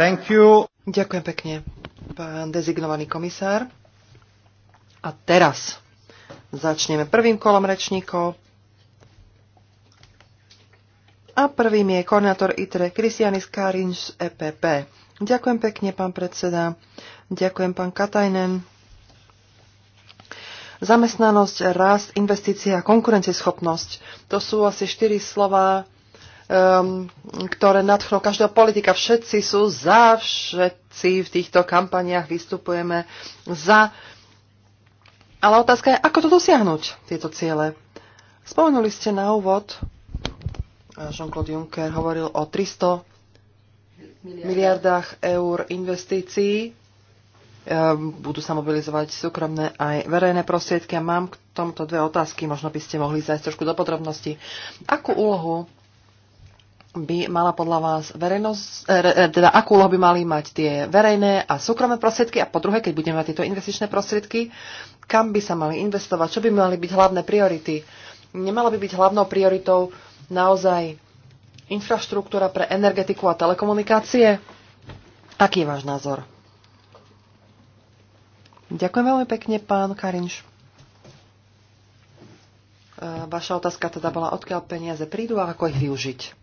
Thank you. Ďakujem pekne, pán dezignovaný komisár. A teraz začneme prvým kolom rečníkov. A prvým je koordinátor ITRE Kristianis z EPP. Ďakujem pekne, pán predseda. Ďakujem, pán Katajnen. Zamestnanosť, rast, investícia a konkurencieschopnosť. To sú asi štyri slova, um, ktoré nadchnú každého politika. Všetci sú za, všetci v týchto kampaniách vystupujeme za. Ale otázka je, ako to dosiahnuť, tieto ciele. Spomenuli ste na úvod, Jean-Claude Juncker hovoril o 300 miliardách eur investícií. Ehm, budú sa mobilizovať súkromné aj verejné prostriedky. A mám k tomuto dve otázky, možno by ste mohli zajsť trošku do podrobnosti. Akú úlohu by mala podľa vás verejnosť, eh, eh, teda akú úlohu by mali mať tie verejné a súkromné prostriedky a po druhé, keď budeme mať tieto investičné prostriedky, kam by sa mali investovať, čo by mali byť hlavné priority. Nemala by byť hlavnou prioritou naozaj infraštruktúra pre energetiku a telekomunikácie? Aký je váš názor? Ďakujem veľmi pekne, pán Karinš. Eh, vaša otázka teda bola, odkiaľ peniaze prídu a ako ich využiť.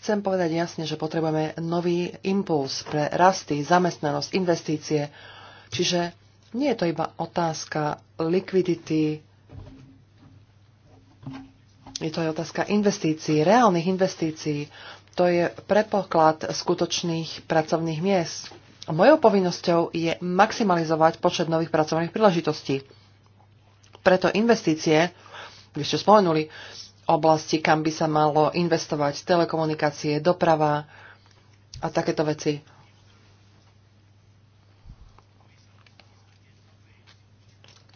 Chcem povedať jasne, že potrebujeme nový impuls pre rasty, zamestnanosť, investície. Čiže nie je to iba otázka likvidity, je to aj otázka investícií, reálnych investícií. To je prepoklad skutočných pracovných miest. Mojou povinnosťou je maximalizovať počet nových pracovných príležitostí. Preto investície, vy ste spomenuli, oblasti, kam by sa malo investovať, telekomunikácie, doprava a takéto veci.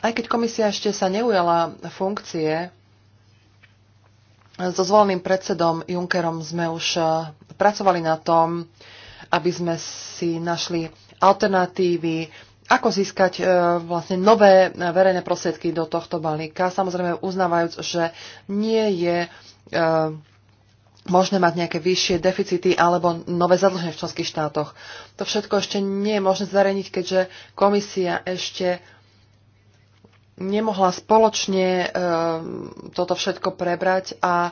Aj keď komisia ešte sa neujala funkcie, so zvoleným predsedom Junckerom sme už eh, pracovali na tom, aby sme si našli alternatívy ako získať e, vlastne nové e, verejné prostriedky do tohto balíka, samozrejme uznávajúc, že nie je e, možné mať nejaké vyššie deficity alebo nové zadlženie v členských štátoch. To všetko ešte nie je možné zverejniť, keďže komisia ešte nemohla spoločne toto všetko prebrať a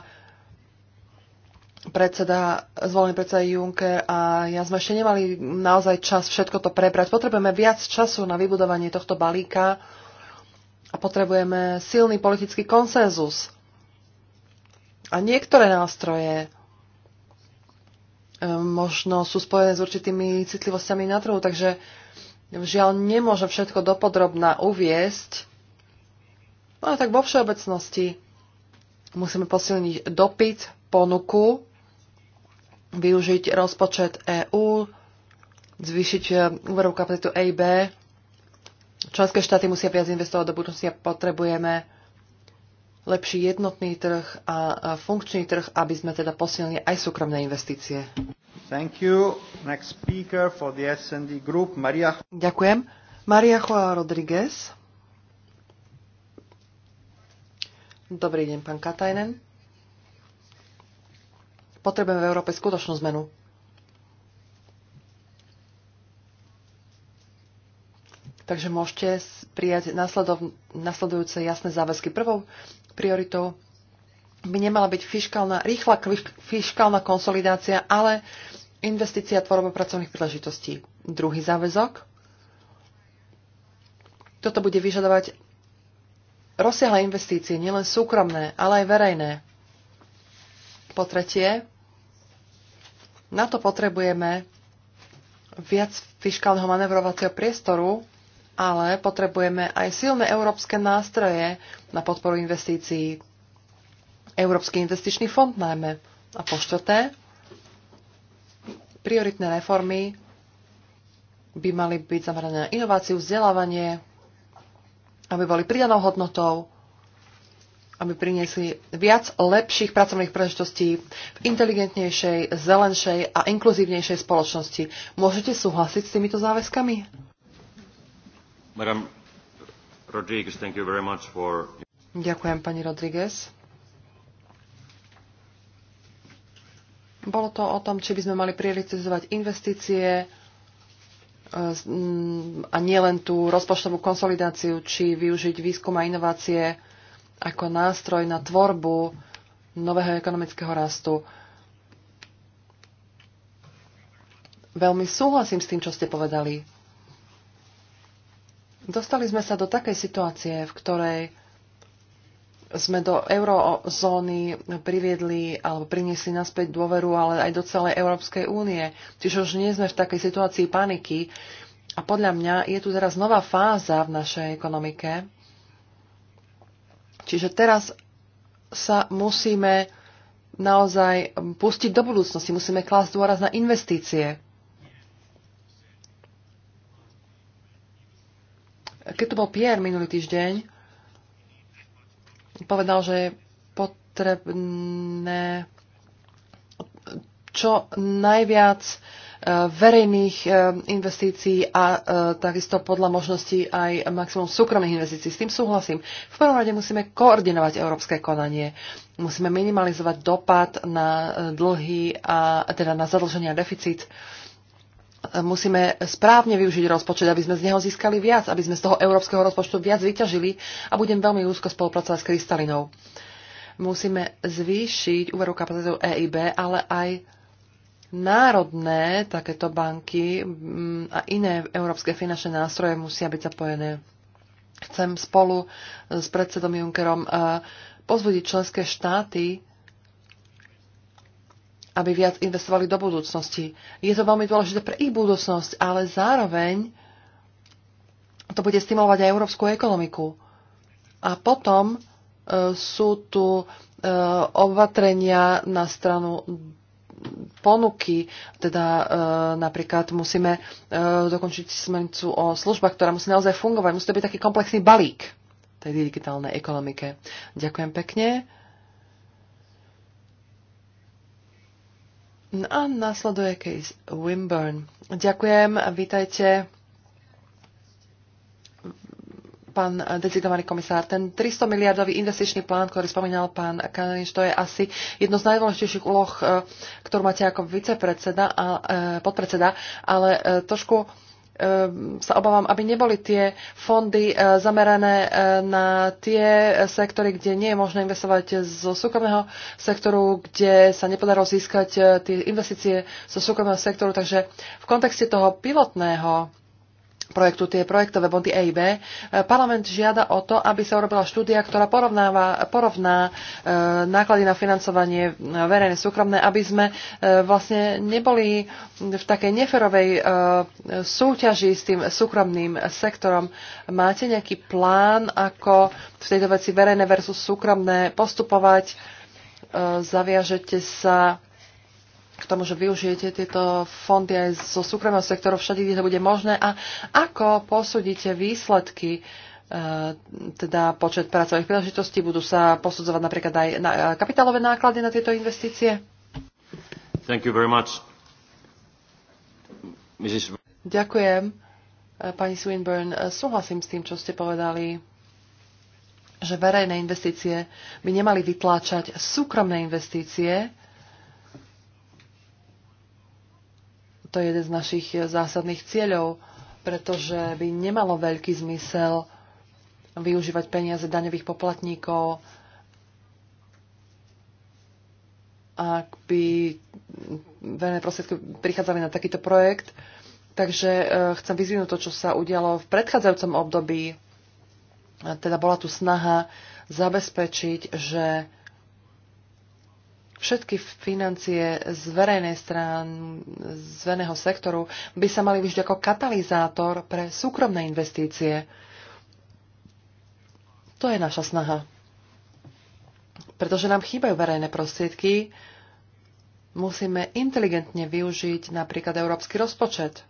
predseda, zvolený predseda Juncker a ja sme ešte nemali naozaj čas všetko to prebrať. Potrebujeme viac času na vybudovanie tohto balíka a potrebujeme silný politický konsenzus. A niektoré nástroje e, možno sú spojené s určitými citlivosťami na trhu, takže žiaľ nemôžem všetko dopodrobná uviesť. No a tak vo všeobecnosti musíme posilniť dopyt, ponuku, využiť rozpočet EÚ, zvýšiť eh, úverovú kapacitu EIB. Členské štáty musia viac investovať do budúcnosti a potrebujeme lepší jednotný trh a funkčný trh, aby sme teda posilnili aj súkromné investície. Thank you. Next speaker for the SND group, Maria. Ďakujem. Maria Joa Rodriguez. Dobrý deň, pán Katajnen. Potrebujeme v Európe skutočnú zmenu. Takže môžete prijať nasledov, nasledujúce jasné záväzky. Prvou prioritou by nemala byť fiskálna, rýchla fiskálna konsolidácia, ale investícia tvorba pracovných príležitostí. Druhý záväzok. Toto bude vyžadovať rozsiahle investície, nielen súkromné, ale aj verejné. Po tretie, na to potrebujeme viac fiskálneho manevrovacieho priestoru, ale potrebujeme aj silné európske nástroje na podporu investícií. Európsky investičný fond najmä. A po štvrté, prioritné reformy by mali byť zamerané na inováciu, vzdelávanie, aby boli pridanou hodnotou aby priniesli viac lepších pracovných príležitostí v inteligentnejšej, zelenšej a inkluzívnejšej spoločnosti. Môžete súhlasiť s týmito záväzkami? Madam Rodriguez, thank you very much for... Ďakujem, pani Rodriguez. Bolo to o tom, či by sme mali prioritizovať investície, e, a nielen tú rozpočtovú konsolidáciu, či využiť výskum a inovácie ako nástroj na tvorbu nového ekonomického rastu. Veľmi súhlasím s tým, čo ste povedali. Dostali sme sa do takej situácie, v ktorej sme do eurozóny priviedli alebo priniesli naspäť dôveru, ale aj do celej Európskej únie. Čiže už nie sme v takej situácii paniky. A podľa mňa je tu teraz nová fáza v našej ekonomike, Čiže teraz sa musíme naozaj pustiť do budúcnosti, musíme klásť dôraz na investície. Keď tu bol Pierre minulý týždeň, povedal, že je potrebné čo najviac verejných eh, investícií a eh, takisto podľa možností aj maximum súkromných investícií. S tým súhlasím. V prvom rade musíme koordinovať európske konanie. Musíme minimalizovať dopad na eh, dlhy a teda na zadlženie a deficit. Musíme správne využiť rozpočet, aby sme z neho získali viac, aby sme z toho európskeho rozpočtu viac vyťažili a budem veľmi úzko spolupracovať s Kristalinou. Musíme zvýšiť úveru kapacitu EIB, ale aj národné takéto banky mm, a iné európske finančné nástroje musia byť zapojené. Chcem spolu s predsedom Junckerom e, pozvodiť členské štáty, aby viac investovali do budúcnosti. Je to veľmi dôležité pre ich budúcnosť, ale zároveň to bude stimulovať aj európsku ekonomiku. A potom e, sú tu e, opatrenia na stranu ponuky, teda e, napríklad musíme e, dokončiť smernicu o službách, ktorá musí naozaj fungovať. Musí to byť taký komplexný balík tej digitálnej ekonomike. Ďakujem pekne. No a nasleduje case Wimburn. Ďakujem, vítajte pán eh, dezignovaný komisár, ten 300 miliardový investičný plán, ktorý spomínal pán Kanenič, to je asi jedno z najdôležitejších úloh, eh, ktorú máte ako vicepredseda a eh, podpredseda, ale trošku sa obávam, aby neboli tie fondy zamerané na tie sektory, kde nie je možné investovať zo súkromného sektoru, kde sa nepodarilo získať tie investície zo súkromného sektoru. Takže v kontexte toho pilotného projektu, tie projektové body EIB, parlament žiada o to, aby sa urobila štúdia, ktorá porovnáva, porovná e, náklady na financovanie e, verejné súkromné, aby sme e, vlastne neboli v takej neferovej súťaži s tým súkromným sektorom. Máte nejaký plán, ako v tejto veci verejné versus súkromné postupovať? Zaviažete sa k tomu, že využijete tieto fondy aj zo súkromného sektoru všade, kde to bude možné a ako posúdite výsledky e, teda počet pracových príležitostí, budú sa posudzovať napríklad aj na e, kapitálové náklady na tieto investície? Thank you very much. Mrs. Ďakujem, e, pani Swinburne. Súhlasím s tým, čo ste povedali, že verejné investície by nemali vytláčať súkromné investície, To je jeden z našich eh, zásadných cieľov, pretože by nemalo veľký zmysel využívať peniaze daňových poplatníkov, ak by verejné prostriedky prichádzali na takýto projekt. Takže eh, chcem vyzvinúť to, čo sa udialo v predchádzajúcom období. Teda bola tu snaha zabezpečiť, že Všetky financie z verejnej strany, z verejného sektoru by sa mali vyžiť ako katalizátor pre súkromné investície. To je naša snaha. Pretože nám chýbajú verejné prostriedky, musíme inteligentne využiť napríklad európsky rozpočet.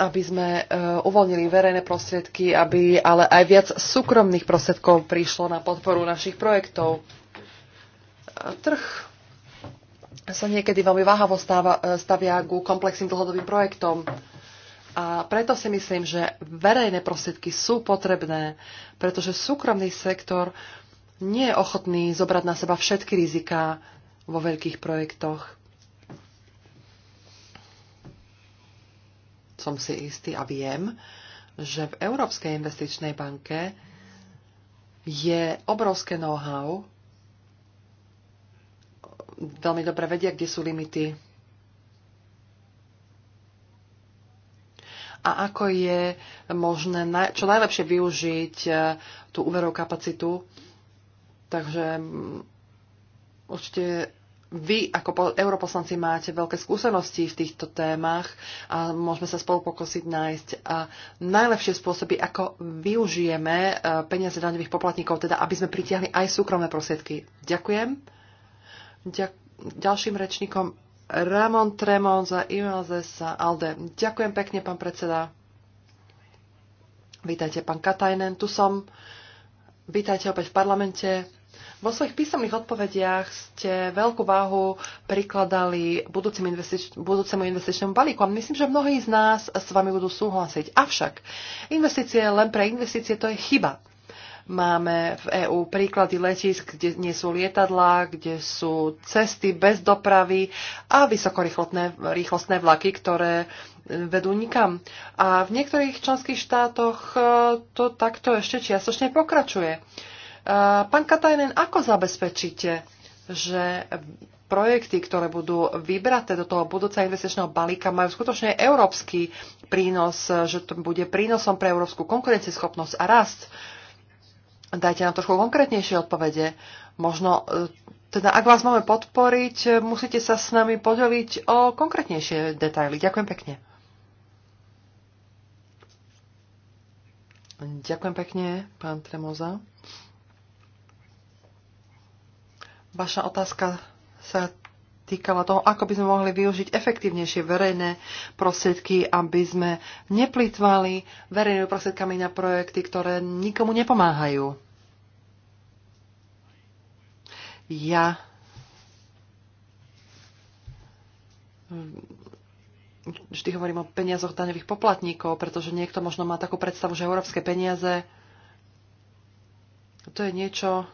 aby sme e, uvoľnili verejné prostriedky, aby ale aj viac súkromných prostriedkov prišlo na podporu našich projektov. Trh sa niekedy veľmi váhavo stáva, e, stavia ku komplexným dlhodobým projektom. A preto si myslím, že verejné prostriedky sú potrebné, pretože súkromný sektor nie je ochotný zobrať na seba všetky riziká vo veľkých projektoch. som si istý a viem, že v Európskej investičnej banke je obrovské know-how. Veľmi dobre vedia, kde sú limity. A ako je možné čo najlepšie využiť eh, tú úverovú kapacitu. Takže mm, určite vy ako europoslanci máte veľké skúsenosti v týchto témach a môžeme sa spolu pokosiť nájsť a najlepšie spôsoby, ako využijeme e, peniaze daňových poplatníkov, teda aby sme pritiahli aj súkromné prosiedky. Ďakujem. Ďak- ďalším rečníkom Ramon Tremon za sa Alde. Ďakujem pekne, pán predseda. Vítajte, pán Katajnen, tu som. Vítajte opäť v parlamente. Vo svojich písomných odpovediach ste veľkú váhu prikladali investič- budúcemu investičnému balíku a myslím, že mnohí z nás s vami budú súhlasiť. Avšak investície len pre investície to je chyba. Máme v EÚ príklady letisk, kde nie sú lietadlá, kde sú cesty bez dopravy a vysokorýchlostné vlaky, ktoré e, vedú nikam. A v niektorých členských štátoch e, to takto ešte čiastočne pokračuje. Pán Katajnen, ako zabezpečíte, že projekty, ktoré budú vybraté do toho budúceho investičného balíka, majú skutočne európsky prínos, že to bude prínosom pre európsku konkurencieschopnosť a rast. Dajte nám trošku konkrétnejšie odpovede. Možno, e, teda ak vás máme podporiť, e, musíte sa s nami podeliť o konkrétnejšie detaily. Ďakujem pekne. Ďakujem pekne, pán Tremoza. Vaša otázka sa týkala toho, ako by sme mohli využiť efektívnejšie verejné prostriedky, aby sme neplýtvali verejnými prostriedkami na projekty, ktoré nikomu nepomáhajú. Ja vždy hovorím o peniazoch daňových poplatníkov, pretože niekto možno má takú predstavu, že európske peniaze to je niečo,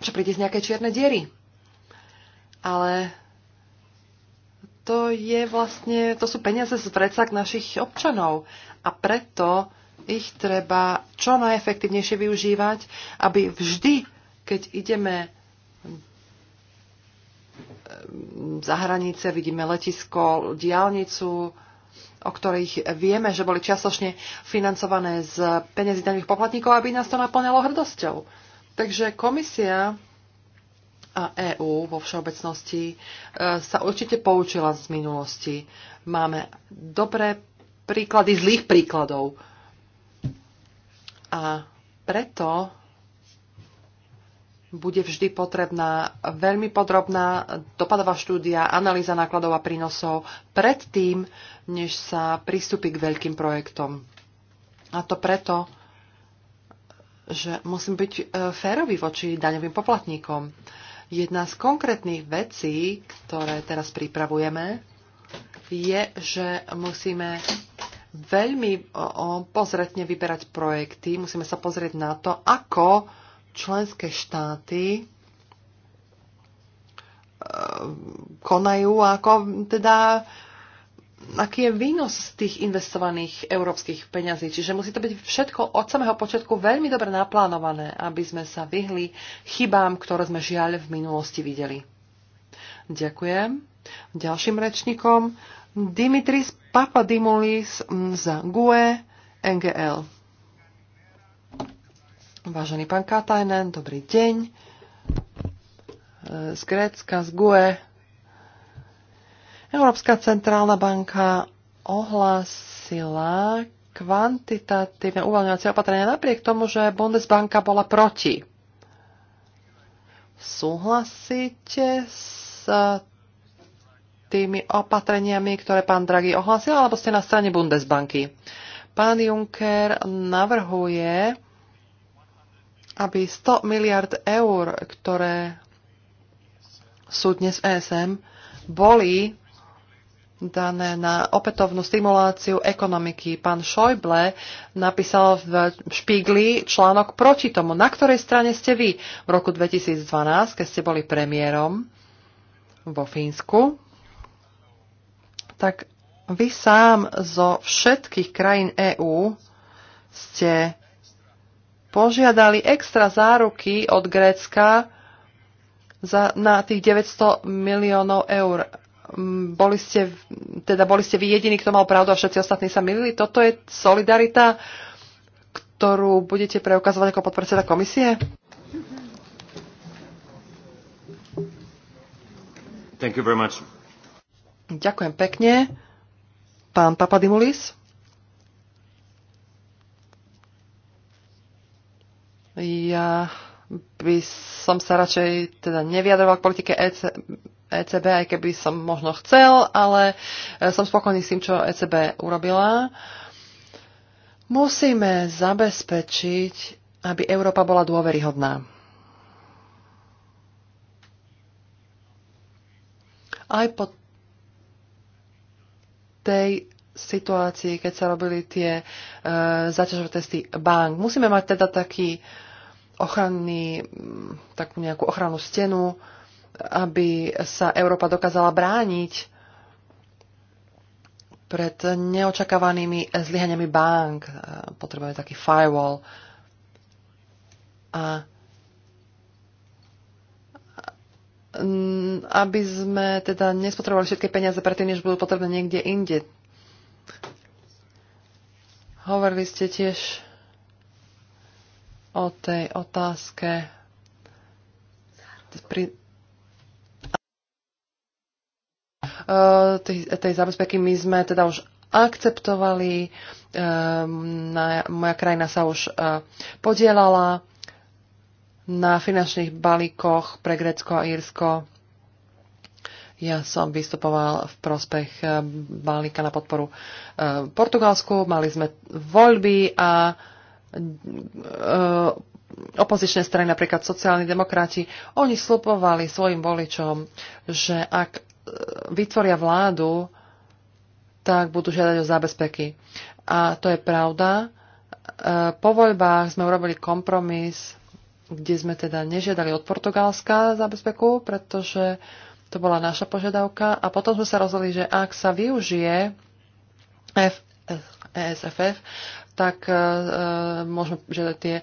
čo príde z nejakej čiernej diery. Ale to je vlastne, to sú peniaze z vrecak našich občanov a preto ich treba čo najefektívnejšie využívať, aby vždy, keď ideme ehm, za hranice, vidíme letisko, diálnicu, o ktorých vieme, že boli čiastočne financované z peniazí daných poplatníkov, aby nás to naplňalo hrdosťou. Takže komisia a EÚ vo všeobecnosti e, sa určite poučila z minulosti. Máme dobré príklady zlých príkladov. A preto bude vždy potrebná veľmi podrobná dopadová štúdia, analýza nákladov a prínosov predtým, než sa pristúpi k veľkým projektom. A to preto, že musím byť e, férový voči daňovým poplatníkom. Jedna z konkrétnych vecí, ktoré teraz pripravujeme, je, že musíme veľmi pozretne vyberať projekty, musíme sa pozrieť na to, ako členské štáty e, konajú, ako teda aký je výnos z tých investovaných európskych peňazí. Čiže musí to byť všetko od samého počiatku veľmi dobre naplánované, aby sme sa vyhli chybám, ktoré sme žiaľ v minulosti videli. Ďakujem. Ďalším rečníkom Dimitris Papadimulis za GUE NGL. Vážený pán Katajnen, dobrý deň. Z Grécka, z GUE Európska centrálna banka ohlásila kvantitatívne uvoľňovacie opatrenia napriek tomu, že Bundesbanka bola proti. Súhlasíte s tými opatreniami, ktoré pán Draghi ohlasil, alebo ste na strane Bundesbanky? Pán Juncker navrhuje, aby 100 miliard eur, ktoré sú dnes ESM, boli dané na opätovnú stimuláciu ekonomiky. Pán Šojble napísal v Špigli článok proti tomu, na ktorej strane ste vy v roku 2012, keď ste boli premiérom vo Fínsku. Tak vy sám zo všetkých krajín EÚ ste požiadali extra záruky od Grécka za, na tých 900 miliónov eur boli ste, teda boli ste vy jediní, kto mal pravdu a všetci ostatní sa milili. Toto je solidarita, ktorú budete preukazovať ako podpredseda komisie? Thank you very much. Ďakujem pekne. Pán Papadimulis. Ja by som sa radšej teda neviadroval k politike e ECB, aj keby som možno chcel, ale e, som spokojný s tým, čo ECB urobila. Musíme zabezpečiť, aby Európa bola dôveryhodná. Aj po tej situácii, keď sa robili tie e, zaťažové testy bank. Musíme mať teda taký ochranný, takú nejakú ochrannú stenu, aby sa Európa dokázala brániť pred neočakávanými zlyhaniami bank. Potrebujeme taký firewall. A aby sme teda nespotrebovali všetky peniaze predtým, než budú potrebné niekde inde. Hovorili ste tiež o tej otázke pri Eh, tej, tej zabezpeky. My sme teda už akceptovali, ehm, na, moja krajina sa už eh, podielala na finančných balíkoch pre Grécko a Írsko. Ja som vystupoval v prospech eh, balíka na podporu Portugalsku. Mali sme voľby a opozičné strany, napríklad sociálni demokrati, oni slupovali svojim voličom, že ak vytvoria vládu, tak budú žiadať o zábezpeky. A to je pravda. E, po voľbách sme urobili kompromis, kde sme teda nežiadali od Portugalska zábezpeku, pretože to bola naša požiadavka. A potom sme sa rozhodli, že ak sa využije F, ESFF, tak e, e, môžeme žiadať tie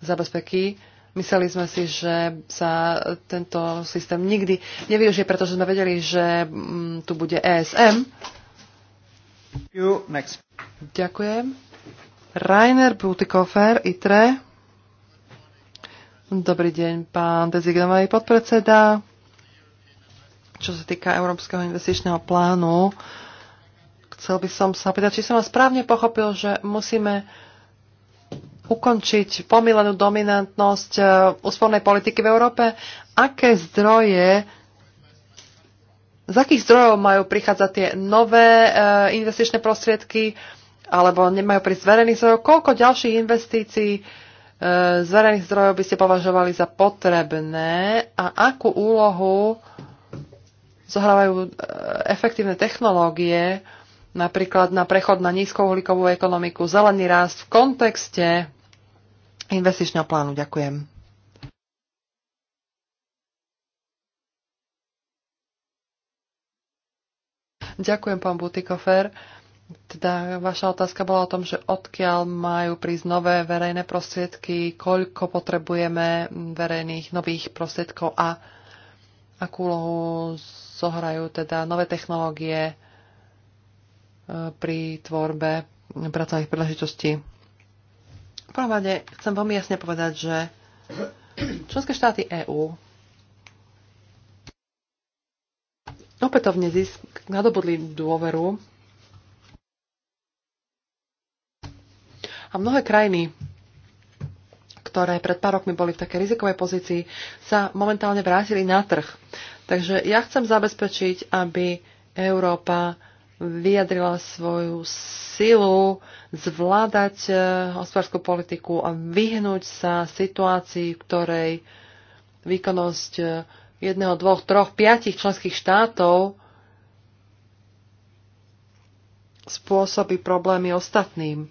zabezpeky Mysleli sme si, že sa tento systém nikdy nevyužije, pretože sme vedeli, že mm, tu bude ESM. Ďakujem. Rainer Butikofer, ITRE. Dobrý deň, pán dezignovaný podpredseda. Čo sa týka Európskeho investičného plánu, chcel by som sa pýtať, či som vás správne pochopil, že musíme uh, ukončiť pomilenú dominantnosť e, úspornej politiky v Európe? Aké zdroje z akých zdrojov majú prichádzať tie nové e, investičné prostriedky, alebo nemajú prísť z verejných zdrojov? Koľko ďalších investícií e, z verejných zdrojov by ste považovali za potrebné a akú úlohu zohrávajú efektívne technológie, napríklad na prechod na nízkouhlíkovú ekonomiku, zelený rast v kontexte investičného plánu. Ďakujem. Ďakujem, pán Butikofer. Teda vaša otázka bola o tom, že odkiaľ majú prísť nové verejné prostriedky, koľko potrebujeme verejných nových prostriedkov a akú úlohu zohrajú teda nové technológie e, pri tvorbe pracovných príležitostí. V prvom rade chcem veľmi jasne povedať, že členské štáty EÚ opätovne zisk nadobudli dôveru a mnohé krajiny ktoré pred pár rokmi boli v takej rizikovej pozícii, sa momentálne vrátili na trh. Takže ja chcem zabezpečiť, aby Európa vyjadrila svoju silu zvládať e, hospodárskú politiku a vyhnúť sa situácii, v ktorej výkonnosť e, jedného, dvoch, troch, piatich členských štátov spôsobí problémy ostatným.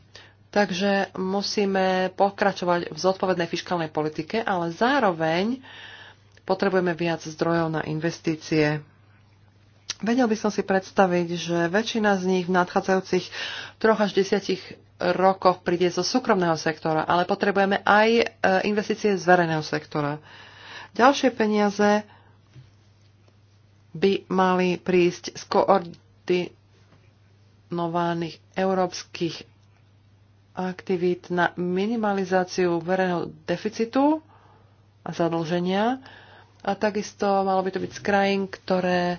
Takže musíme pokračovať v zodpovednej fiskálnej politike, ale zároveň potrebujeme viac zdrojov na investície. Vedel by som si predstaviť, že väčšina z nich v nadchádzajúcich troch až desiatich rokoch príde zo súkromného sektora, ale potrebujeme aj e, investície z verejného sektora. Ďalšie peniaze by mali prísť z koordinovaných európskych aktivít na minimalizáciu verejného deficitu a zadlženia. A takisto malo by to byť z krajín, ktoré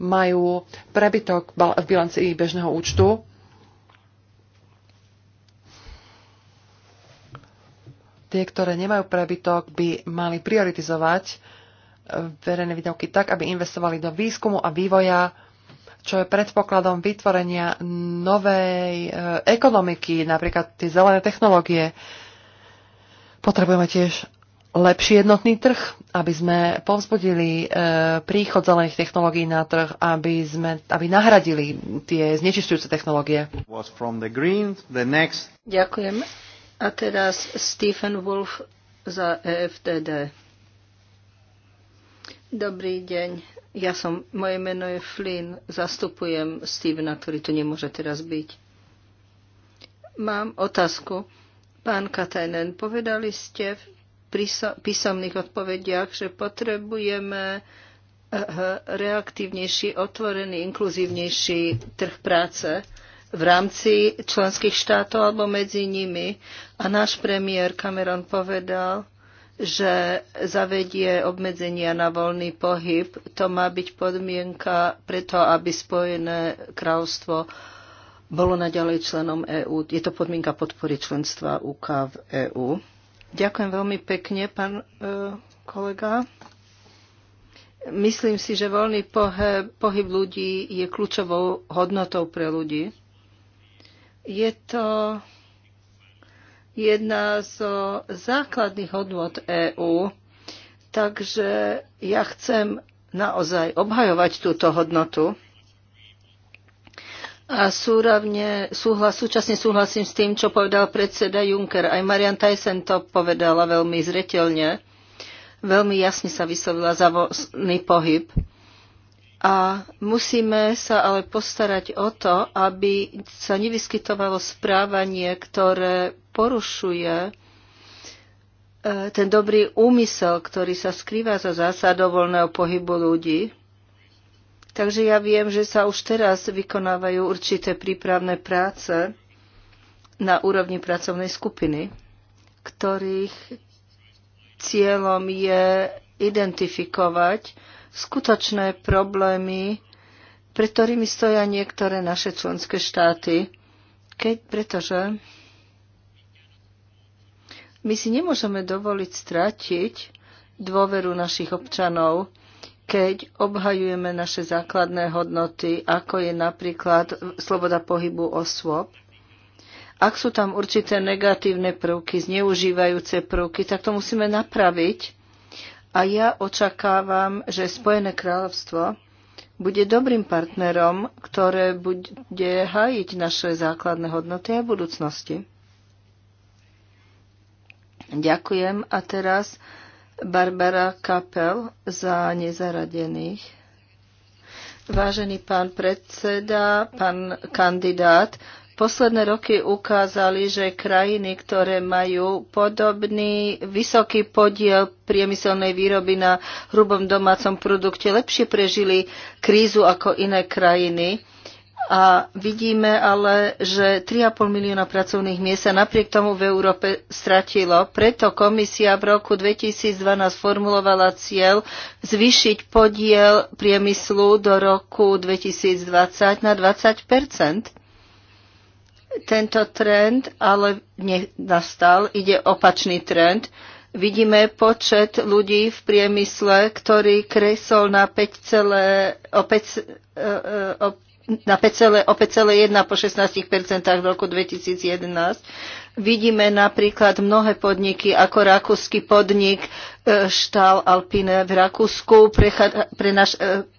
majú prebytok v bilancii bežného účtu. Tie, ktoré nemajú prebytok, by mali prioritizovať eh, verejné výdavky tak, aby investovali do výskumu a vývoja, čo je predpokladom vytvorenia novej eh, ekonomiky, napríklad tie zelené technológie. Potrebujeme tiež lepší jednotný trh, aby sme povzbudili e, príchod zelených technológií na trh, aby, sme, aby nahradili tie znečistujúce technológie. green, next... Ďakujem. A teraz Stephen Wolf za EFTD. Dobrý deň. Ja som, moje meno je Flynn, zastupujem Stevena, ktorý tu nemôže teraz byť. Mám otázku. Pán Katajnen, povedali ste písomných odpovediach, že potrebujeme eh, reaktívnejší, otvorený, inkluzívnejší trh práce v rámci členských štátov alebo medzi nimi. A náš premiér Cameron povedal, že zavedie obmedzenia na voľný pohyb. To má byť podmienka preto, aby Spojené kráľovstvo bolo naďalej členom EÚ. Je to podmienka podpory členstva UK v EÚ. Ďakujem veľmi pekne, pán e, kolega. Myslím si, že voľný pohyb, pohyb ľudí je kľúčovou hodnotou pre ľudí. Je to jedna zo základných hodnot EÚ, takže ja chcem naozaj obhajovať túto hodnotu. A súravne, súhlas, súčasne súhlasím s tým, čo povedal predseda Juncker. Aj Marian Tyson to povedala veľmi zretelne. Veľmi jasne sa vyslovila za vozný pohyb. A musíme sa ale postarať o to, aby sa nevyskytovalo správanie, ktoré porušuje e, ten dobrý úmysel, ktorý sa skrýva za zásadou voľného pohybu ľudí Takže ja viem, že sa už teraz vykonávajú určité prípravné práce na úrovni pracovnej skupiny, ktorých cieľom je identifikovať skutočné problémy, pre ktorými stoja niektoré naše členské štáty, keď, pretože my si nemôžeme dovoliť stratiť dôveru našich občanov keď obhajujeme naše základné hodnoty, ako je napríklad sloboda pohybu osôb, ak sú tam určité negatívne prvky, zneužívajúce prvky, tak to musíme napraviť. A ja očakávam, že Spojené kráľovstvo bude dobrým partnerom, ktoré bude hájiť naše základné hodnoty a budúcnosti. Ďakujem a teraz Barbara Kapel za nezaradených. Vážený pán predseda, pán kandidát, posledné roky ukázali, že krajiny, ktoré majú podobný vysoký podiel priemyselnej výroby na hrubom domácom produkte, lepšie prežili krízu ako iné krajiny. A vidíme ale, že 3,5 milióna pracovných miest sa napriek tomu v Európe stratilo. Preto komisia v roku 2012 formulovala cieľ zvýšiť podiel priemyslu do roku 2020 na 20 Tento trend ale nenastal, ide opačný trend vidíme počet ľudí v priemysle, ktorý kresol na 5, o 5, e, e, o na 5, o 5,1 po 16% v roku 2011. Vidíme napríklad mnohé podniky ako rakúsky podnik Štál e, Alpine v Rakúsku e,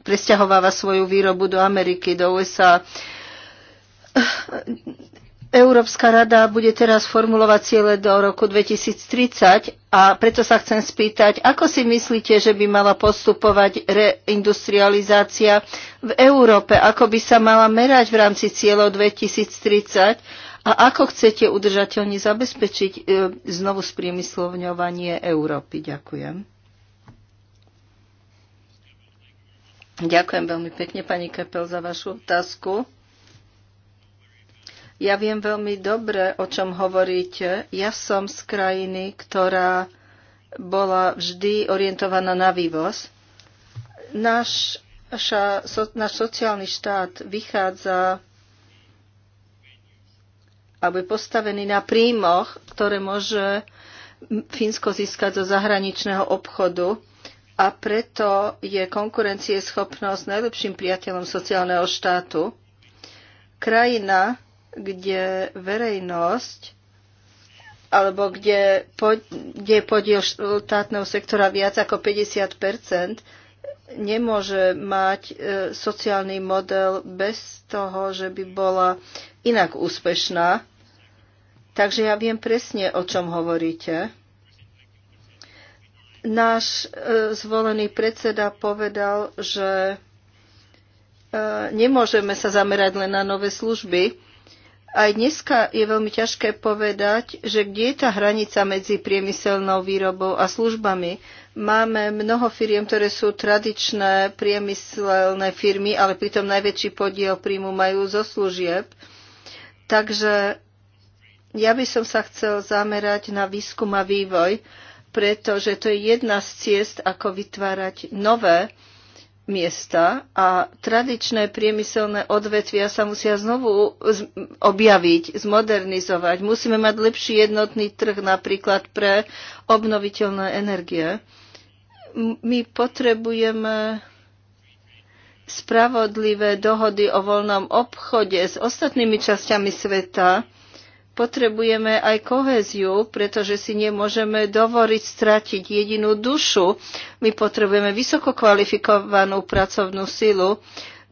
presťahováva svoju výrobu do Ameriky, do USA. Európska rada bude teraz formulovať ciele do roku 2030 a preto sa chcem spýtať, ako si myslíte, že by mala postupovať reindustrializácia v Európe? Ako by sa mala merať v rámci cieľov 2030? A ako chcete udržateľne zabezpečiť e, znovu spriemyslovňovanie Európy? Ďakujem. Ďakujem veľmi pekne, pani Kepel, za vašu otázku. Ja viem veľmi dobre, o čom hovoríte. Ja som z krajiny, ktorá bola vždy orientovaná na vývoz. Náš, ša, so, náš sociálny štát vychádza alebo je postavený na príjmoch, ktoré môže Fínsko získať zo zahraničného obchodu a preto je konkurencieschopnosť najlepším priateľom sociálneho štátu. Krajina, kde verejnosť alebo kde, po, kde je podiel štátneho sektora viac ako 50 nemôže mať e, sociálny model bez toho, že by bola inak úspešná. Takže ja viem presne, o čom hovoríte. Náš e, zvolený predseda povedal, že e, nemôžeme sa zamerať len na nové služby, aj dneska je veľmi ťažké povedať, že kde je tá hranica medzi priemyselnou výrobou a službami. Máme mnoho firiem, ktoré sú tradičné priemyselné firmy, ale pritom najväčší podiel príjmu majú zo služieb. Takže ja by som sa chcel zamerať na výskum a vývoj, pretože to je jedna z ciest, ako vytvárať nové miesta a tradičné priemyselné odvetvia sa musia znovu objaviť, zmodernizovať. Musíme mať lepší jednotný trh napríklad pre obnoviteľné energie. My potrebujeme spravodlivé dohody o voľnom obchode s ostatnými časťami sveta, potrebujeme aj kohéziu, pretože si nemôžeme dovoriť stratiť jedinú dušu. My potrebujeme vysoko kvalifikovanú pracovnú silu,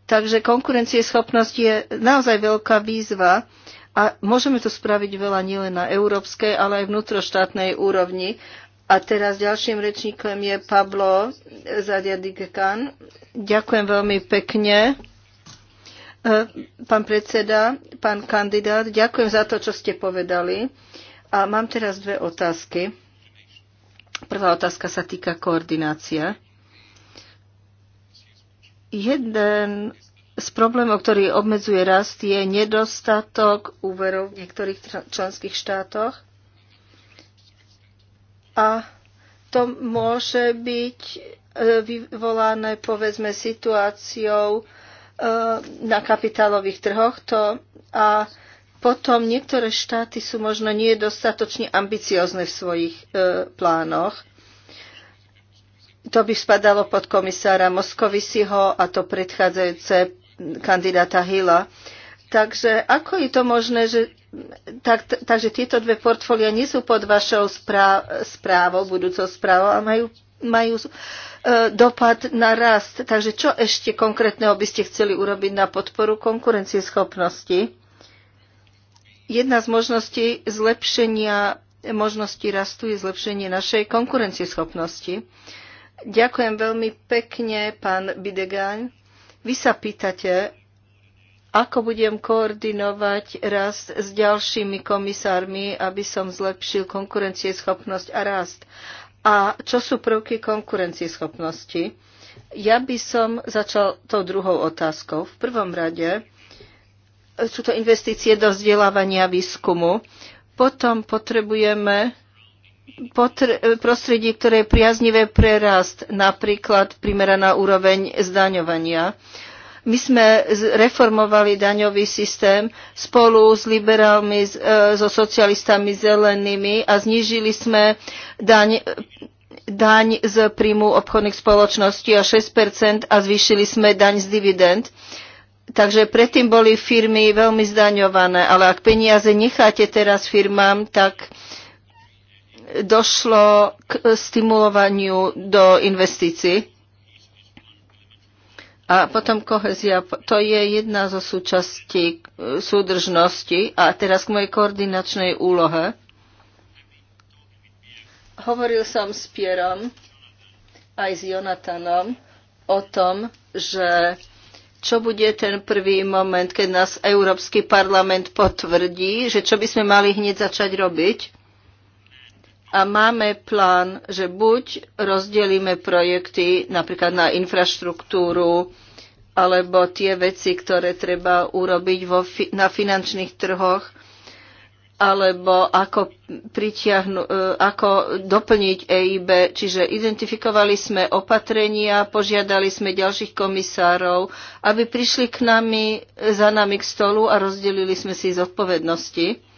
takže konkurencieschopnosť je naozaj veľká výzva a môžeme to spraviť veľa nielen na európskej, ale aj vnútroštátnej úrovni. A teraz ďalším rečníkom je Pablo Zadiadigekan. Ďakujem veľmi pekne. E, pán predseda, pán kandidát, ďakujem za to, čo ste povedali. A mám teraz dve otázky. Prvá otázka sa týka koordinácie. Jeden z problémov, ktorý obmedzuje rast, je nedostatok úverov v niektorých členských štátoch. A to môže byť e, vyvolané, povedzme, situáciou E, na kapitálových trhoch. To a potom niektoré štáty sú možno nie dostatočne ambiciozne v svojich uh, plánoch. To by spadalo pod komisára Moskovisiho a to predchádzajúce kandidáta Hilla. Takže ako je to možné, že tak, takže tieto dve portfólia nie sú pod vašou správou, správou, budúcou správou, a majú majú e, dopad na rast. Takže čo ešte konkrétneho by ste chceli urobiť na podporu konkurencieschopnosti? Jedna z možností zlepšenia možnosti rastu je zlepšenie našej konkurencieschopnosti. Ďakujem veľmi pekne, pán Bidegaň. Vy sa pýtate, ako budem koordinovať rast s ďalšími komisármi, aby som zlepšil konkurencieschopnosť a rast. A čo sú prvky konkurencieschopnosti? Ja by som začal tou druhou otázkou. V prvom rade e, sú to investície do vzdelávania výskumu. Potom potrebujeme e, prostredie, ktoré je priaznivé pre rast, napríklad primeraná úroveň zdaňovania. My sme reformovali daňový systém spolu s liberálmi, e, so socialistami zelenými a znížili sme daň daň z príjmu obchodných spoločností o 6 a zvýšili sme daň z dividend. Takže predtým boli firmy veľmi zdaňované, ale ak peniaze necháte teraz firmám, tak došlo k stimulovaniu do investícií. A potom kohezia, to je jedna zo súčastí e, súdržnosti. A teraz k mojej koordinačnej úlohe. Hovoril som s Pierom aj s Jonatanom o tom, že čo bude ten prvý moment, keď nás Európsky parlament potvrdí, že čo by sme mali hneď začať robiť a máme plán, že buď rozdelíme projekty napríklad na infraštruktúru, alebo tie veci, ktoré treba urobiť vo, na finančných trhoch, alebo ako, pritiahnu, e, ako doplniť EIB. Čiže identifikovali sme opatrenia, požiadali sme ďalších komisárov, aby prišli k nami, za nami k stolu a rozdelili sme si zodpovednosti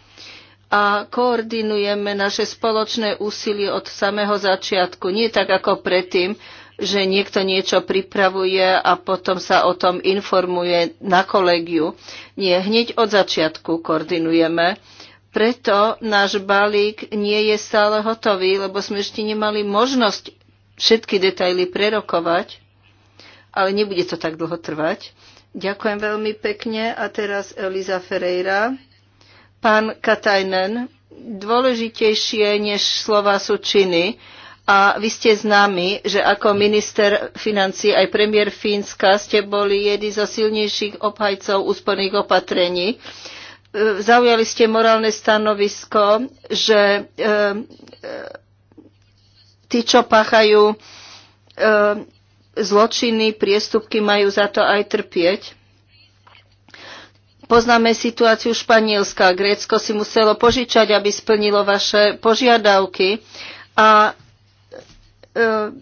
a koordinujeme naše spoločné úsilie od samého začiatku. Nie tak ako predtým, že niekto niečo pripravuje a potom sa o tom informuje na kolegiu. Nie, hneď od začiatku koordinujeme. Preto náš balík nie je stále hotový, lebo sme ešte nemali možnosť všetky detaily prerokovať, ale nebude to tak dlho trvať. Ďakujem veľmi pekne a teraz Eliza Ferreira. Pán Katajnen, dôležitejšie než slova sú činy. A vy ste známi, že ako minister financí aj premiér Fínska ste boli jedni zo silnejších obhajcov úsporných opatrení. E, zaujali ste morálne stanovisko, že e, e, tí, čo páchajú e, zločiny, priestupky, majú za to aj trpieť. Poznáme situáciu Španielska. Grécko si muselo požičať, aby splnilo vaše požiadavky. A e,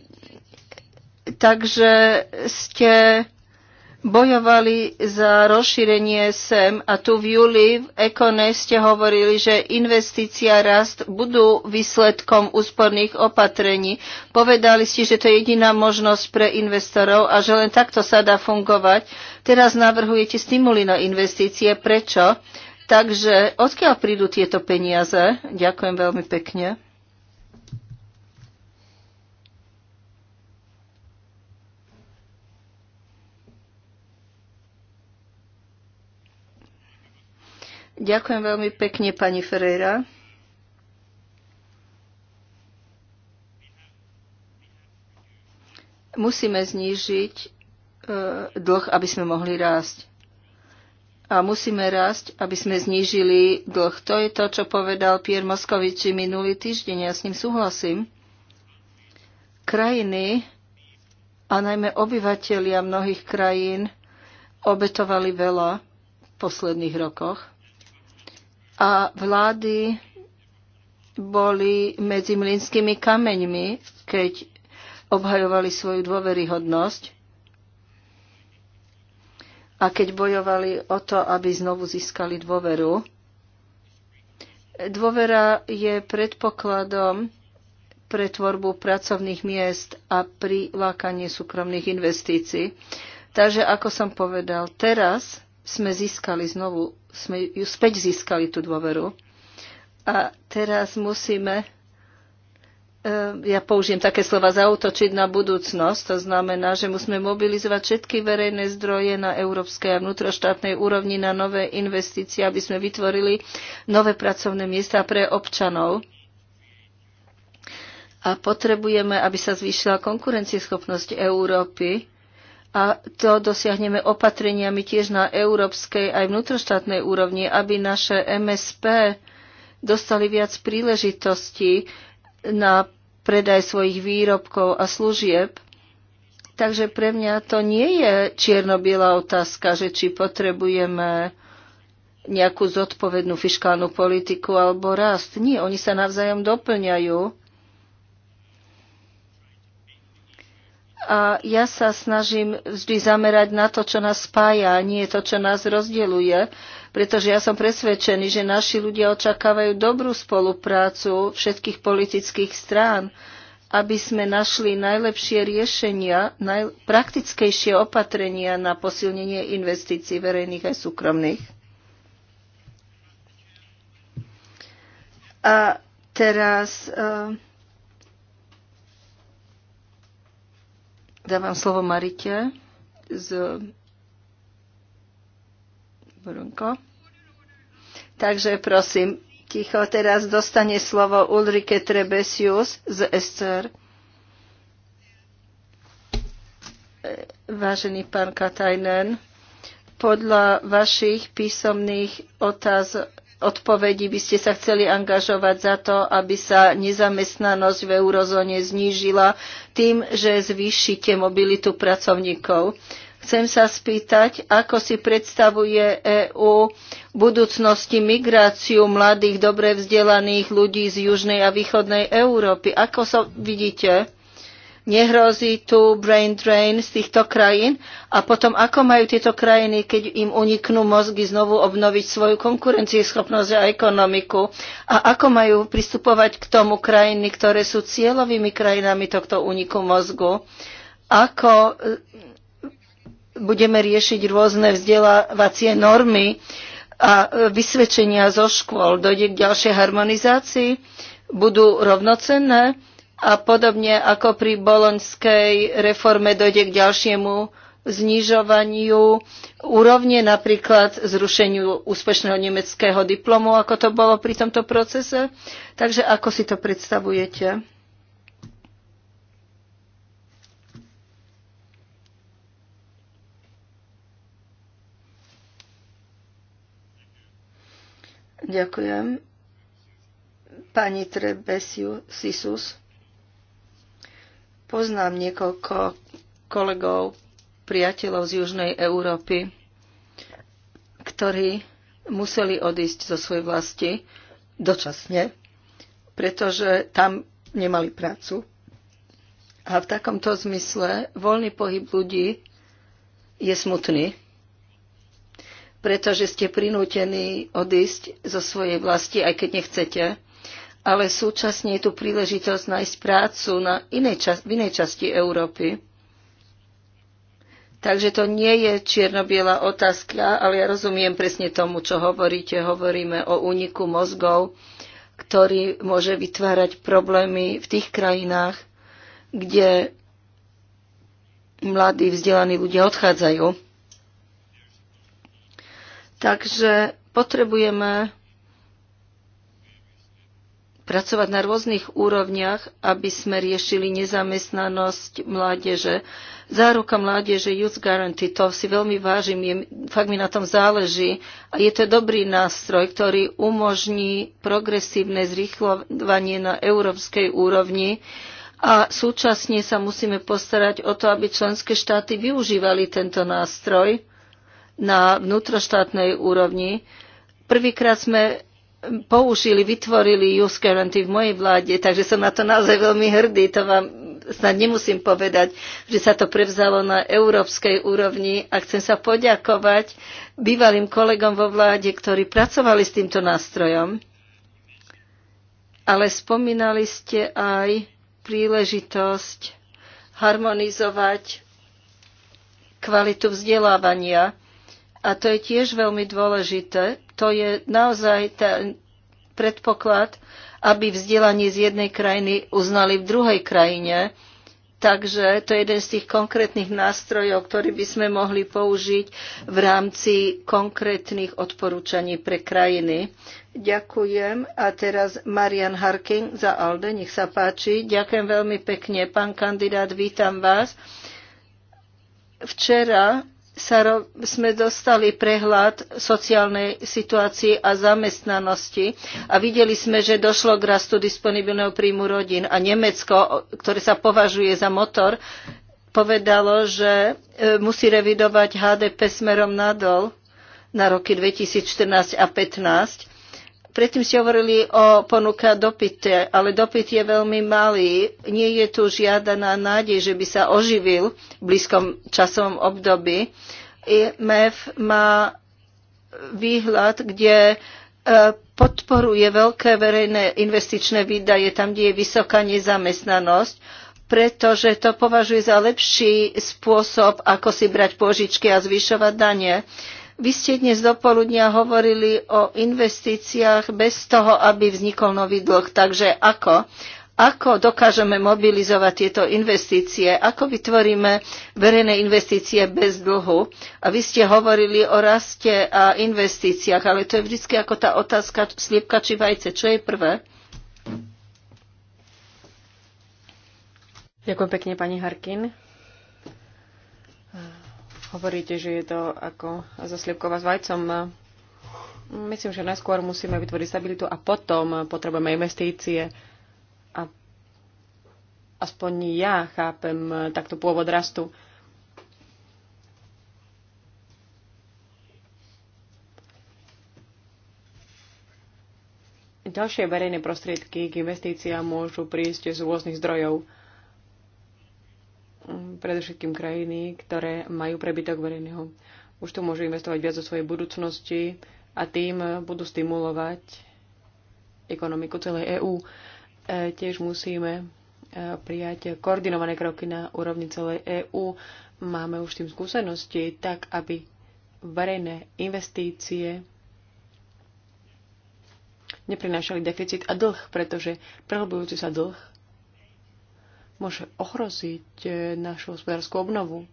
takže ste bojovali za rozšírenie SEM a tu v júli v Ekone ste hovorili, že investícia rast budú výsledkom úsporných opatrení. Povedali ste, že to je jediná možnosť pre investorov a že len takto sa dá fungovať. Teraz navrhujete stimuly na investície. Prečo? Takže odkiaľ prídu tieto peniaze? Ďakujem veľmi pekne. Ďakujem veľmi pekne, pani Ferreira. Musíme znížiť e, dlh, aby sme mohli rásť. A musíme rásť, aby sme znížili dlh. To je to, čo povedal Pier Moskovici minulý týždeň. Ja s ním súhlasím. Krajiny, a najmä obyvatelia mnohých krajín, obetovali veľa v posledných rokoch a vlády boli medzi mlinskými kameňmi, keď obhajovali svoju dôveryhodnosť a keď bojovali o to, aby znovu získali dôveru. Dôvera je predpokladom pre tvorbu pracovných miest a lákanie súkromných investícií. Takže, ako som povedal, teraz sme získali znovu sme ju späť získali, tú dôveru. A teraz musíme, e, ja použijem také slova, zautočiť na budúcnosť. To znamená, že musíme mobilizovať všetky verejné zdroje na európskej a vnútroštátnej úrovni na nové investície, aby sme vytvorili nové pracovné miesta pre občanov a potrebujeme, aby sa zvýšila konkurencieschopnosť Európy a to dosiahneme opatreniami tiež na európskej aj vnútroštátnej úrovni, aby naše MSP dostali viac príležitostí na predaj svojich výrobkov a služieb. Takže pre mňa to nie je čierno-biela otázka, že či potrebujeme nejakú zodpovednú fiskálnu politiku alebo rast. Nie, oni sa navzájom doplňajú. A ja sa snažím vždy zamerať na to, čo nás spája, a nie to, čo nás rozdeluje, pretože ja som presvedčený, že naši ľudia očakávajú dobrú spoluprácu všetkých politických strán, aby sme našli najlepšie riešenia, najpraktickejšie opatrenia na posilnenie investícií verejných aj súkromných. A teraz uh, Dávam slovo Marite z Brunko. Takže prosím, ticho, teraz dostane slovo Ulrike Trebesius z SCR. Vážený pán Katajnen, podľa vašich písomných otázok odpovedí by ste sa chceli angažovať za to, aby sa nezamestnanosť v eurozóne znížila tým, že zvýšite mobilitu pracovníkov. Chcem sa spýtať, ako si predstavuje EÚ v budúcnosti migráciu mladých, dobre vzdelaných ľudí z južnej a východnej Európy. Ako sa so vidíte? Nehrozí tu brain drain z týchto krajín? A potom, ako majú tieto krajiny, keď im uniknú mozgy, znovu obnoviť svoju konkurencieschopnosť a ekonomiku? A ako majú pristupovať k tomu krajiny, ktoré sú cieľovými krajinami tohto úniku mozgu? Ako e, budeme riešiť rôzne vzdelávacie normy a e, vysvedčenia zo škôl? Dojde k ďalšej harmonizácii? Budú rovnocenné? a podobne ako pri boloňskej reforme dojde k ďalšiemu znižovaniu úrovne, napríklad zrušeniu úspešného nemeckého diplomu, ako to bolo pri tomto procese. Takže ako si to predstavujete? Ďakujem. Pani Trebesiu Sisus. Poznám niekoľko kolegov, priateľov z Južnej Európy, ktorí museli odísť zo svojej vlasti dočasne, pretože tam nemali prácu. A v takomto zmysle voľný pohyb ľudí je smutný, pretože ste prinútení odísť zo svojej vlasti, aj keď nechcete ale súčasne je tu príležitosť nájsť prácu na inej čas- v inej časti Európy. Takže to nie je čiernobiela otázka, ale ja rozumiem presne tomu, čo hovoríte. Hovoríme o úniku mozgov, ktorý môže vytvárať problémy v tých krajinách, kde mladí vzdelaní ľudia odchádzajú. Takže potrebujeme pracovať na rôznych úrovniach, aby sme riešili nezamestnanosť mládeže. Záruka mládeže Youth Guarantee, to si veľmi vážim, je, fakt mi na tom záleží. A je to dobrý nástroj, ktorý umožní progresívne zrýchľovanie na európskej úrovni a súčasne sa musíme postarať o to, aby členské štáty využívali tento nástroj na vnútroštátnej úrovni. Prvýkrát sme použili, vytvorili Youth Guarantee v mojej vláde, takže som na to naozaj veľmi hrdý. To vám snad nemusím povedať, že sa to prevzalo na európskej úrovni a chcem sa poďakovať bývalým kolegom vo vláde, ktorí pracovali s týmto nástrojom. Ale spomínali ste aj príležitosť harmonizovať kvalitu vzdelávania. A to je tiež veľmi dôležité, to je naozaj ten predpoklad, aby vzdelanie z jednej krajiny uznali v druhej krajine. Takže to je jeden z tých konkrétnych nástrojov, ktorý by sme mohli použiť v rámci konkrétnych odporúčaní pre krajiny. Ďakujem. A teraz Marian Harking za ALDE. Nech sa páči. Ďakujem veľmi pekne. Pán kandidát, vítam vás. Včera sa ro- sme dostali prehľad sociálnej situácii a zamestnanosti a videli sme, že došlo k rastu disponibilného príjmu rodín a Nemecko, ktoré sa považuje za motor, povedalo, že e, musí revidovať HDP smerom nadol na roky 2014 a 2015 Predtým ste hovorili o ponuka dopite, ale dopyt je veľmi malý. Nie je tu žiadaná nádej, že by sa oživil v blízkom časovom období. IMF má výhľad, kde e, podporuje veľké verejné investičné výdaje tam, kde je vysoká nezamestnanosť, pretože to považuje za lepší spôsob, ako si brať požičky a zvyšovať dane. Vy ste dnes dopoludnia hovorili o investíciách bez toho, aby vznikol nový dlh. Takže ako? Ako dokážeme mobilizovať tieto investície? Ako vytvoríme verejné investície bez dlhu? A vy ste hovorili o raste a investíciách, ale to je vždy ako tá otázka sliepka či vajce. Čo je prvé? Ďakujem pekne, pani Harkin. Hovoríte, že je to ako so slivkova s vajcom. Myslím, že najskôr musíme vytvoriť stabilitu a potom potrebujeme investície. A aspoň ja chápem takto pôvod rastu. Ďalšie verejné prostriedky k investíciám môžu prísť z rôznych zdrojov predovšetkým krajiny, ktoré majú prebytok verejného. Už tu môžu investovať viac do svojej budúcnosti a tým budú stimulovať ekonomiku celej EÚ. E, tiež musíme e, prijať koordinované kroky na úrovni celej EÚ. Máme už tým skúsenosti, tak aby verejné investície neprinášali deficit a dlh, pretože prehlbujúci sa dlh môže ohroziť e, našu hospodárskú obnovu.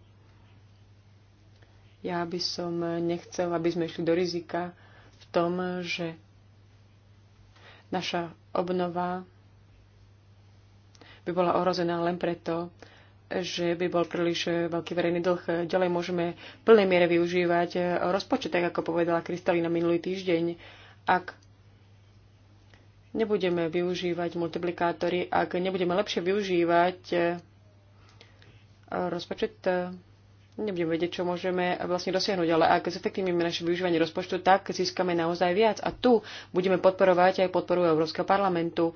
Ja by som e, nechcel, aby sme išli do rizika v tom, že naša obnova by bola ohrozená len preto, že by bol príliš e, veľký verejný dlh. Ďalej môžeme v plnej miere využívať rozpočet, tak ako povedala Kristalina minulý týždeň. Ak nebudeme využívať multiplikátory, ak nebudeme lepšie využívať eh, rozpočet, eh, nebudeme vedieť, čo môžeme vlastne dosiahnuť. Ale ak zefektívnime naše využívanie rozpočtu, tak získame naozaj viac. A tu budeme podporovať aj podporu Európskeho parlamentu.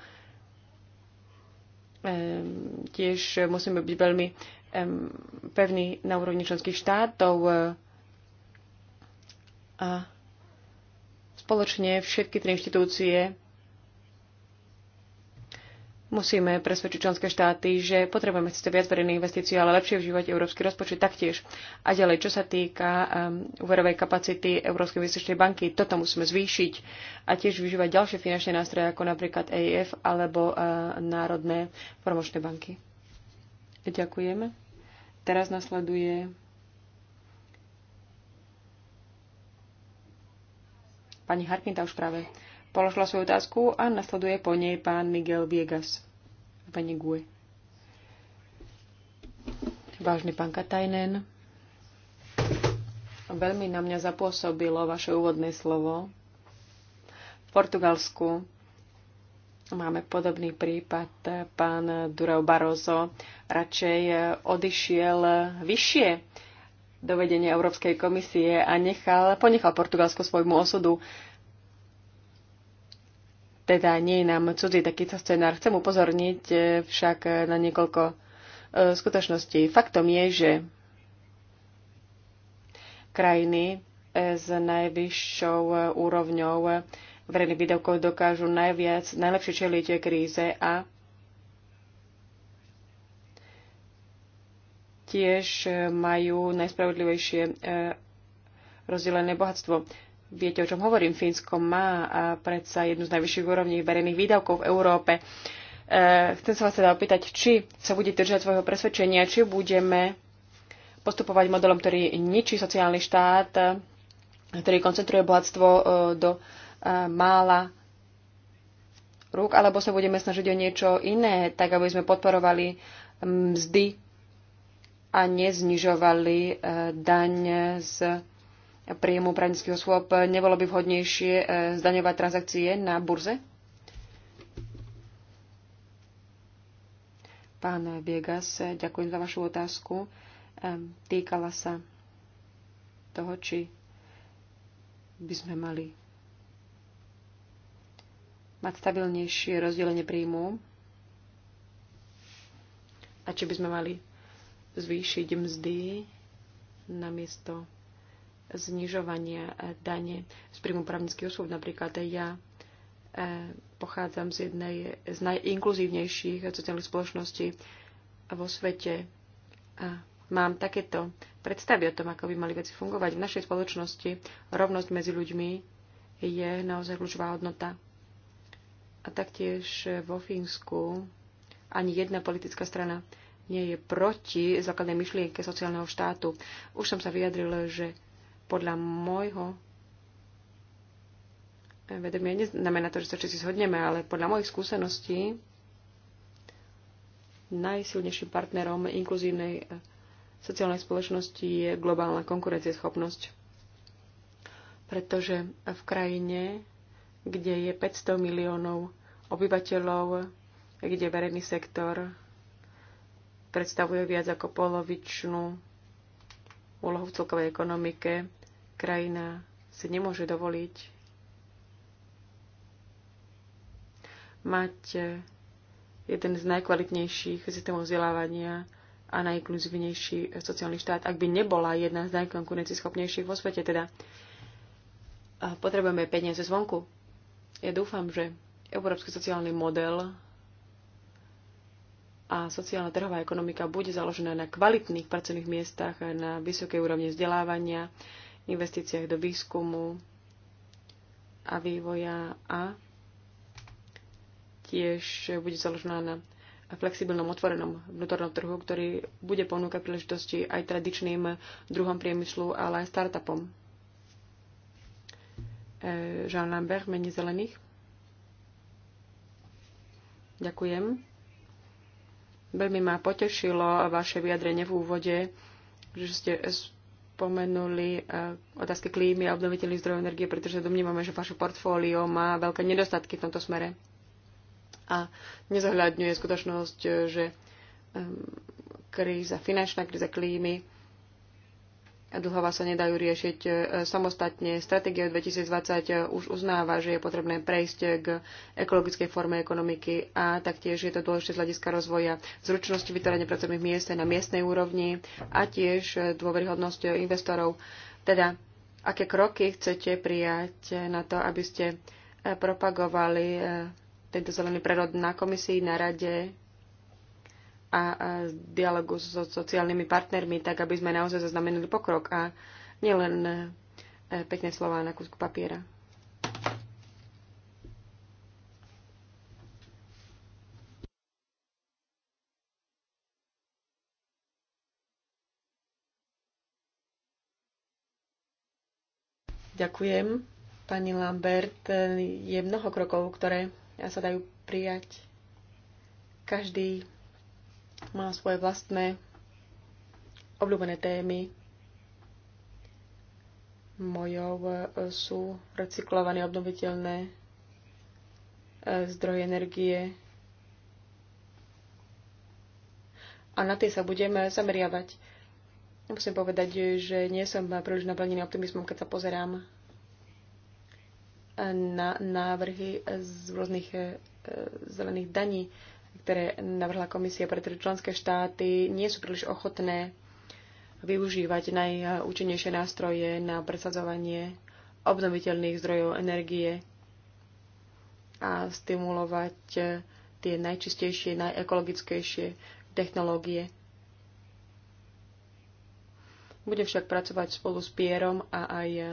Ehm, tiež musíme byť veľmi ehm, pevní na úrovni členských štátov. Ehm, a spoločne všetky tri inštitúcie Musíme presvedčiť členské štáty, že potrebujeme síce viac verejných investícií, ale lepšie v živote európsky rozpočet taktiež. A ďalej, čo sa týka um, úverovej kapacity Európskej investičnej banky, toto musíme zvýšiť a tiež využívať ďalšie finančné nástroje, ako napríklad EIF alebo uh, Národné promočné banky. Ďakujeme. Teraz nasleduje pani Harkinta už práve položila svoju otázku a nasleduje po nej pán Miguel Viegas pani Gue. Vážny pán Katajnen, veľmi na mňa zapôsobilo vaše úvodné slovo. V Portugalsku máme podobný prípad. Pán Durao Barroso radšej odišiel vyššie do vedenia Európskej komisie a nechal, ponechal Portugalsko svojmu osudu teda nie je nám cudzí takýto scenár. Chcem upozorniť e, však e, na niekoľko e, skutočností. Faktom je, že krajiny s najvyššou úrovňou verejných výdavkov dokážu najviac, najlepšie čeliť kríze a tiež majú najspravodlivejšie rozdelené bohatstvo. Viete, o čom hovorím. Fínsko má a predsa jednu z najvyšších úrovní verejných výdavkov v Európe. E, chcem sa vás teda opýtať, či sa bude držať svojho presvedčenia, či budeme postupovať modelom, ktorý ničí sociálny štát, ktorý koncentruje bohatstvo e, do e, mála rúk, alebo sa budeme snažiť o niečo iné, tak aby sme podporovali mzdy a neznižovali daň z príjmu právnických osôb, nebolo by vhodnejšie e, zdaňovať transakcie na burze? Pán Biegas, ďakujem za vašu otázku. E, týkala sa toho, či by sme mali mať stabilnejšie rozdelenie príjmu a či by sme mali zvýšiť mzdy namiesto miesto znižovania eh, dane z príjmu právnických osôb. Napríklad ja eh, pochádzam z jednej z najinkluzívnejších sociálnych spoločností vo svete a mám takéto predstavy o tom, ako by mali veci fungovať. V našej spoločnosti rovnosť medzi ľuďmi je naozaj kľúčová hodnota. A taktiež vo Fínsku ani jedna politická strana nie je proti základnej myšlienke sociálneho štátu. Už som sa vyjadril, že podľa môjho eh, vedomia, neznamená to, že sa všetci zhodneme, ale podľa mojich skúseností najsilnejším partnerom inkluzívnej eh, sociálnej spoločnosti je globálna konkurencieschopnosť. Pretože v krajine, kde je 500 miliónov obyvateľov, kde verejný sektor predstavuje viac ako polovičnú úlohu v celkovej ekonomike, Krajina si nemôže dovoliť mať jeden z najkvalitnejších systémov vzdelávania a najinkluzívnejší sociálny štát, ak by nebola jedna z najkonkurencieschopnejších vo svete. Teda potrebujeme peniaze zvonku. Ja dúfam, že európsky sociálny model a sociálna trhová ekonomika bude založená na kvalitných pracovných miestach, na vysokej úrovni vzdelávania, investíciách do výskumu a vývoja a tiež bude založená na flexibilnom otvorenom vnútornom trhu, ktorý bude ponúkať príležitosti aj tradičným druhom priemyslu, ale aj startupom. E, Jean Lambert, mene zelených. Ďakujem. Veľmi ma potešilo vaše vyjadrenie v úvode, že ste spomenuli e, otázky klímy a obnoviteľných zdrojov energie, pretože domnívame, že vaše portfólio má veľké nedostatky v tomto smere a nezohľadňuje skutočnosť, že kríza, finančná kríza klímy dlhova sa nedajú riešiť e, samostatne. Stratégia 2020 e, už uznáva, že je potrebné prejsť k ekologickej forme ekonomiky a taktiež je to dôležité z hľadiska rozvoja zručnosti vytvorenia pracovných miest na miestnej úrovni a tiež e, dôveryhodnosť investorov. Teda, aké kroky chcete prijať na to, aby ste propagovali tento zelený prerod na komisii, na rade, a dialogu so sociálnymi partnermi, tak aby sme naozaj zaznamenali pokrok a nielen e, pekné slova na kúsku papiera. Ďakujem, pani Lambert. Je mnoho krokov, ktoré sa dajú prijať. Každý Mám svoje vlastné obľúbené témy. Mojou e, sú recyklované obnoviteľné e, zdroje energie. A na tie sa budeme zameriavať. Musím povedať, že nie som príliš naplnený optimizmom, keď sa pozerám na návrhy z rôznych e, zelených daní ktoré navrhla komisia pre tri členské štáty, nie sú príliš ochotné využívať najúčinnejšie nástroje na presadzovanie obnoviteľných zdrojov energie a stimulovať eh, tie najčistejšie, najekologickejšie technológie. Budem však pracovať spolu s Pierom a aj eh,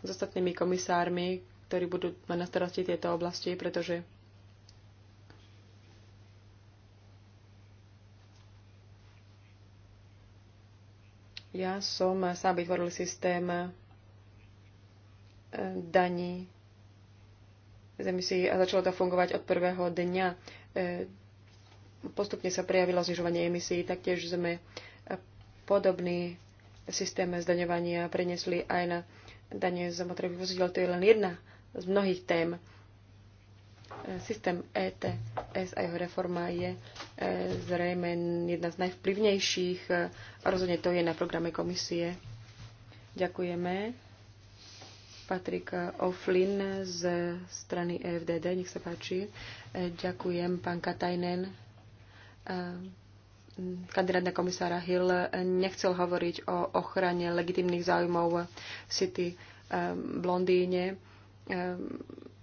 s ostatnými komisármi, ktorí budú mať na starosti tieto oblasti, pretože Ja som sa vytvoril systém e, daní z emisí a začalo to fungovať od prvého dňa. E, postupne sa prejavilo znižovanie emisí, taktiež sme podobný systém zdaňovania preniesli aj na danie z motorových vozidel. To je len jedna z mnohých tém. Systém ETS a jeho reforma je e, zrejme jedna z najvplyvnejších e, rozhodne to je na programe komisie. Ďakujeme. Patrik O'Flynn z strany EFDD, nech sa páči. E, ďakujem, pán Katajnen. Kandidát na komisára Hill nechcel hovoriť o ochrane legitimných záujmov City v Londýne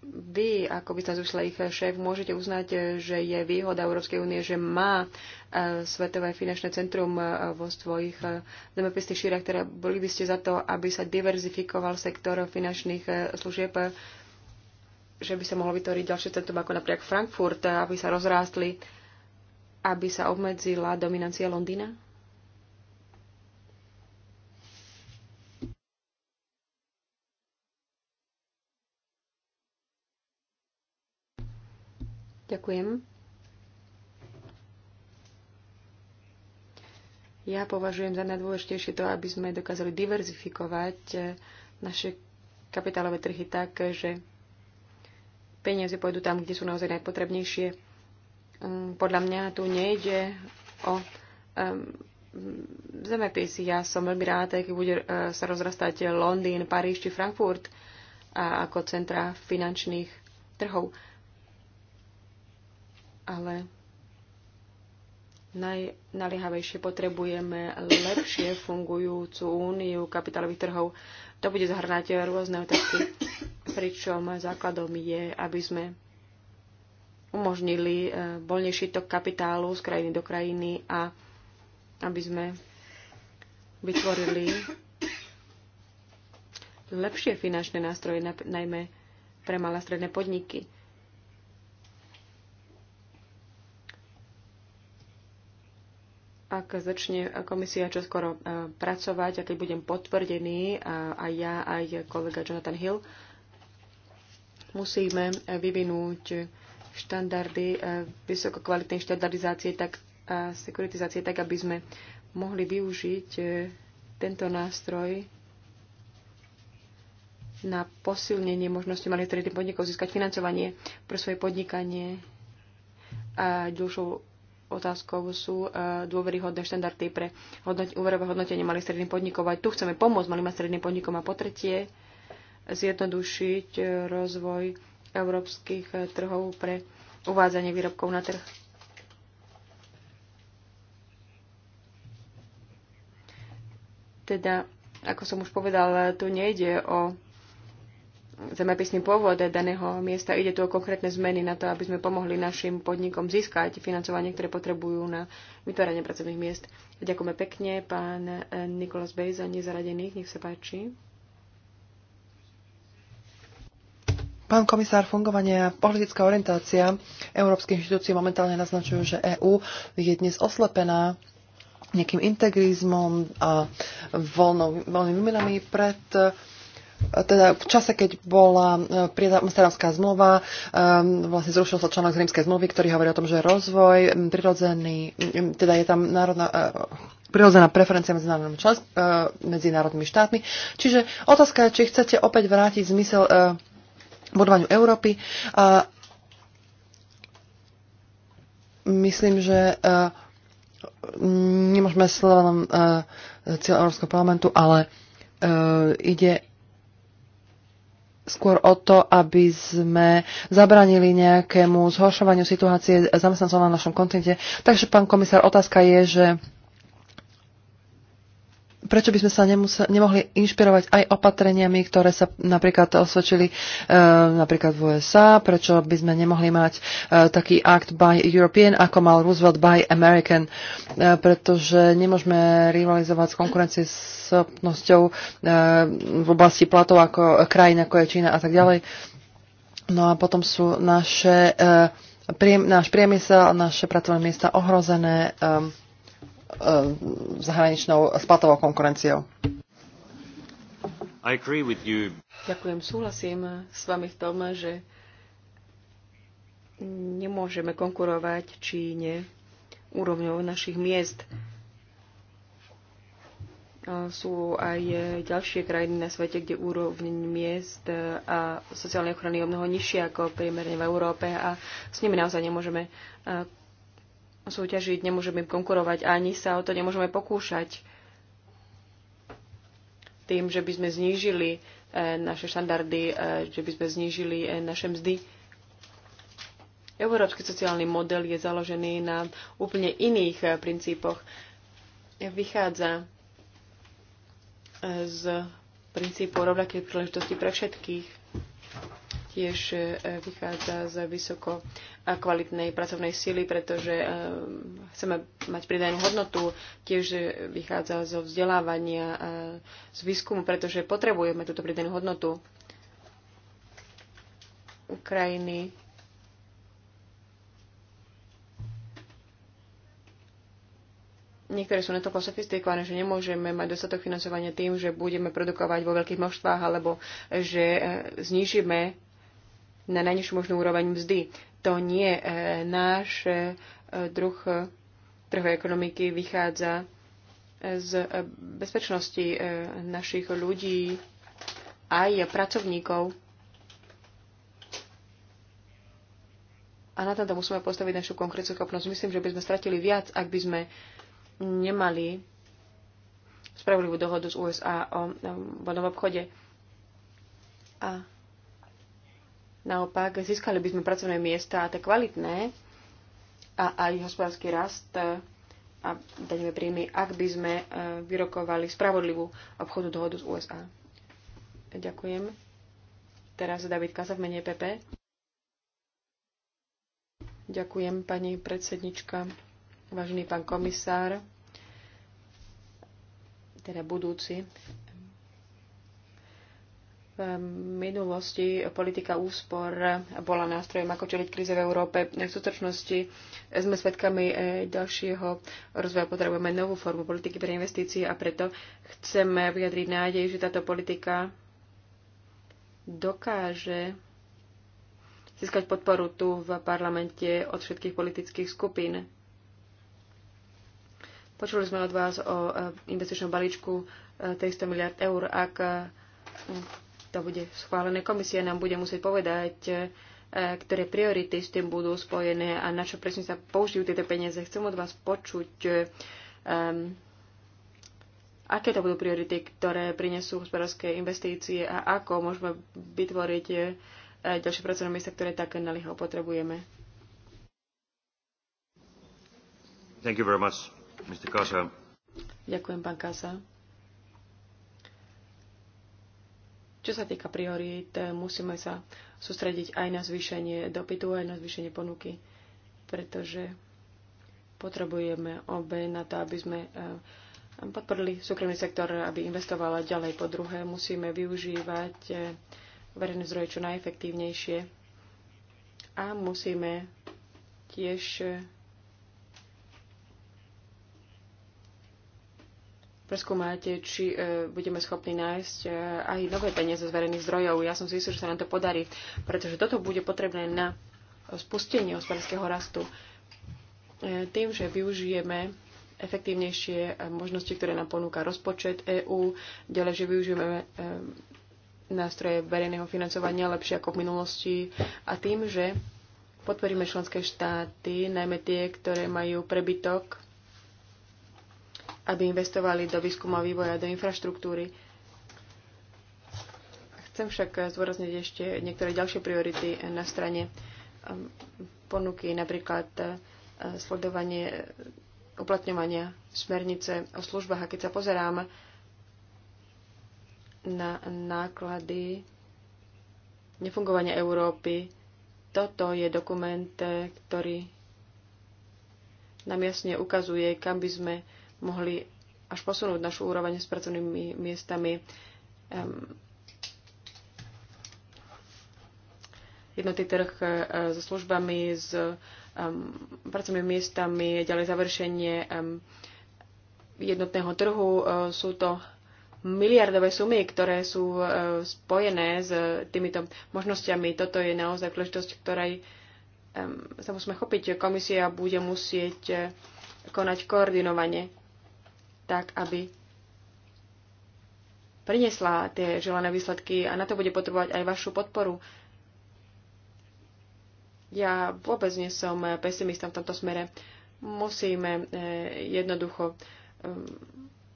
vy, ako by sa zúšla ich šéf, môžete uznať, že je výhoda Európskej únie, že má e, Svetové finančné centrum e, vo svojich e, zemepisných šírach, ktoré teda boli by ste za to, aby sa diverzifikoval sektor finančných služieb, že by sa mohlo vytvoriť ďalšie centrum ako napríklad Frankfurt, aby sa rozrástli, aby sa obmedzila dominancia Londýna? Ďakujem. Ja považujem za najdôležitejšie to, aby sme dokázali diverzifikovať eh, naše kapitálové trhy tak, že peniaze pôjdu tam, kde sú naozaj najpotrebnejšie. Mm, podľa mňa tu nejde o zemepisy. Ja som veľmi rád, keď bude eh, sa rozrastať Londýn, Paríž či Frankfurt ako centra finančných trhov ale najnaliehavejšie potrebujeme lepšie fungujúcu úniu kapitálových trhov. To bude zahrnať rôzne otázky, pričom základom je, aby sme umožnili e, voľnejší tok kapitálu z krajiny do krajiny a aby sme vytvorili lepšie finančné nástroje, najmä pre malé stredné podniky. ak začne komisia čoskoro e, pracovať a keď budem potvrdený e, aj ja, aj kolega Jonathan Hill, musíme vyvinúť štandardy, e, vysokokvalitnej štandardizácie, tak a sekuritizácie, tak aby sme mohli využiť tento nástroj na posilnenie možnosti malých podnikov získať financovanie pre svoje podnikanie a ďalšou otázkou sú e, dôveryhodné štandardy pre hodnot- úverové hodnotenie malých stredných podnikov. Aj tu chceme pomôcť malým a stredným podnikom a po tretie zjednodušiť e, rozvoj európskych e, trhov pre uvádzanie výrobkov na trh. Teda, ako som už povedal, tu nejde o zemepisný pôvod daného miesta. Ide tu o konkrétne zmeny na to, aby sme pomohli našim podnikom získať financovanie, ktoré potrebujú na vytváranie pracovných miest. Ďakujeme pekne, pán eh, Nikolas Bej za nezaradených. Nech sa páči. Pán komisár, fungovanie a politická orientácia európskych inštitúcií momentálne naznačujú, že EÚ je dnes oslepená nejakým integrizmom a voľnou, voľnými výmenami pred teda v čase, keď bola e, prijatá Amsterdamská zmluva, e, vlastne zrušil sa článok z rímskej zmluvy, ktorý hovorí o tom, že rozvoj prirodzený, teda je tam národná, e, prirodzená preferencia medzi národnými, čas, medzi národnými štátmi. Čiže otázka je, či chcete opäť vrátiť zmysel budovaniu Európy. A myslím, že nemôžeme sledovať cieľ Európskeho parlamentu, ale ide skôr o to, aby sme zabranili nejakému zhoršovaniu situácie zamestnancov na našom kontinente. Takže, pán komisár, otázka je, že prečo by sme sa nemusel, nemohli inšpirovať aj opatreniami, ktoré sa napríklad osvedčili e, napríklad v USA, prečo by sme nemohli mať e, taký act by European, ako mal Roosevelt by American, e, pretože nemôžeme rivalizovať s konkurencieschopnosťou e, v oblasti platov ako krajín, ako je Čína a tak ďalej. No a potom sú naše, e, náš priemysel, naše pracovné miesta ohrozené. E, E, zahraničnou splatovou konkurenciou. I agree with you. Ďakujem, súhlasím s vami v tom, že nemôžeme konkurovať Číne úrovňou našich miest. Sú aj ďalšie krajiny na svete, kde úroveň miest a sociálnej ochrany je mnoho nižšie, ako priemerne v Európe a s nimi naozaj nemôžeme súťažiť, nemôžeme im konkurovať, ani sa o to nemôžeme pokúšať tým, že by sme znížili e, naše štandardy, e, že by sme znížili e, naše mzdy. Európsky sociálny model je založený na úplne iných princípoch. Vychádza z princípu rovnakých príležitostí pre všetkých tiež e, vychádza z vysoko e, kvalitnej pracovnej sily, pretože e, chceme mať pridanú hodnotu, tiež vychádza zo vzdelávania, a z výskumu, pretože potrebujeme túto pridanú hodnotu. Ukrajiny. niektoré sú natoľko sofistikované, že nemôžeme mať dostatok financovania tým, že budeme produkovať vo veľkých množstvách alebo že znižíme na najnižšiu možnú úroveň mzdy. To nie. E, náš e, druh e, trhovej ekonomiky vychádza z bezpečnosti našich ľudí aj pracovníkov. A na tomto musíme postaviť našu konkrétnu schopnosť. Myslím, že by sme stratili viac, ak by sme nemali spravodlivú dohodu z USA o voľnom obchode. A Naopak, získali by sme pracovné miesta, a tie kvalitné, a aj hospodársky rast a daňové príjmy, ak by sme e, vyrokovali spravodlivú obchodnú dohodu z USA. Ďakujem. Teraz David Kasa v mene PP. E Ďakujem, pani predsednička, vážený pán komisár, teda budúci v minulosti politika úspor bola nástrojom, ako čeliť kríze v Európe. V súčasnosti sme svedkami e, ďalšieho rozvoja. Potrebujeme novú formu politiky pre investície a preto chceme vyjadriť nádej, že táto politika dokáže získať podporu tu v parlamente od všetkých politických skupín. Počuli sme od vás o e, investičnom balíčku 300 e, miliard eur. Ak to bude schválené. Komisia nám bude musieť povedať, e, ktoré priority s tým budú spojené a na čo presne sa použijú tieto peniaze. Chcem od vás počuť, um, aké to budú priority, ktoré prinesú hospodárske investície a ako môžeme vytvoriť e, ďalšie pracovné miesta, ktoré tak naliho potrebujeme. Thank you very much, Mr. Kasa. Ďakujem, pán Kasa. Čo sa týka priorít, musíme sa sústrediť aj na zvýšenie dopytu, aj na zvýšenie ponuky, pretože potrebujeme obe na to, aby sme eh, podporili súkromný sektor, aby investovala ďalej. Po druhé, musíme využívať eh, verejné zdroje čo najefektívnejšie a musíme tiež eh, preskúmate, či e, budeme schopní nájsť e, aj nové peniaze z verejných zdrojov. Ja som si istý, že sa nám to podarí, pretože toto bude potrebné na spustenie hospodárskeho rastu. E, tým, že využijeme efektívnejšie možnosti, ktoré nám ponúka rozpočet EÚ, ďalej, že využijeme nástroje verejného financovania lepšie ako v minulosti a tým, že podporíme členské štáty, najmä tie, ktoré majú prebytok aby investovali do výskumu a vývoja, do infraštruktúry. Chcem však zdôrazniť ešte niektoré ďalšie priority na strane um, ponuky, napríklad uh, sledovanie uplatňovania smernice o službách. A keď sa pozerám na náklady nefungovania Európy, toto je dokument, uh, ktorý nám jasne ukazuje, kam by sme mohli až posunúť našu úroveň s pracovnými miestami. Jednotný trh e, so službami, s pracovnými miestami, ďalej završenie jednotného trhu. E, sú to miliardové sumy, ktoré sú e, spojené s týmito možnosťami. Toto je naozaj príležitosť, ktorej sa musíme chopiť. Komisia bude musieť konať koordinovanie tak aby priniesla tie želané výsledky a na to bude potrebovať aj vašu podporu. Ja vôbec nie som pesimista v tomto smere. Musíme eh, jednoducho eh,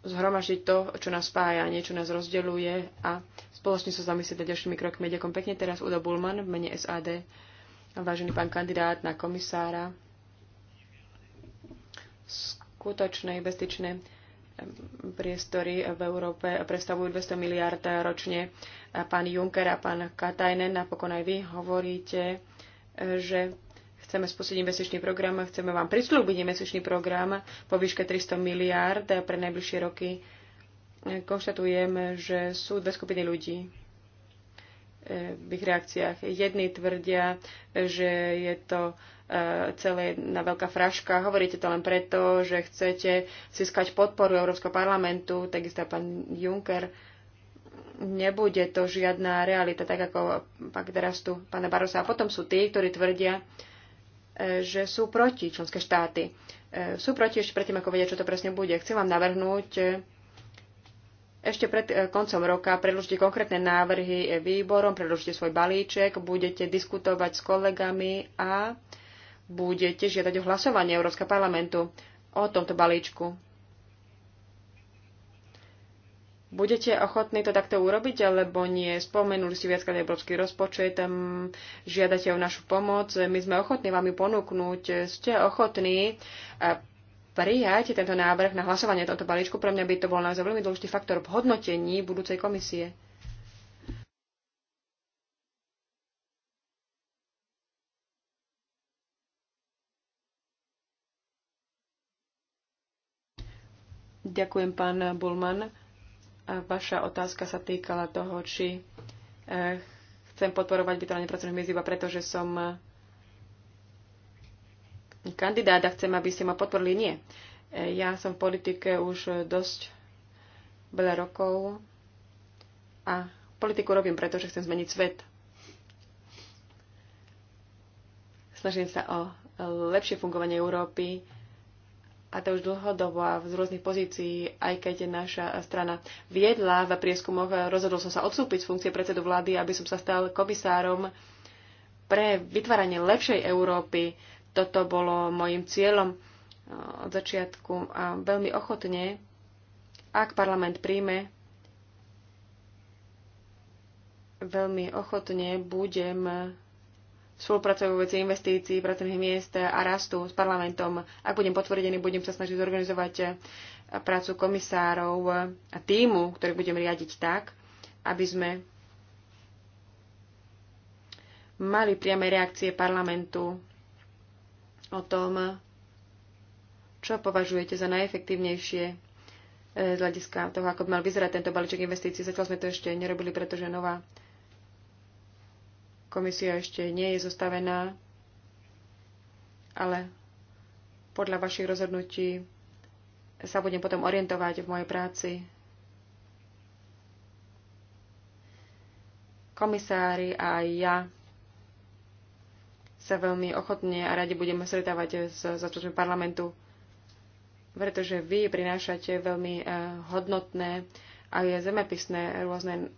zhromažiť to, čo nás spája, niečo nás rozdeľuje a spoločne sa zamyslieť nad ďalšími krokmi. Ďakujem pekne teraz Udo Bulman v mene SAD, vážený pán kandidát na komisára. Skutočné bestičné priestory v Európe predstavujú 200 miliard ročne. A pán Juncker a pán Katajnen, napokon aj vy hovoríte, že chceme spustiť investičný program, chceme vám prislúbiť investičný program po výške 300 miliard pre najbližšie roky. Konštatujem, že sú dve skupiny ľudí v ich reakciách. Jedni tvrdia, že je to e, celé na veľká fraška. Hovoríte to len preto, že chcete získať podporu Európskeho parlamentu, takisto pán Juncker. Nebude to žiadna realita, tak ako pak teraz tu pána Barosa. A potom sú tí, ktorí tvrdia, e, že sú proti členské štáty. E, sú proti ešte predtým, ako vedia, čo to presne bude. Chcem vám navrhnúť ešte pred eh, koncom roka predložte konkrétne návrhy eh, výborom, predložte svoj balíček, budete diskutovať s kolegami a budete žiadať o hlasovanie Európskeho parlamentu o tomto balíčku. Budete ochotní to takto urobiť, alebo nie? Spomenuli si viackrát európsky rozpočet, žiadate o našu pomoc. My sme ochotní vám ju ponúknuť. Ste ochotní eh, prijať tento návrh na hlasovanie tomto balíčku. Pre mňa by to bol naozaj veľmi dôležitý faktor v hodnotení budúcej komisie. Ďakujem, pán Bulman. Vaša otázka sa týkala toho, či eh, chcem podporovať vytvorenie pracovných miest iba preto, že som eh, Kandidát a chcem, aby ste ma podporili. Nie. E, ja som v politike už dosť veľa rokov a politiku robím pretože chcem zmeniť svet. Snažím sa o lepšie fungovanie Európy a to už dlhodobo a z rôznych pozícií, aj keď naša strana viedla v prieskumoch, rozhodol som sa odstúpiť z funkcie predsedu vlády, aby som sa stal komisárom pre vytváranie lepšej Európy. Toto bolo mojim cieľom eh, od začiatku a veľmi ochotne, ak parlament príjme, veľmi ochotne budem eh, spolupracovať veci investícií, pracovných miest a rastu s parlamentom. Ak budem potvrdený, budem sa snažiť zorganizovať eh, prácu komisárov a týmu, ktorý budem riadiť tak, aby sme mali priame reakcie parlamentu o tom, čo považujete za najefektívnejšie e, z hľadiska toho, ako by mal vyzerať tento balíček investícií. Zatiaľ sme to ešte nerobili, pretože nová komisia ešte nie je zostavená, ale podľa vašich rozhodnutí sa budem potom orientovať v mojej práci. Komisári a aj ja sa veľmi ochotne a radi budeme stretávať s zástupcami parlamentu, pretože vy prinášate veľmi eh, hodnotné a zemepisné rôzne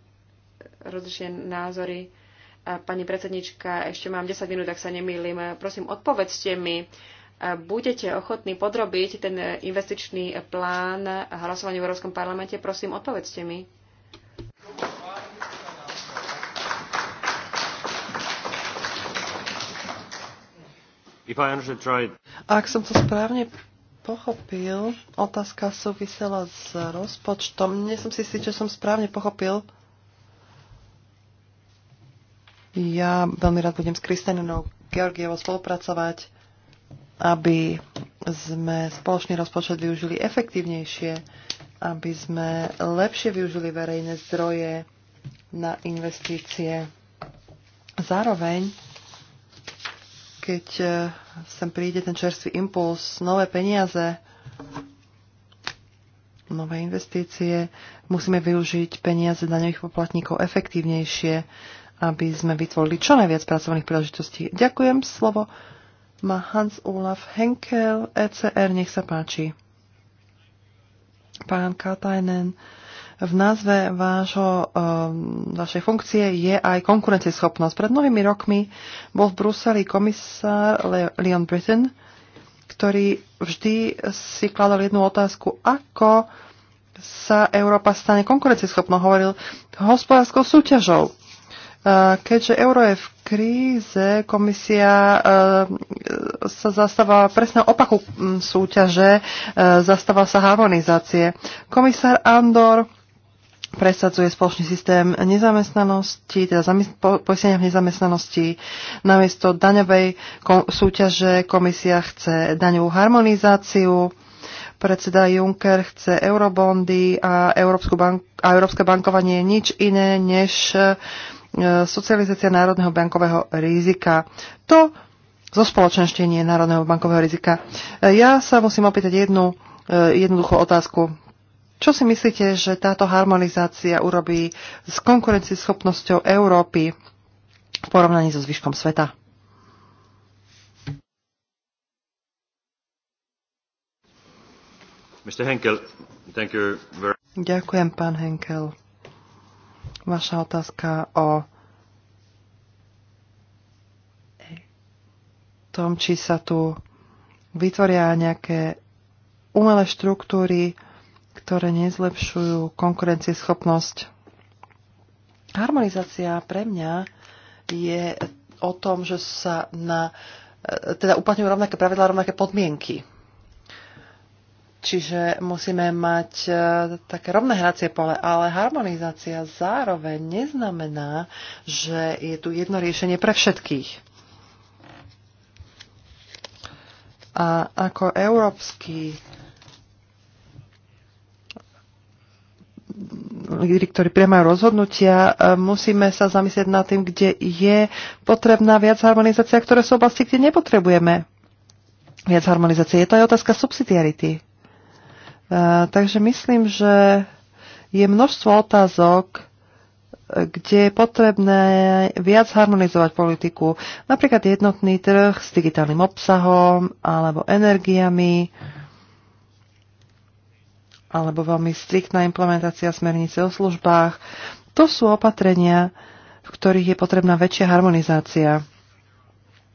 rozličné názory. Pani predsednička, ešte mám 10 minút, ak sa nemýlim. Prosím, odpovedzte mi, eh, budete ochotní podrobiť ten investičný plán hlasovania v Európskom parlamente? Prosím, odpovedzte mi. Ak som to správne pochopil, otázka súvisela s rozpočtom. Nie som si si, čo som správne pochopil. Ja veľmi rád budem s Kristianinou Georgievou spolupracovať, aby sme spoločný rozpočet využili efektívnejšie, aby sme lepšie využili verejné zdroje na investície. Zároveň keď e, sem príde ten čerstvý impuls, nové peniaze, nové investície, musíme využiť peniaze daňových poplatníkov efektívnejšie, aby sme vytvorili čo najviac pracovných príležitostí. Ďakujem, slovo má Hans Olaf Henkel, ECR, nech sa páči. Pán Katajnen, v názve vášho, ehm, vašej funkcie je aj konkurencieschopnosť. Pred mnohými rokmi bol v Bruseli komisár Leon Britton, ktorý vždy si kladol jednu otázku, ako sa Európa stane konkurencieschopnou, hovoril hospodárskou súťažou. Ehm, keďže euro je v kríze, komisia ehm, sa zastáva presne opaku súťaže, zastáva sa harmonizácie. Komisár Andor presadzuje spoločný systém nezamestnanosti, teda poistenia v nezamestnanosti. Namiesto daňovej kom- súťaže komisia chce daňovú harmonizáciu, predseda Juncker chce eurobondy a, Európsku bank- a Európske bankovanie je nič iné než e, socializácia národného bankového rizika. To zo spoločenštenie národného bankového rizika. E, ja sa musím opýtať jednu e, jednoduchú otázku. Čo si myslíte, že táto harmonizácia urobí s konkurencieschopnosťou Európy v porovnaní so zvyškom sveta? Mr. Henkel, thank you very... Ďakujem, pán Henkel. Vaša otázka o tom, či sa tu vytvoria nejaké umelé štruktúry, ktoré nezlepšujú konkurencieschopnosť. Harmonizácia pre mňa je o tom, že sa na, e, teda uplatňujú rovnaké pravidlá, rovnaké podmienky. Čiže musíme mať e, také rovné hracie pole, ale harmonizácia zároveň neznamená, že je tu jedno riešenie pre všetkých. A ako európsky lídry, ktorí priamajú rozhodnutia, e, musíme sa zamyslieť nad tým, kde je potrebná viac harmonizácia, ktoré sú oblasti, kde nepotrebujeme viac harmonizácie. Je to aj otázka subsidiarity. E, takže myslím, že je množstvo otázok, e, kde je potrebné viac harmonizovať politiku. Napríklad jednotný trh s digitálnym obsahom alebo energiami, alebo veľmi striktná implementácia smernice o službách. To sú opatrenia, v ktorých je potrebná väčšia harmonizácia.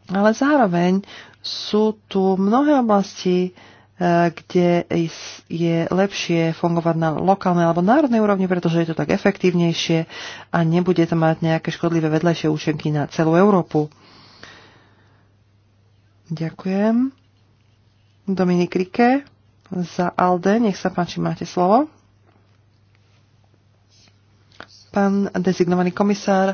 Ale zároveň sú tu mnohé oblasti, e, kde je lepšie fungovať na lokálnej alebo národnej úrovni, pretože je to tak efektívnejšie a nebude to mať nejaké škodlivé vedľajšie účinky na celú Európu. Ďakujem. Dominik Rike za ALDE. Nech sa páči, máte slovo. Pán dezignovaný komisár,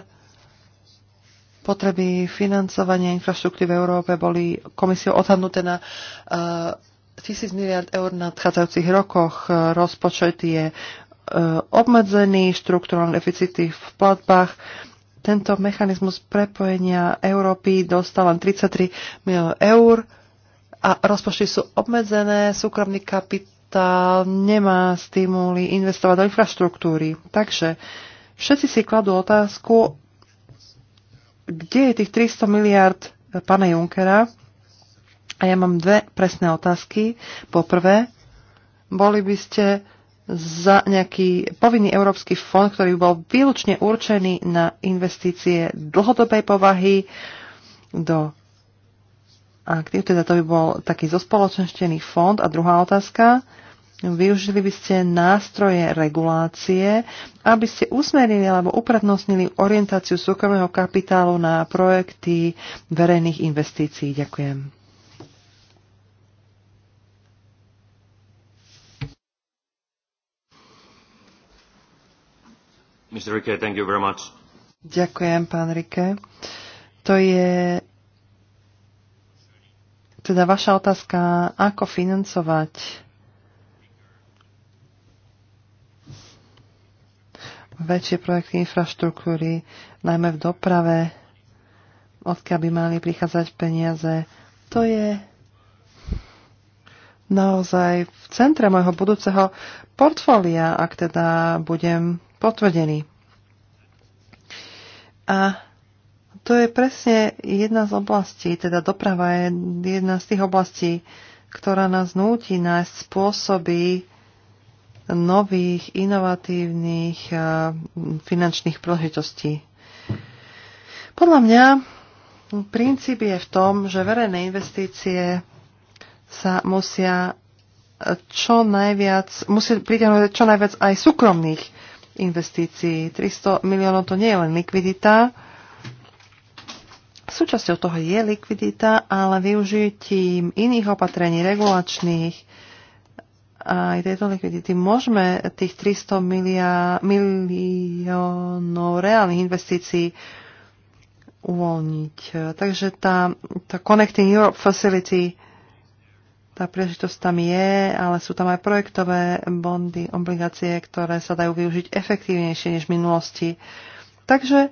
potreby financovania infraštruktúry v Európe boli komisiou odhadnuté na uh, eh, 1000 miliard eur na nadchádzajúcich rokoch. Rozpočet je uh, obmedzený, štruktúrne deficity v platbách. Tento mechanizmus prepojenia Európy dostal len 33 miliónov eur a rozpočty sú obmedzené, súkromný kapitál nemá stimuly investovať do infraštruktúry. Takže všetci si kladú otázku, kde je tých 300 miliard pána Junkera? A ja mám dve presné otázky. Poprvé, boli by ste za nejaký povinný európsky fond, ktorý bol výlučne určený na investície dlhodobej povahy do aktív, teda to by bol taký zospoločenštený fond. A druhá otázka, využili by ste nástroje regulácie, aby ste usmerili alebo upratnostnili orientáciu súkromného kapitálu na projekty verejných investícií. Ďakujem. Mr. Rike, thank you very much. Ďakujem, pán Rike. To je teda vaša otázka, ako financovať väčšie projekty infraštruktúry, najmä v doprave, odkiaľ by mali prichádzať peniaze. To je naozaj v centre môjho budúceho portfólia, ak teda budem potvrdený. A to je presne jedna z oblastí, teda doprava je jedna z tých oblastí, ktorá nás núti nájsť spôsoby nových, inovatívnych finančných príležitostí. Podľa mňa princíp je v tom, že verejné investície sa musia čo najviac, musí pritiahnuť čo najviac aj súkromných investícií. 300 miliónov to nie je len likvidita, Súčasťou toho je likvidita, ale využitím iných opatrení regulačných aj tejto likvidity môžeme tých 300 milia, miliónov reálnych investícií uvoľniť. Takže tá, tá Connecting Europe Facility, tá príležitosť tam je, ale sú tam aj projektové bondy, obligácie, ktoré sa dajú využiť efektívnejšie než v minulosti. Takže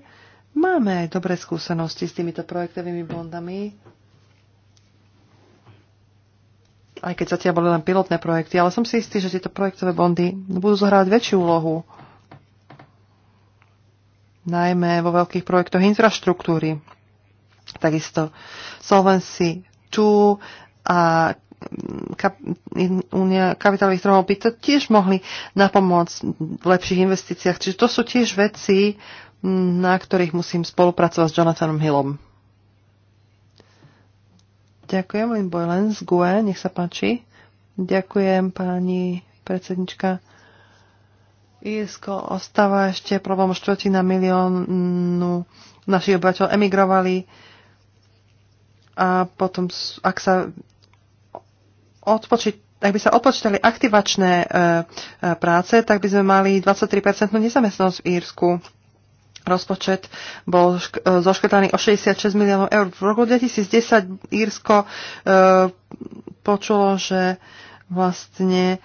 Máme aj dobré skúsenosti s týmito projektovými bondami. Aj keď zatiaľ boli len pilotné projekty, ale som si istý, že tieto projektové bondy budú zohrávať väčšiu úlohu. Najmä vo veľkých projektoch infraštruktúry. Takisto Solvency 2 a Únia kapitálových trhov by to tiež mohli napomôcť v lepších investíciách. Čiže to sú tiež veci, na ktorých musím spolupracovať s Jonathanom Hillom. Ďakujem, Lynn Boylan z GUE, nech sa páči. Ďakujem, pani predsednička. Írsko ostáva ešte problém štvrtina miliónu našich obyvateľov emigrovali a potom, ak sa odpočiť ak by sa odpočítali aktivačné e, e, práce, tak by sme mali 23% nezamestnosť v Írsku rozpočet bol e, zoškrtaný o 66 miliónov eur. V roku 2010 Írsko e, počulo, že vlastne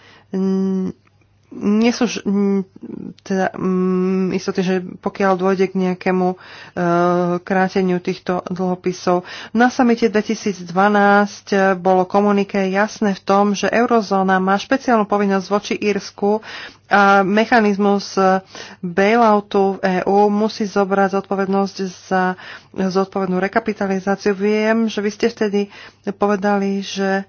nie sú teda, um, istoty, že pokiaľ dôjde k nejakému uh, kráteniu týchto dlhopisov. Na samite 2012 e, bolo komuniké jasné v tom, že eurozóna má špeciálnu povinnosť voči Írsku a mechanizmus e, bailoutu v EÚ musí zobrať zodpovednosť za zodpovednú rekapitalizáciu. Viem, že vy ste vtedy povedali, že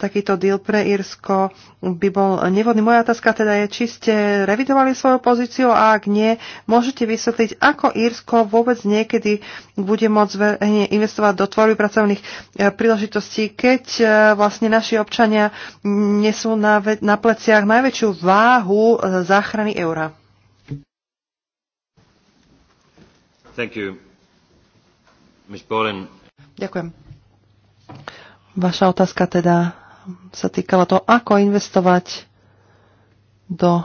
takýto deal pre Írsko by bol nevhodný. Moja otázka teda je, či ste revidovali svoju pozíciu a ak nie, môžete vysvetliť, ako Írsko vôbec niekedy bude môcť investovať do tvorby pracovných e, príležitostí, keď e, vlastne naši občania nesú na, na pleciach najväčšiu váhu e, záchrany eura. Thank you. Ms. Ďakujem. Vaša otázka teda sa týkala toho, ako investovať do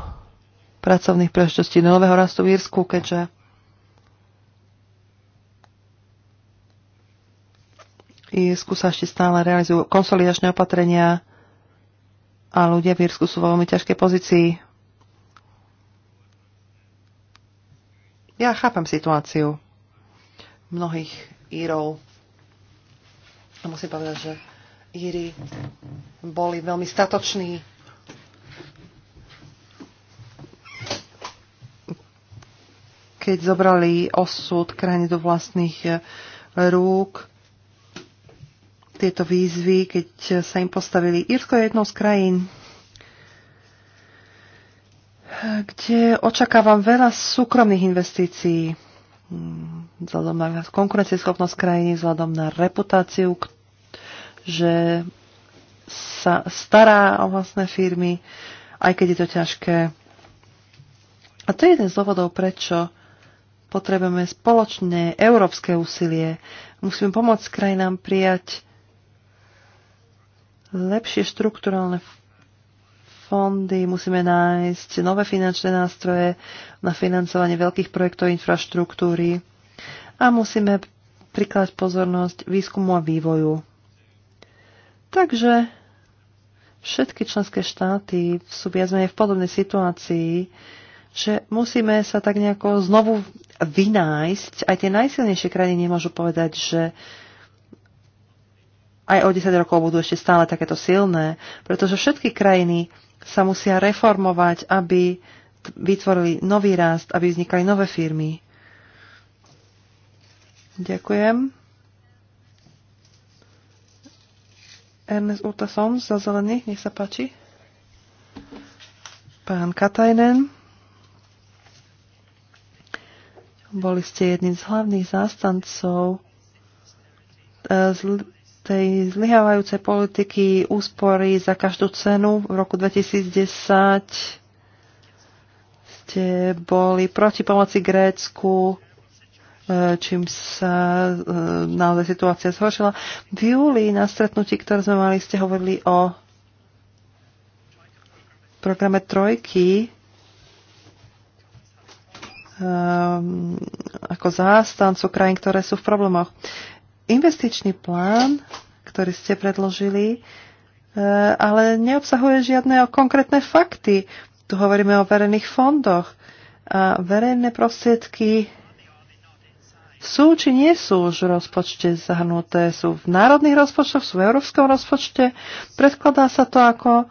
pracovných príležitostí do nového rastu v Írsku, keďže Írsku sa ešte stále realizujú konsolidačné opatrenia a ľudia v Írsku sú vo veľmi ťažkej pozícii. Ja chápem situáciu mnohých Írov. A musím povedať, že Íri boli veľmi statoční. Keď zobrali osud krajiny do vlastných eh, rúk, tieto výzvy, keď sa im postavili. Írsko je jednou z krajín, kde očakávam veľa súkromných investícií hmm, vzhľadom na konkurencieschopnosť krajiny, vzhľadom na reputáciu, že sa stará o vlastné firmy, aj keď je to ťažké. A to je jeden z dôvodov, prečo potrebujeme spoločné európske úsilie. Musíme pomôcť krajinám prijať lepšie štrukturálne fondy, musíme nájsť nové finančné nástroje na financovanie veľkých projektov infraštruktúry a musíme prikladať pozornosť výskumu a vývoju. Takže všetky členské štáty sú viac menej v podobnej situácii, že musíme sa tak nejako znovu vynájsť. Aj tie najsilnejšie krajiny nemôžu povedať, že aj o 10 rokov budú ešte stále takéto silné, pretože všetky krajiny sa musia reformovať, aby vytvorili nový rast, aby vznikali nové firmy. Ďakujem. Ernest Utasom za zelených, nech sa páči. Pán Katajnen. Boli ste jedným z hlavných zástancov eh, tej zlyhávajúcej politiky úspory za každú cenu. V roku 2010 ste boli proti pomoci Grécku E, čím sa e, naozaj situácia zhoršila. V júli na stretnutí, ktoré sme mali, ste hovorili o programe Trojky ehm, ako zástancu krajín, ktoré sú v problémoch. Investičný plán, ktorý ste predložili, e, ale neobsahuje žiadne konkrétne fakty. Tu hovoríme o verejných fondoch. A verejné prostriedky sú či nie sú už v rozpočte zahrnuté, sú v národných rozpočtoch, sú v európskom rozpočte. Predkladá sa to ako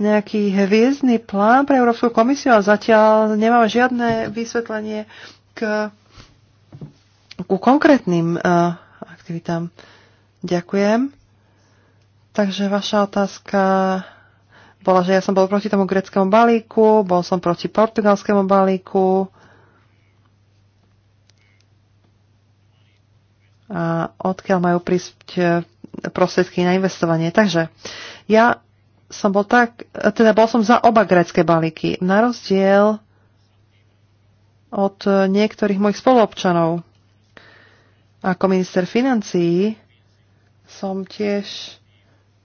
nejaký hviezdny plán pre Európsku komisiu a zatiaľ nemáme žiadne vysvetlenie k, ku konkrétnym uh, aktivitám. Ďakujem. Takže vaša otázka bola, že ja som bol proti tomu greckému balíku, bol som proti portugalskému balíku, a odkiaľ majú prísť e, prostriedky na investovanie. Takže ja som bol tak, teda bol som za oba grecké balíky, na rozdiel od niektorých mojich spoluobčanov. Ako minister financií som tiež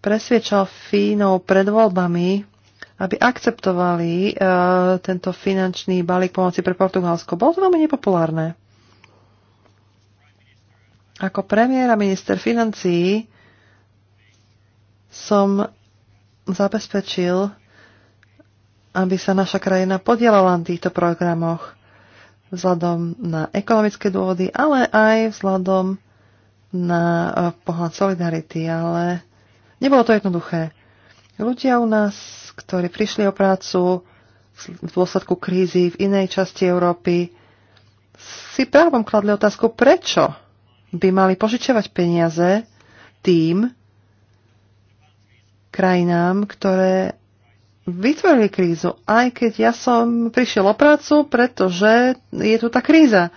presviečal Fínov pred voľbami, aby akceptovali uh, tento finančný balík pomoci pre Portugalsko. Bolo to veľmi nepopulárne. Ako premiér a minister financií som zabezpečil, aby sa naša krajina podielala na týchto programoch vzhľadom na ekonomické dôvody, ale aj vzhľadom na e, pohľad solidarity, ale nebolo to jednoduché. Ľudia u nás, ktorí prišli o prácu v dôsledku krízy v inej časti Európy, si právom kladli otázku, prečo by mali požičovať peniaze tým krajinám, ktoré vytvorili krízu, aj keď ja som prišiel o prácu, pretože je tu tá kríza.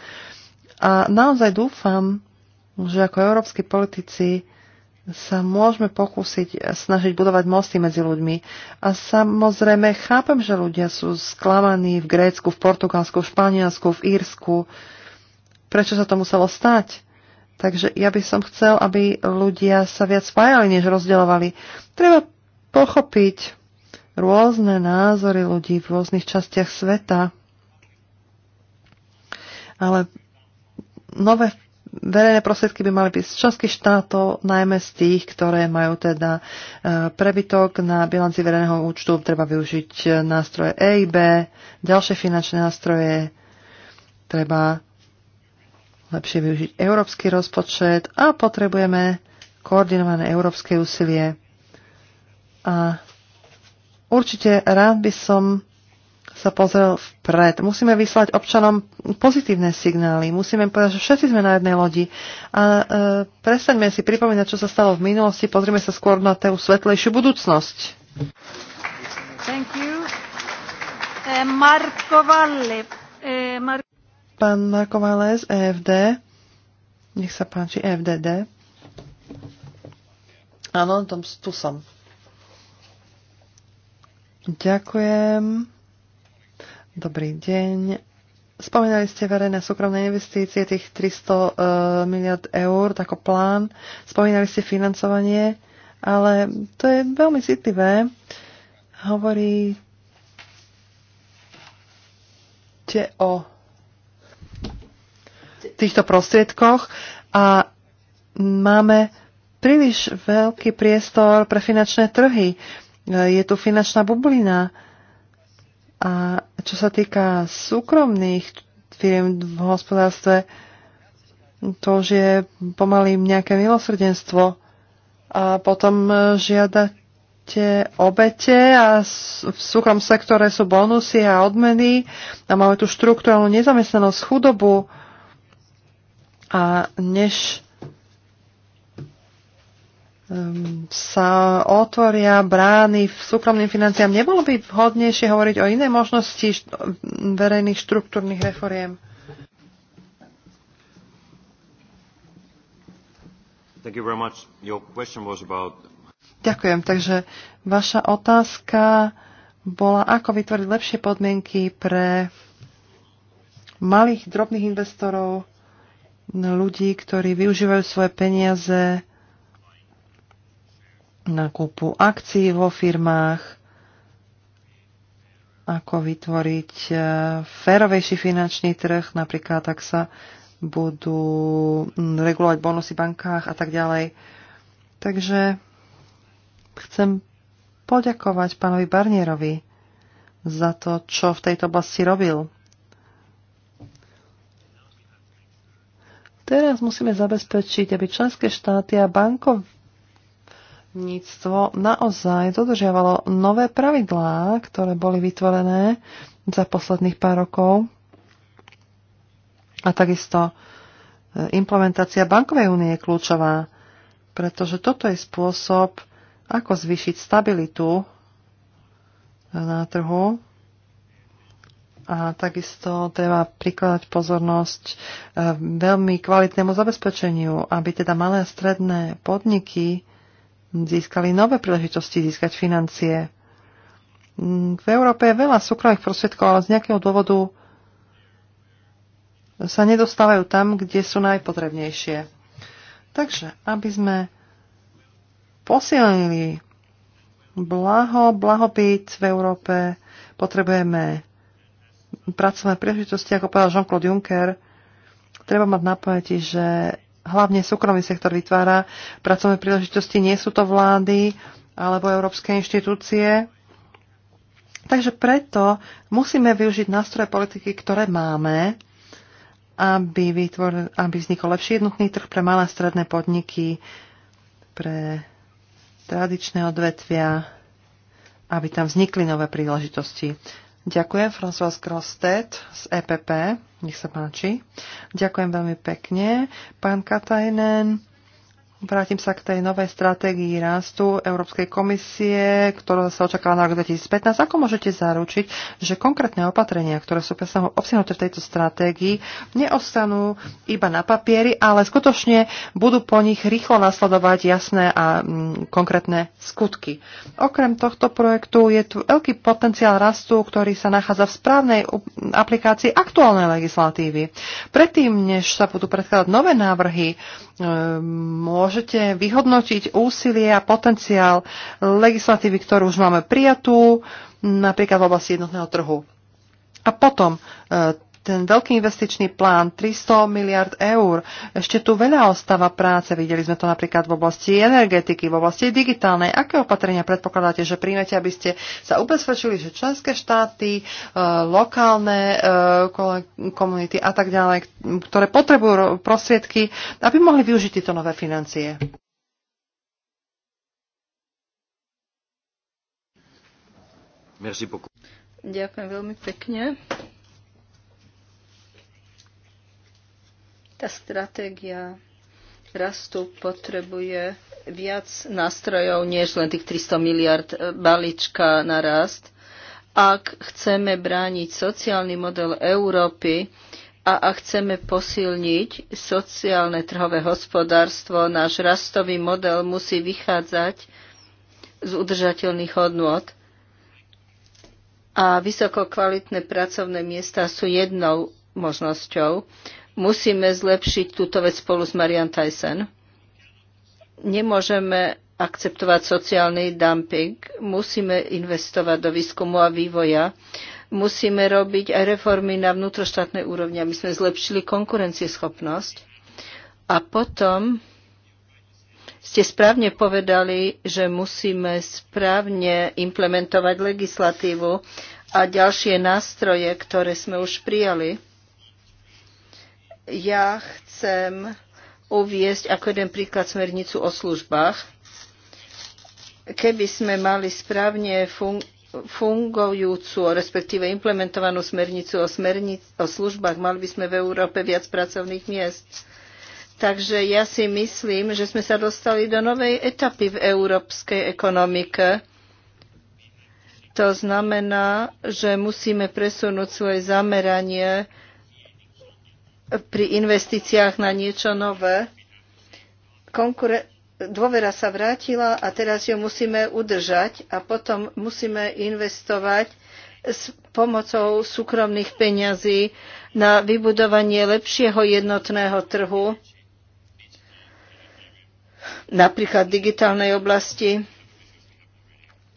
A naozaj dúfam, že ako európsky politici sa môžeme pokúsiť snažiť budovať mosty medzi ľuďmi. A samozrejme, chápem, že ľudia sú sklamaní v Grécku, v Portugalsku, v Španielsku, v Írsku. Prečo sa to muselo stať? Takže ja by som chcel, aby ľudia sa viac spájali, než rozdielovali. Treba pochopiť rôzne názory ľudí v rôznych častiach sveta, ale nové verejné prostriedky by mali byť z členských štátov, najmä z tých, ktoré majú teda e, prebytok na bilanci verejného účtu. Treba využiť e, nástroje EIB, ďalšie finančné nástroje, treba lepšie využiť európsky rozpočet a potrebujeme koordinované európske úsilie. A určite rád by som sa pozrel vpred. Musíme vyslať občanom pozitívne signály. Musíme povedať, že všetci sme na jednej lodi. A e, prestaňme si pripomínať, čo sa stalo v minulosti. Pozrime sa skôr na tú svetlejšiu budúcnosť. Thank you. E, Marko Valli. Pán Kovalés, EFD. Nech sa páči, EFDD. Áno, tom, tu som. Ďakujem. Dobrý deň. Spomínali ste verejné súkromné investície, tých 300 uh, e, miliard eur ako plán. Spomínali ste financovanie, ale to je veľmi citlivé. Hovoríte o týchto prostriedkoch a máme príliš veľký priestor pre finančné trhy. Je tu finančná bublina. A čo sa týka súkromných firm v hospodárstve, to už je pomaly nejaké milosrdenstvo. A potom žiadate obete a v súkrom sektore sú bonusy a odmeny a máme tu štruktúrálnu nezamestnanosť, chudobu. A než ehm, sa otvoria brány v súkromným financiám, nebolo by vhodnejšie hovoriť o inej možnosti verejných štruktúrnych reforiem? About... Ďakujem. Takže vaša otázka bola, ako vytvoriť lepšie podmienky pre malých, drobných investorov ľudí, ktorí využívajú svoje peniaze na kúpu akcií vo firmách, ako vytvoriť e, férovejší finančný trh, napríklad ak sa budú regulovať bonusy v bankách a tak ďalej. Takže chcem poďakovať pánovi Barnierovi za to, čo v tejto oblasti robil. Teraz musíme zabezpečiť, aby členské štáty a bankovníctvo naozaj dodržiavalo nové pravidlá, ktoré boli vytvorené za posledných pár rokov a takisto e, implementácia bankovej únie je kľúčová, pretože toto je spôsob, ako zvýšiť stabilitu na trhu a takisto treba prikladať pozornosť e, veľmi kvalitnému zabezpečeniu, aby teda malé a stredné podniky získali nové príležitosti získať financie. Mm, v Európe je veľa súkromných prostriedkov, ale z nejakého dôvodu sa nedostávajú tam, kde sú najpotrebnejšie. Takže, aby sme posilnili blaho, blahobyt v Európe, potrebujeme pracovné príležitosti, ako povedal Jean-Claude Juncker, treba mať na pamäti, že hlavne súkromný sektor vytvára pracovné príležitosti, nie sú to vlády alebo európske inštitúcie. Takže preto musíme využiť nástroje politiky, ktoré máme, aby, vytvor, aby vznikol lepší jednotný trh pre malé a stredné podniky, pre tradičné odvetvia, aby tam vznikli nové príležitosti. Ďakujem, François Grostet z EPP. Nech sa páči. Ďakujem veľmi pekne. Pán Katajnen, Vrátim sa k tej novej stratégii rastu Európskej komisie, ktorá sa očakáva na rok 2015. Ako môžete zaručiť, že konkrétne opatrenia, ktoré sú obsiahnuté v tejto stratégii, neostanú iba na papieri, ale skutočne budú po nich rýchlo nasledovať jasné a mm, konkrétne skutky. Okrem tohto projektu je tu veľký potenciál rastu, ktorý sa nachádza v správnej aplikácii aktuálnej legislatívy. Predtým, než sa budú predkladať nové návrhy, ehm, môžete vyhodnotiť úsilie a potenciál legislatívy, ktorú už máme prijatú, napríklad v oblasti jednotného trhu. A potom e, ten veľký investičný plán 300 miliard eur. Ešte tu veľa ostáva práce. Videli sme to napríklad v oblasti energetiky, v oblasti digitálnej. Aké opatrenia predpokladáte, že príjmete, aby ste sa ubezpečili, že členské štáty, e, lokálne e, komunity a tak ďalej, ktoré potrebujú prostriedky, aby mohli využiť tieto nové financie? Ďakujem veľmi pekne. Tá stratégia rastu potrebuje viac nástrojov, než len tých 300 miliard e, balíčka na rast. Ak chceme brániť sociálny model Európy a ak chceme posilniť sociálne trhové hospodárstvo, náš rastový model musí vychádzať z udržateľných hodnôt. A vysokokvalitné pracovné miesta sú jednou možnosťou. Musíme zlepšiť túto vec spolu s Marian Tyson. Nemôžeme akceptovať sociálny dumping, musíme investovať do výskumu a vývoja, musíme robiť aj reformy na vnútroštátnej úrovni, aby sme zlepšili konkurencieschopnosť. A potom ste správne povedali, že musíme správne implementovať legislatívu a ďalšie nástroje, ktoré sme už prijali. Ja chcem uviesť ako jeden príklad smernicu o službách. Keby sme mali správne fun- fungujúcu, respektíve implementovanú smernicu o, smerni- o službách, mali by sme v Európe viac pracovných miest. Takže ja si myslím, že sme sa dostali do novej etapy v európskej ekonomike. To znamená, že musíme presunúť svoje zameranie pri investíciách na niečo nové. Konkure- dôvera sa vrátila a teraz ju musíme udržať a potom musíme investovať s pomocou súkromných peňazí na vybudovanie lepšieho jednotného trhu, napríklad v digitálnej oblasti.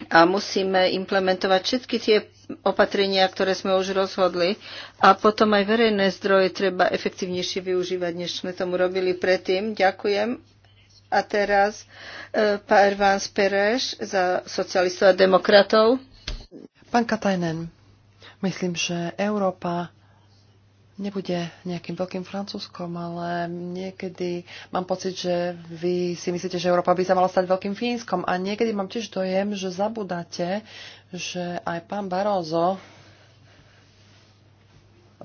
A musíme implementovať všetky tie opatrenia, ktoré sme už rozhodli. A potom aj verejné zdroje treba efektívnejšie využívať, než sme tomu robili predtým. Ďakujem. A teraz e, pán Ervans Pereš za socialistov a demokratov. Pán Katajnen, myslím, že Európa nebude nejakým veľkým francúzskom, ale niekedy mám pocit, že vy si myslíte, že Európa by sa mala stať veľkým Fínskom a niekedy mám tiež dojem, že zabudáte, že aj pán Barozo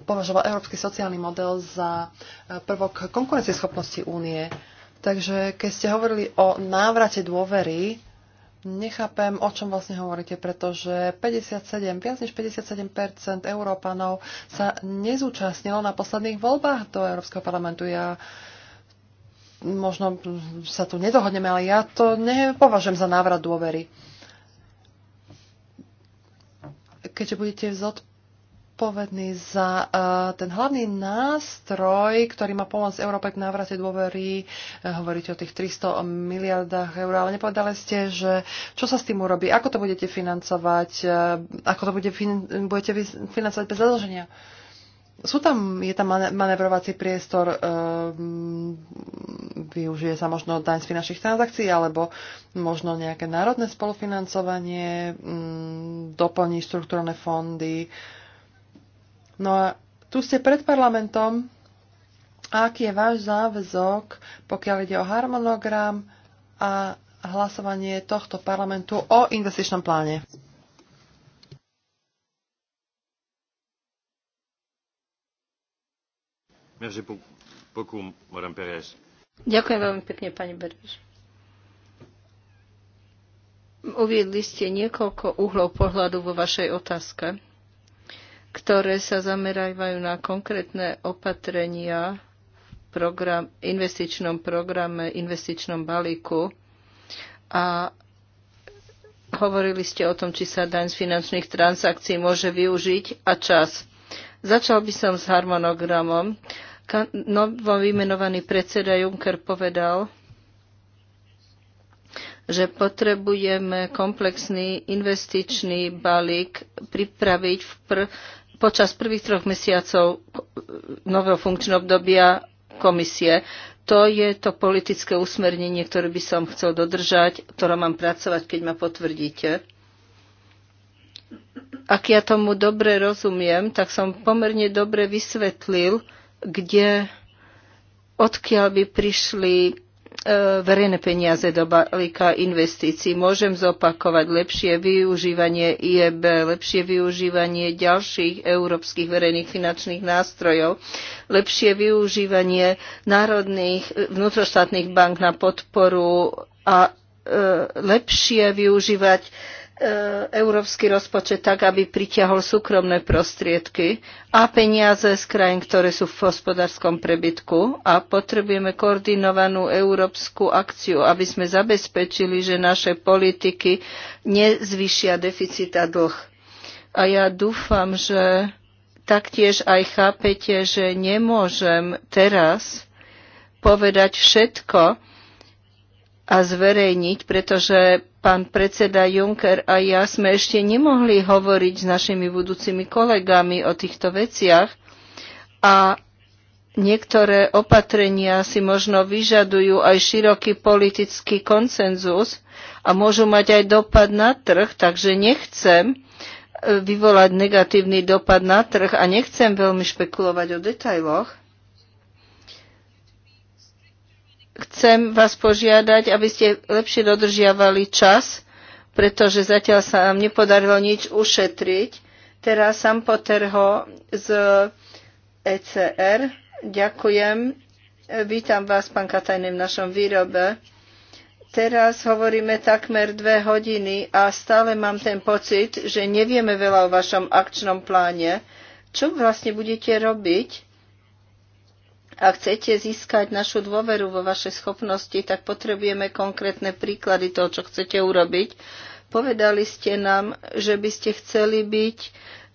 považoval európsky sociálny model za e, prvok konkurencieschopnosti únie. Takže keď ste hovorili o návrate dôvery, nechápem, o čom vlastne hovoríte, pretože 57, viac než 57 Európanov sa nezúčastnilo na posledných voľbách do Európskeho parlamentu. Ja možno sa tu nedohodneme, ale ja to nepovažujem za návrat dôvery keďže budete zodpovední za eh, ten hlavný nástroj, ktorý má pomôcť Európe k návrate dôvery, eh, hovoríte o tých 300 miliardách eur, ale nepovedali ste, že čo sa s tým urobí, ako to budete financovať, eh, ako to bude, budete financovať bez zadlženia sú tam, je tam manevrovací priestor, ehm, využije sa možno daň z finančných transakcií, alebo možno nejaké národné spolufinancovanie, mm, doplní štruktúrne fondy. No a tu ste pred parlamentom. aký je váš záväzok, pokiaľ ide o harmonogram a hlasovanie tohto parlamentu o investičnom pláne? Ďakujem veľmi pekne, pani Bereš. Uviedli ste niekoľko uhlov pohľadu vo vašej otázke, ktoré sa zamerajú na konkrétne opatrenia v program, investičnom programe, investičnom balíku a hovorili ste o tom, či sa daň z finančných transakcií môže využiť a čas. Začal by som s harmonogramom. Novo vymenovaný predseda Juncker povedal, že potrebujeme komplexný investičný balík pripraviť v pr- počas prvých troch mesiacov nového funkčného obdobia komisie. To je to politické usmernenie, ktoré by som chcel dodržať, ktoré mám pracovať, keď ma potvrdíte ak ja tomu dobre rozumiem, tak som pomerne dobre vysvetlil, kde, odkiaľ by prišli e, verejné peniaze do balíka investícií. Môžem zopakovať lepšie využívanie IEB, lepšie využívanie ďalších európskych verejných finančných nástrojov, lepšie využívanie národných vnútroštátnych bank na podporu a e, lepšie využívať E, európsky rozpočet tak, aby pritiahol súkromné prostriedky a peniaze z krajín, ktoré sú v hospodárskom prebytku a potrebujeme koordinovanú európsku akciu, aby sme zabezpečili, že naše politiky nezvyšia deficit a dlh. A ja dúfam, že taktiež aj chápete, že nemôžem teraz povedať všetko, a zverejniť, pretože pán predseda Juncker a ja sme ešte nemohli hovoriť s našimi budúcimi kolegami o týchto veciach a niektoré opatrenia si možno vyžadujú aj široký politický konsenzus a môžu mať aj dopad na trh, takže nechcem eh, vyvolať negatívny dopad na trh a nechcem veľmi špekulovať o detailoch. chcem vás požiadať, aby ste lepšie dodržiavali čas, pretože zatiaľ sa nám nepodarilo nič ušetriť. Teraz Sam Poterho z ECR. Ďakujem. Vítam vás, pán Katajný, v našom výrobe. Teraz hovoríme takmer dve hodiny a stále mám ten pocit, že nevieme veľa o vašom akčnom pláne. Čo vlastne budete robiť? Ak chcete získať našu dôveru vo vaše schopnosti, tak potrebujeme konkrétne príklady toho, čo chcete urobiť. Povedali ste nám, že by ste chceli byť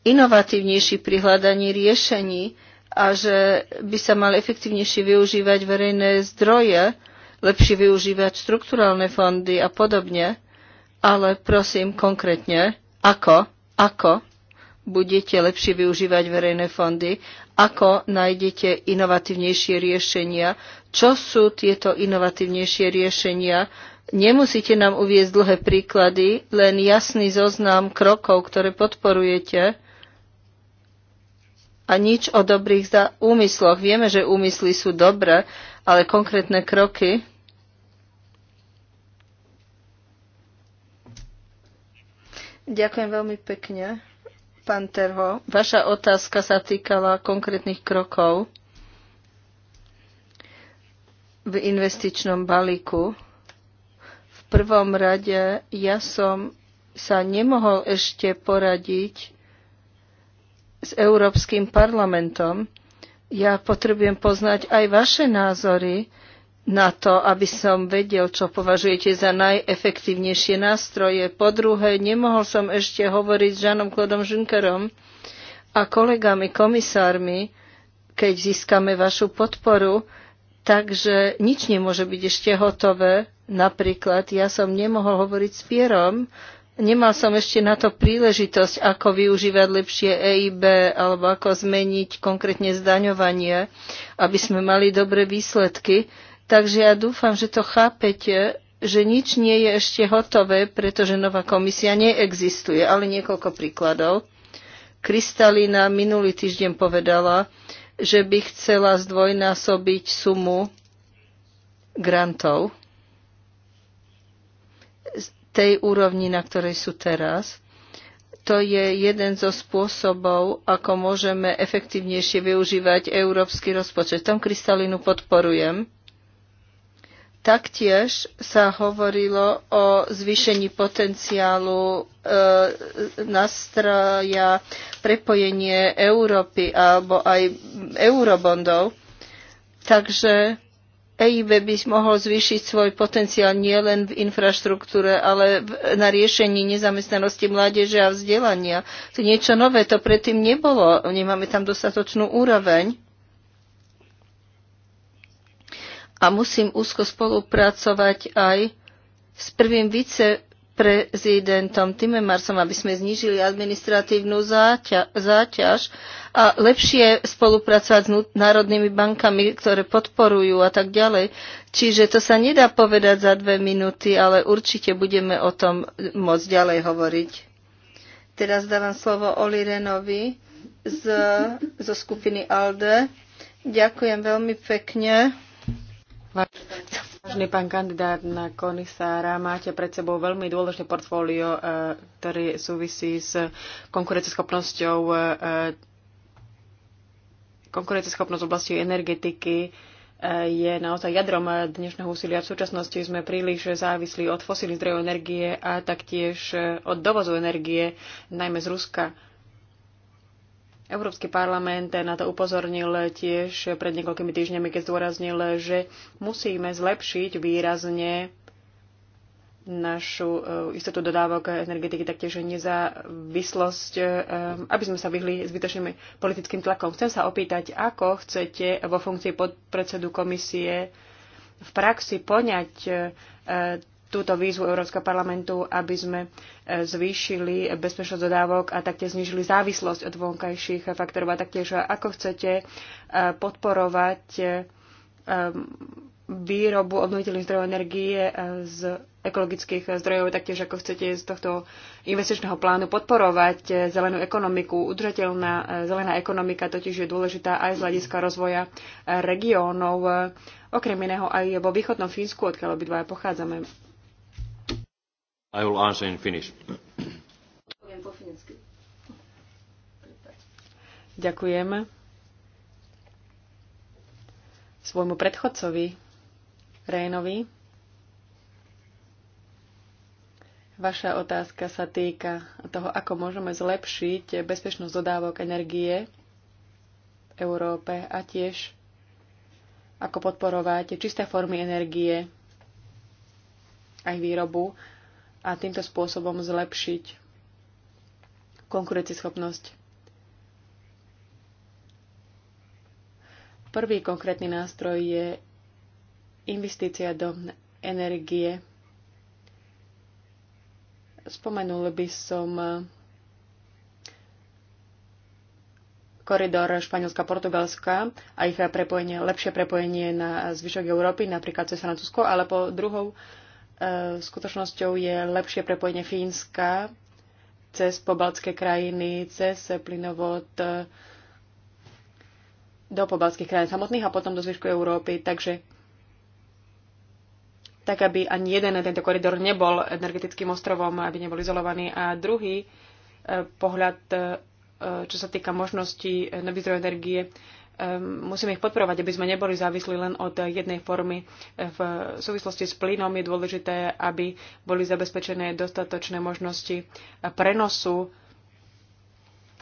inovatívnejší pri hľadaní riešení a že by sa mal efektívnejšie využívať verejné zdroje, lepšie využívať štrukturálne fondy a podobne. Ale prosím konkrétne, ako, ako budete lepšie využívať verejné fondy ako nájdete inovatívnejšie riešenia, čo sú tieto inovatívnejšie riešenia. Nemusíte nám uviezť dlhé príklady, len jasný zoznam krokov, ktoré podporujete a nič o dobrých za úmysloch. Vieme, že úmysly sú dobré, ale konkrétne kroky Ďakujem veľmi pekne. Pán Terho, vaša otázka sa týkala konkrétnych krokov v investičnom balíku. V prvom rade ja som sa nemohol ešte poradiť s Európskym parlamentom. Ja potrebujem poznať aj vaše názory, na to, aby som vedel, čo považujete za najefektívnejšie nástroje. Po druhé, nemohol som ešte hovoriť s Žanom Klodom Žunkerom a kolegami komisármi, keď získame vašu podporu, takže nič nemôže byť ešte hotové. Napríklad ja som nemohol hovoriť s Pierom, nemal som ešte na to príležitosť, ako využívať lepšie EIB alebo ako zmeniť konkrétne zdaňovanie, aby sme mali dobré výsledky Takže ja dúfam, že to chápete, že nič nie je ešte hotové, pretože nová komisia neexistuje, ale niekoľko príkladov. Kristalina minulý týždeň povedala, že by chcela zdvojnásobiť sumu grantov z tej úrovni, na ktorej sú teraz. To je jeden zo spôsobov, ako môžeme efektívnejšie využívať európsky rozpočet. Tom Kristalinu podporujem Taktiež sa hovorilo o zvýšení potenciálu e, nastraja prepojenie Európy alebo aj eurobondov. Takže EIB by mohol zvýšiť svoj potenciál nielen v infraštruktúre, ale na riešení nezamestnanosti mládeže a vzdelania. To je niečo nové, to predtým nebolo. Nemáme tam dostatočnú úroveň. a musím úzko spolupracovať aj s prvým viceprezidentom Timemarsom, aby sme znížili administratívnu záťa- záťaž a lepšie spolupracovať s národnými bankami, ktoré podporujú a tak ďalej. Čiže to sa nedá povedať za dve minúty, ale určite budeme o tom môcť ďalej hovoriť. Teraz dávam slovo Oli Renovi z, zo skupiny ALDE. Ďakujem veľmi pekne. Vážený pán kandidát na komisára, máte pred sebou veľmi dôležité portfólio, eh, ktoré súvisí s konkurenceschopnosťou eh, konkurenceschopnosť v oblasti energetiky eh, je naozaj jadrom dnešného úsilia. V súčasnosti sme príliš závislí od fosílnych zdrojov energie a taktiež od dovozu energie, najmä z Ruska Európsky parlament na to upozornil tiež pred niekoľkými týždňami, keď zdôraznil, že musíme zlepšiť výrazne našu eh, istotu dodávok energetiky, taktiež nezávislosť, eh, aby sme sa vyhli zbytočným politickým tlakom. Chcem sa opýtať, ako chcete vo funkcii podpredsedu komisie v praxi poňať eh, túto výzvu Európskeho parlamentu, aby sme e, zvýšili bezpečnosť dodávok a taktiež znižili závislosť od vonkajších faktorov a taktiež e, ako chcete e, podporovať výrobu obnoviteľných zdrojov energie z ekologických zdrojov, taktiež ako chcete z tohto investičného plánu podporovať zelenú ekonomiku. Udržateľná zelená ekonomika totiž je dôležitá aj z hľadiska rozvoja regiónov, okrem iného aj vo východnom Fínsku, odkiaľ obidvaja pochádzame. I will answer in Finnish. Ďakujem svojmu predchodcovi Rénovi. Vaša otázka sa týka toho, ako môžeme zlepšiť bezpečnosť dodávok energie v Európe a tiež ako podporovať čisté formy energie aj výrobu a týmto spôsobom zlepšiť konkurencieschopnosť. Prvý konkrétny nástroj je investícia do energie. Spomenul by som koridor Španielska-Portugalska a ich prepojenie, lepšie prepojenie na zvyšok Európy, napríklad cez Francúzsko, ale po druhou E, skutočnosťou je lepšie prepojenie Fínska cez pobaltské krajiny, cez plynovod e, do pobaltských krajín samotných a potom do zvyšku Európy. Takže tak, aby ani jeden tento koridor nebol energetickým ostrovom, aby nebol izolovaný. A druhý e, pohľad, čo sa týka možností nových zdrojov energie, Ehm, musíme ich podporovať, aby sme neboli závislí len od jednej formy. E, v súvislosti s plynom je dôležité, aby boli zabezpečené dostatočné možnosti prenosu,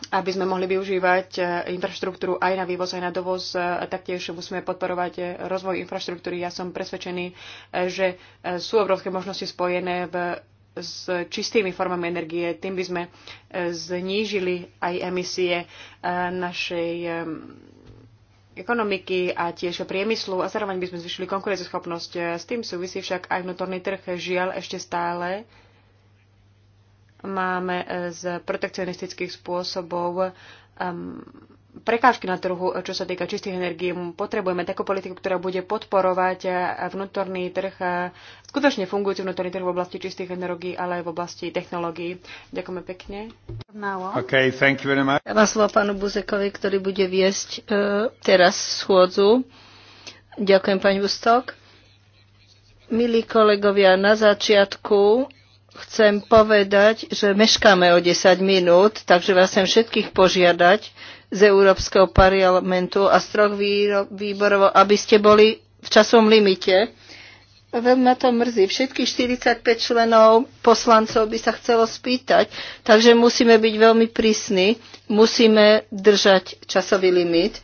aby sme mohli využívať e, infraštruktúru aj na vývoz, aj na dovoz. E, taktiež musíme podporovať rozvoj infraštruktúry. Ja som presvedčený, že sú obrovské možnosti spojené v s čistými formami energie, tým by sme znížili aj emisie našej ekonomiky a tiež priemyslu a zároveň by sme zvyšili konkurenceschopnosť. S tým súvisí však aj vnútorný trh. Žiaľ, ešte stále máme z protekcionistických spôsobov um, prekážky na trhu, čo sa týka čistých energií. Potrebujeme takú politiku, ktorá bude podporovať vnútorný trh, skutočne fungujúci vnútorný trh v oblasti čistých energií, ale aj v oblasti technológií. Ďakujeme pekne. Okay, thank you very much. Ja mám slovo pánu Buzekovi, ktorý bude viesť uh, teraz schôdzu. Ďakujem, pani Bustok. Milí kolegovia, na začiatku chcem povedať, že meškáme o 10 minút, takže vás chcem všetkých požiadať, z Európskeho parlamentu a z troch výborov, aby ste boli v časom limite. Veľmi ma to mrzí. Všetkých 45 členov poslancov by sa chcelo spýtať, takže musíme byť veľmi prísni, musíme držať časový limit.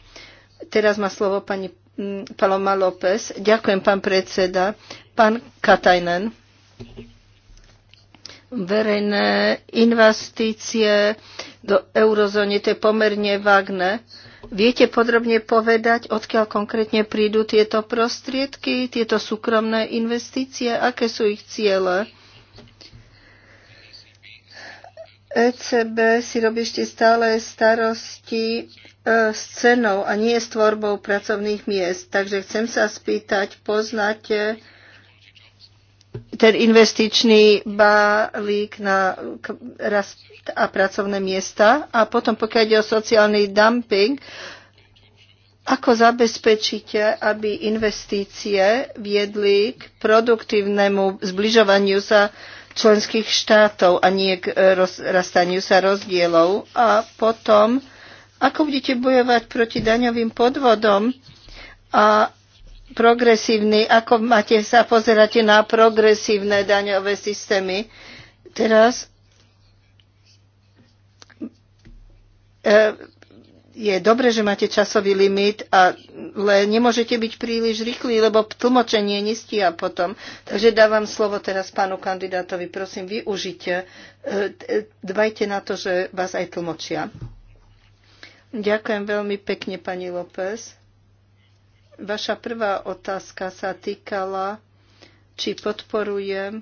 Teraz má slovo pani mm, Paloma López. Ďakujem, pán predseda. Pán Katajnen verejné investície do eurozóny, to je pomerne vágne. Viete podrobne povedať, odkiaľ konkrétne prídu tieto prostriedky, tieto súkromné investície, aké sú ich ciele? ECB si robí ešte stále starosti e, s cenou a nie s tvorbou pracovných miest. Takže chcem sa spýtať, poznáte ten investičný balík na rast a pracovné miesta. A potom, pokiaľ ide o sociálny dumping, ako zabezpečíte, aby investície viedli k produktívnemu zbližovaniu sa členských štátov a nie k e, rastaniu sa rozdielov? A potom, ako budete bojovať proti daňovým podvodom a progresívny, ako máte sa pozerať na progresívne daňové systémy. Teraz e, je dobre, že máte časový limit, ale nemôžete byť príliš rýchli, lebo tlmočenie nestia potom. Takže dávam slovo teraz pánu kandidátovi. Prosím, využite. E, e, dbajte na to, že vás aj tlmočia. Ďakujem veľmi pekne, pani López. Vaša prvá otázka sa týkala, či podporujem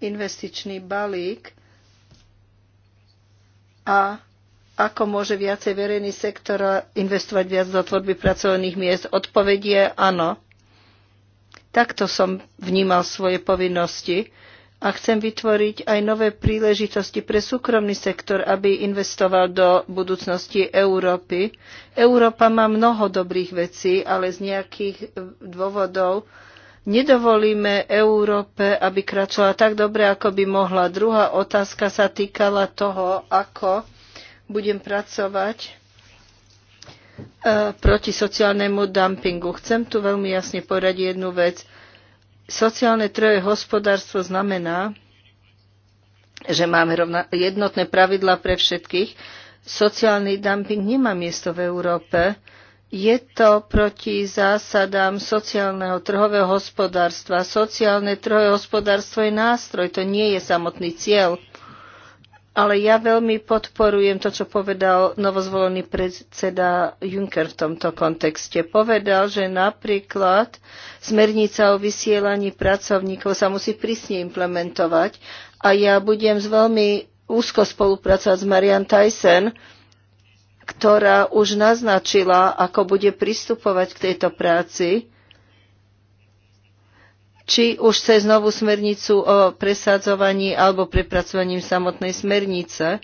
investičný balík a ako môže viacej verejný sektor investovať viac do tvorby pracovných miest. Odpovedie áno. Takto som vnímal svoje povinnosti a chcem vytvoriť aj nové príležitosti pre súkromný sektor, aby investoval do budúcnosti Európy. Európa má mnoho dobrých vecí, ale z nejakých eh, dôvodov nedovolíme Európe, aby kračovala tak dobre, ako by mohla. Druhá otázka sa týkala toho, ako budem pracovať eh, proti sociálnemu dumpingu. Chcem tu veľmi jasne poradiť jednu vec Sociálne troje hospodárstvo znamená, že máme rovna, jednotné pravidlá pre všetkých. Sociálny dumping nemá miesto v Európe. Je to proti zásadám sociálneho trhového hospodárstva. Sociálne trhové hospodárstvo je nástroj, to nie je samotný cieľ. Ale ja veľmi podporujem to, čo povedal novozvolený predseda Juncker v tomto kontexte. Povedal, že napríklad smernica o vysielaní pracovníkov sa musí prísne implementovať a ja budem veľmi úzko spolupracovať s Marian Tyson, ktorá už naznačila, ako bude pristupovať k tejto práci či už cez novú smernicu o presadzovaní alebo prepracovaním samotnej smernice.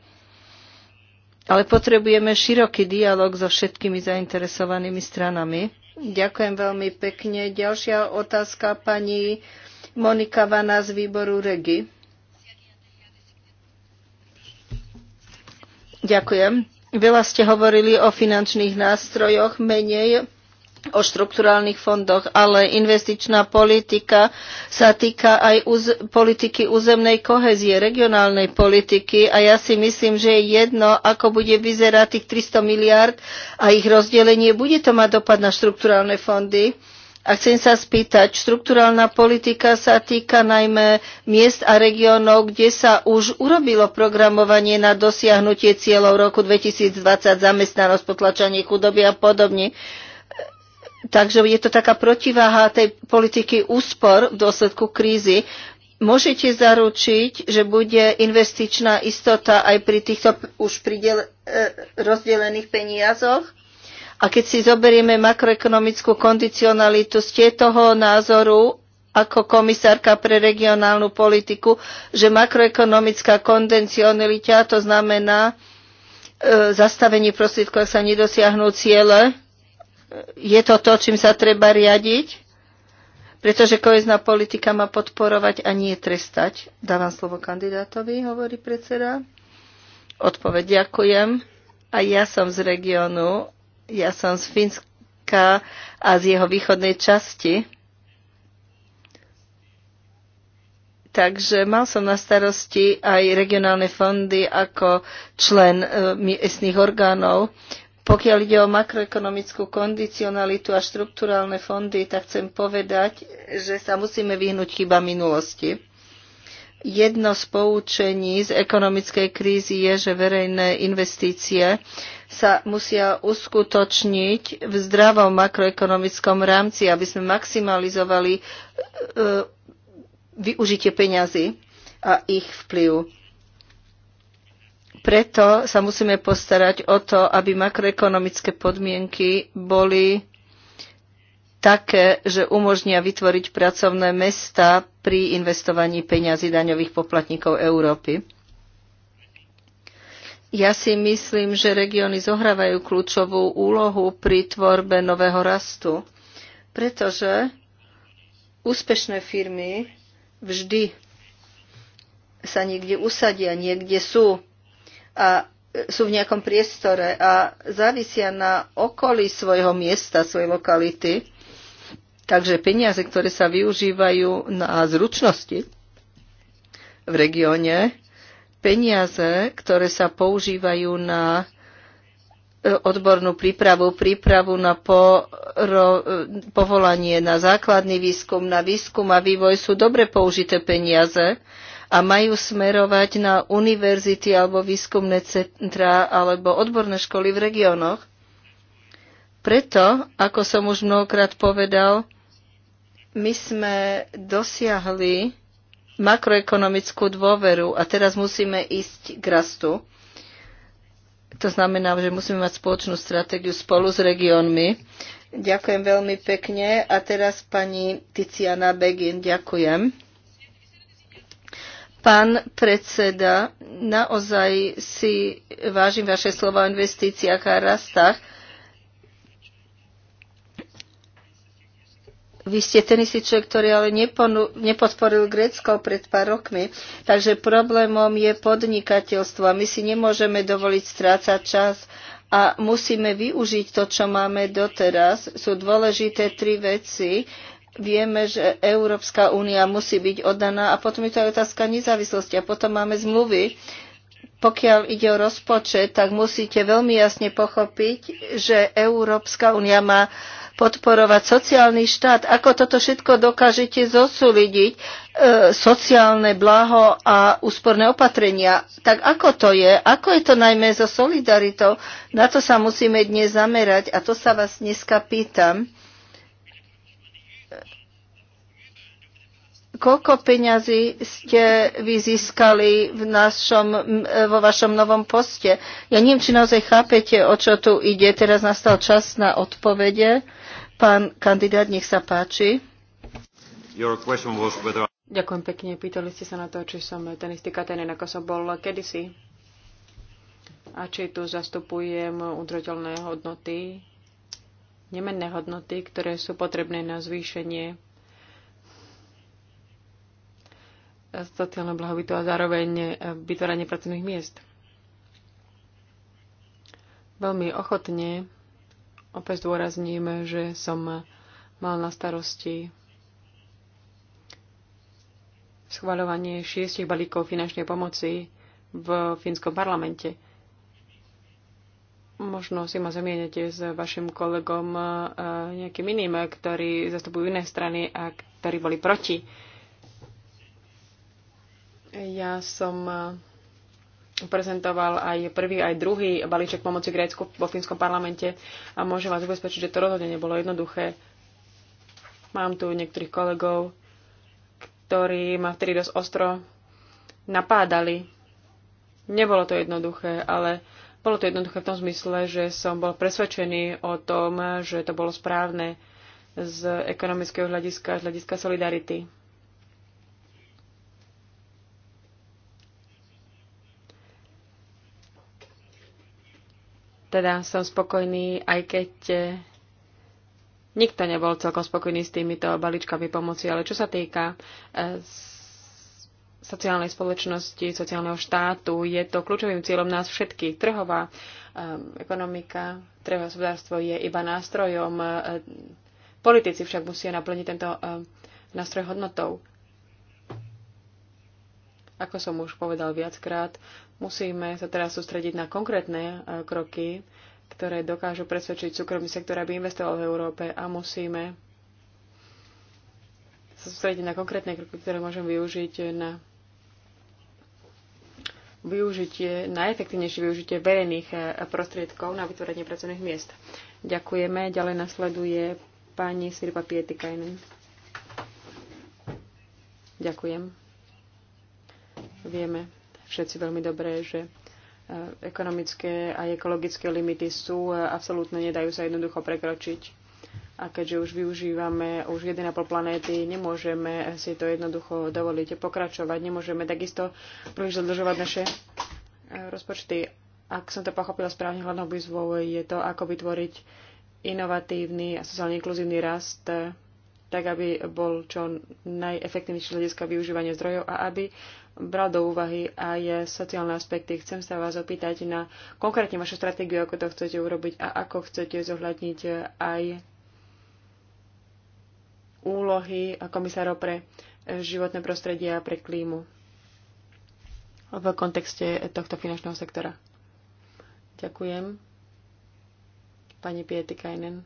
Ale potrebujeme široký dialog so všetkými zainteresovanými stranami. Ďakujem veľmi pekne. Ďalšia otázka pani Monika Vana z výboru REGI. Ďakujem. Veľa ste hovorili o finančných nástrojoch, menej o štrukturálnych fondoch, ale investičná politika sa týka aj uz- politiky územnej kohezie, regionálnej politiky a ja si myslím, že je jedno, ako bude vyzerať tých 300 miliárd a ich rozdelenie. Bude to mať dopad na štrukturálne fondy? A chcem sa spýtať, štrukturálna politika sa týka najmä miest a regiónov, kde sa už urobilo programovanie na dosiahnutie cieľov roku 2020, zamestnanosť, potlačanie chudoby a podobne. Takže je to taká protiváha tej politiky úspor v dôsledku krízy. Môžete zaručiť, že bude investičná istota aj pri týchto už pridel, e, rozdelených peniazoch? A keď si zoberieme makroekonomickú kondicionalitu, ste toho názoru ako komisárka pre regionálnu politiku, že makroekonomická kondicionalita, to znamená e, zastavenie prostriedkov, ak sa nedosiahnu ciele, je to to, čím sa treba riadiť? Pretože kohezná politika má podporovať a nie trestať. Dávam slovo kandidátovi, hovorí predseda. Odpoveď ďakujem. A ja som z regiónu, ja som z Fínska a z jeho východnej časti. Takže mal som na starosti aj regionálne fondy ako člen e, miestných orgánov. Pokiaľ ide o makroekonomickú kondicionalitu a štrukturálne fondy, tak chcem povedať, že sa musíme vyhnúť chyba minulosti. Jedno z poučení z ekonomickej krízy je, že verejné investície sa musia uskutočniť v zdravom makroekonomickom rámci, aby sme maximalizovali e, využitie peňazí a ich vplyv. Preto sa musíme postarať o to, aby makroekonomické podmienky boli také, že umožnia vytvoriť pracovné mesta pri investovaní peňazí daňových poplatníkov Európy. Ja si myslím, že regióny zohrávajú kľúčovú úlohu pri tvorbe nového rastu, pretože úspešné firmy vždy sa niekde usadia, niekde sú a e, sú v nejakom priestore a závisia na okolí svojho miesta, svojej lokality. Takže peniaze, ktoré sa využívajú na zručnosti v regióne, peniaze, ktoré sa používajú na e, odbornú prípravu, prípravu na po, ro, e, povolanie, na základný výskum, na výskum a vývoj sú dobre použité peniaze a majú smerovať na univerzity alebo výskumné centra alebo odborné školy v regiónoch. Preto, ako som už mnohokrát povedal, my sme dosiahli makroekonomickú dôveru a teraz musíme ísť k rastu. To znamená, že musíme mať spoločnú stratégiu spolu s regiónmi. Ďakujem veľmi pekne a teraz pani Tiziana Begin, ďakujem. Pán predseda, naozaj si vážim vaše slova o investíciách a rastách. Vy ste ten istý človek, ktorý ale neponu, nepodporil Grécko pred pár rokmi. Takže problémom je podnikateľstvo a my si nemôžeme dovoliť strácať čas a musíme využiť to, čo máme doteraz. Sú dôležité tri veci vieme, že Európska únia musí byť oddaná a potom je to aj otázka nezávislosti a potom máme zmluvy. Pokiaľ ide o rozpočet, tak musíte veľmi jasne pochopiť, že Európska únia má podporovať sociálny štát. Ako toto všetko dokážete zosúlidiť e, sociálne blaho a úsporné opatrenia? Tak ako to je? Ako je to najmä so solidaritou? Na to sa musíme dnes zamerať a to sa vás dneska pýtam Koľko peňazí ste vy získali v našom, vo vašom novom poste? Ja neviem, či naozaj chápete, o čo tu ide. Teraz nastal čas na odpovede. Pán kandidát, nech sa páči. Whether... Ďakujem pekne. Pýtali ste sa na to, či som ten istý Katenin, ako som bol kedysi. A či tu zastupujem udržateľné hodnoty, nemenné hodnoty, ktoré sú potrebné na zvýšenie sociálne blahobytu a zároveň e, vytváranie pracovných miest. Veľmi ochotne opäť zdôrazníme, že som mal na starosti schvaľovanie šiestich balíkov finančnej pomoci v fínskom parlamente. Možno si ma zamienete s vašim kolegom e, nejakým iným, ktorí zastupujú iné strany a ktorí boli proti ja som eh, prezentoval aj prvý, aj druhý balíček pomoci Grécku vo fínskom parlamente a môžem vás ubezpečiť, že to rozhodne nebolo jednoduché. Mám tu niektorých kolegov, ktorí ma vtedy dosť ostro napádali. Nebolo to jednoduché, ale bolo to jednoduché v tom zmysle, že som bol presvedčený o tom, že to bolo správne z ekonomického hľadiska, z hľadiska solidarity. Teda som spokojný, aj keď e, nikto nebol celkom spokojný s týmito balíčkami pomoci, ale čo sa týka e, sociálnej spoločnosti, sociálneho štátu. Je to kľúčovým cieľom nás všetkých. Trhová um, ekonomika, trhové hospodárstvo je iba nástrojom. Politici však musia naplniť tento um, nástroj hodnotou. Ako som už povedal viackrát, Musíme sa teraz sústrediť na konkrétne e, kroky, ktoré dokážu presvedčiť súkromný sektor, aby investoval v Európe a musíme sa sústrediť na konkrétne kroky, ktoré môžem využiť na využitie, najefektívnejšie využitie verejných e, prostriedkov na vytvorenie pracovných miest. Ďakujeme. Ďalej nasleduje pani Sirpa Pietikainen. Ďakujem. Vieme, všetci veľmi dobré, že e, ekonomické a ekologické limity sú absolútne, nedajú sa jednoducho prekročiť. A keďže už využívame už 1,5 planéty, nemôžeme si to jednoducho dovoliť pokračovať, nemôžeme takisto príliš zadržovať naše e, rozpočty. Ak som to pochopila správne, hlavnou výzvou je to, ako vytvoriť inovatívny a sociálne inkluzívny rast e, tak aby bol čo najefektívnejší hľadiska využívania zdrojov a aby bral do úvahy aj sociálne aspekty. Chcem sa vás opýtať na konkrétne vašu stratégiu, ako to chcete urobiť a ako chcete zohľadniť aj úlohy komisárov pre životné prostredie a pre klímu v kontexte tohto finančného sektora. Ďakujem. Pani Kajnen.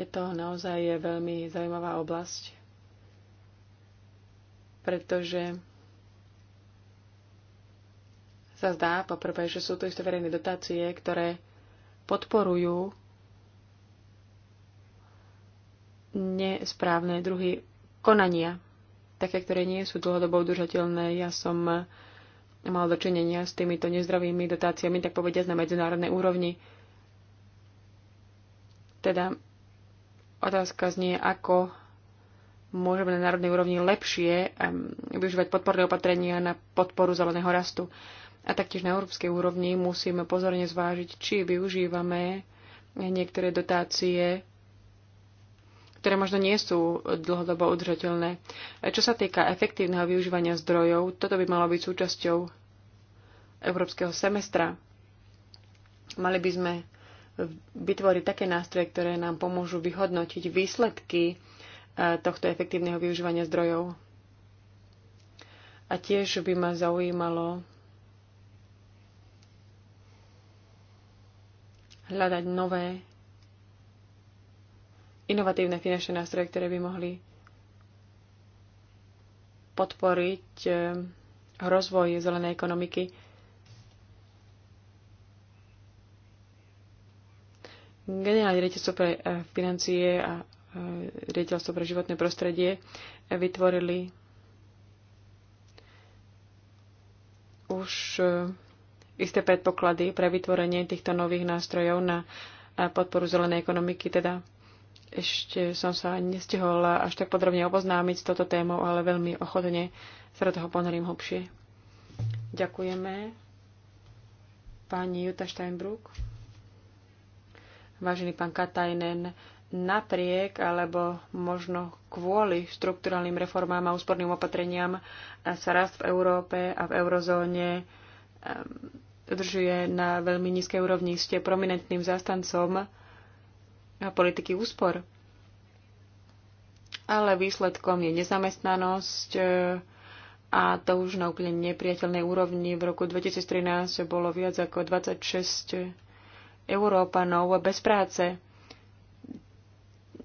Je to naozaj veľmi zaujímavá oblasť pretože sa zdá, poprvé, že sú to isté verejné dotácie, ktoré podporujú nesprávne druhy konania, také, ktoré nie sú dlhodobo udržateľné. Ja som mal dočinenia s týmito nezdravými dotáciami, tak povediať, na medzinárodnej úrovni. Teda otázka znie, ako môžeme na národnej úrovni lepšie um, využívať podporné opatrenia na podporu zeleného rastu. A taktiež na európskej úrovni musíme pozorne zvážiť, či využívame niektoré dotácie, ktoré možno nie sú dlhodobo udržateľné. Čo sa týka efektívneho využívania zdrojov, toto by malo byť súčasťou európskeho semestra. Mali by sme vytvoriť také nástroje, ktoré nám pomôžu vyhodnotiť výsledky tohto efektívneho využívania zdrojov. A tiež by ma zaujímalo hľadať nové inovatívne finančné nástroje, ktoré by mohli podporiť eh, rozvoj zelenej ekonomiky. Generálne riaditeľstvo pre eh, financie a E, riaditeľstvo pre životné prostredie e, vytvorili už e, isté predpoklady pre vytvorenie týchto nových nástrojov na podporu zelenej ekonomiky. Teda ešte som sa nestihol až tak podrobne oboznámiť s toto témou, ale veľmi ochotne sa do toho ponorím hlbšie. Ďakujeme. Pani Juta Steinbruck. Vážený pán Katajnen, napriek alebo možno kvôli štrukturálnym reformám a úsporným opatreniam sa rast v Európe a v eurozóne držuje na veľmi nízkej úrovni. Ste prominentným zástancom politiky úspor. Ale výsledkom je nezamestnanosť e, a to už na úplne nepriateľnej úrovni. V roku 2013 bolo viac ako 26 Európanov bez práce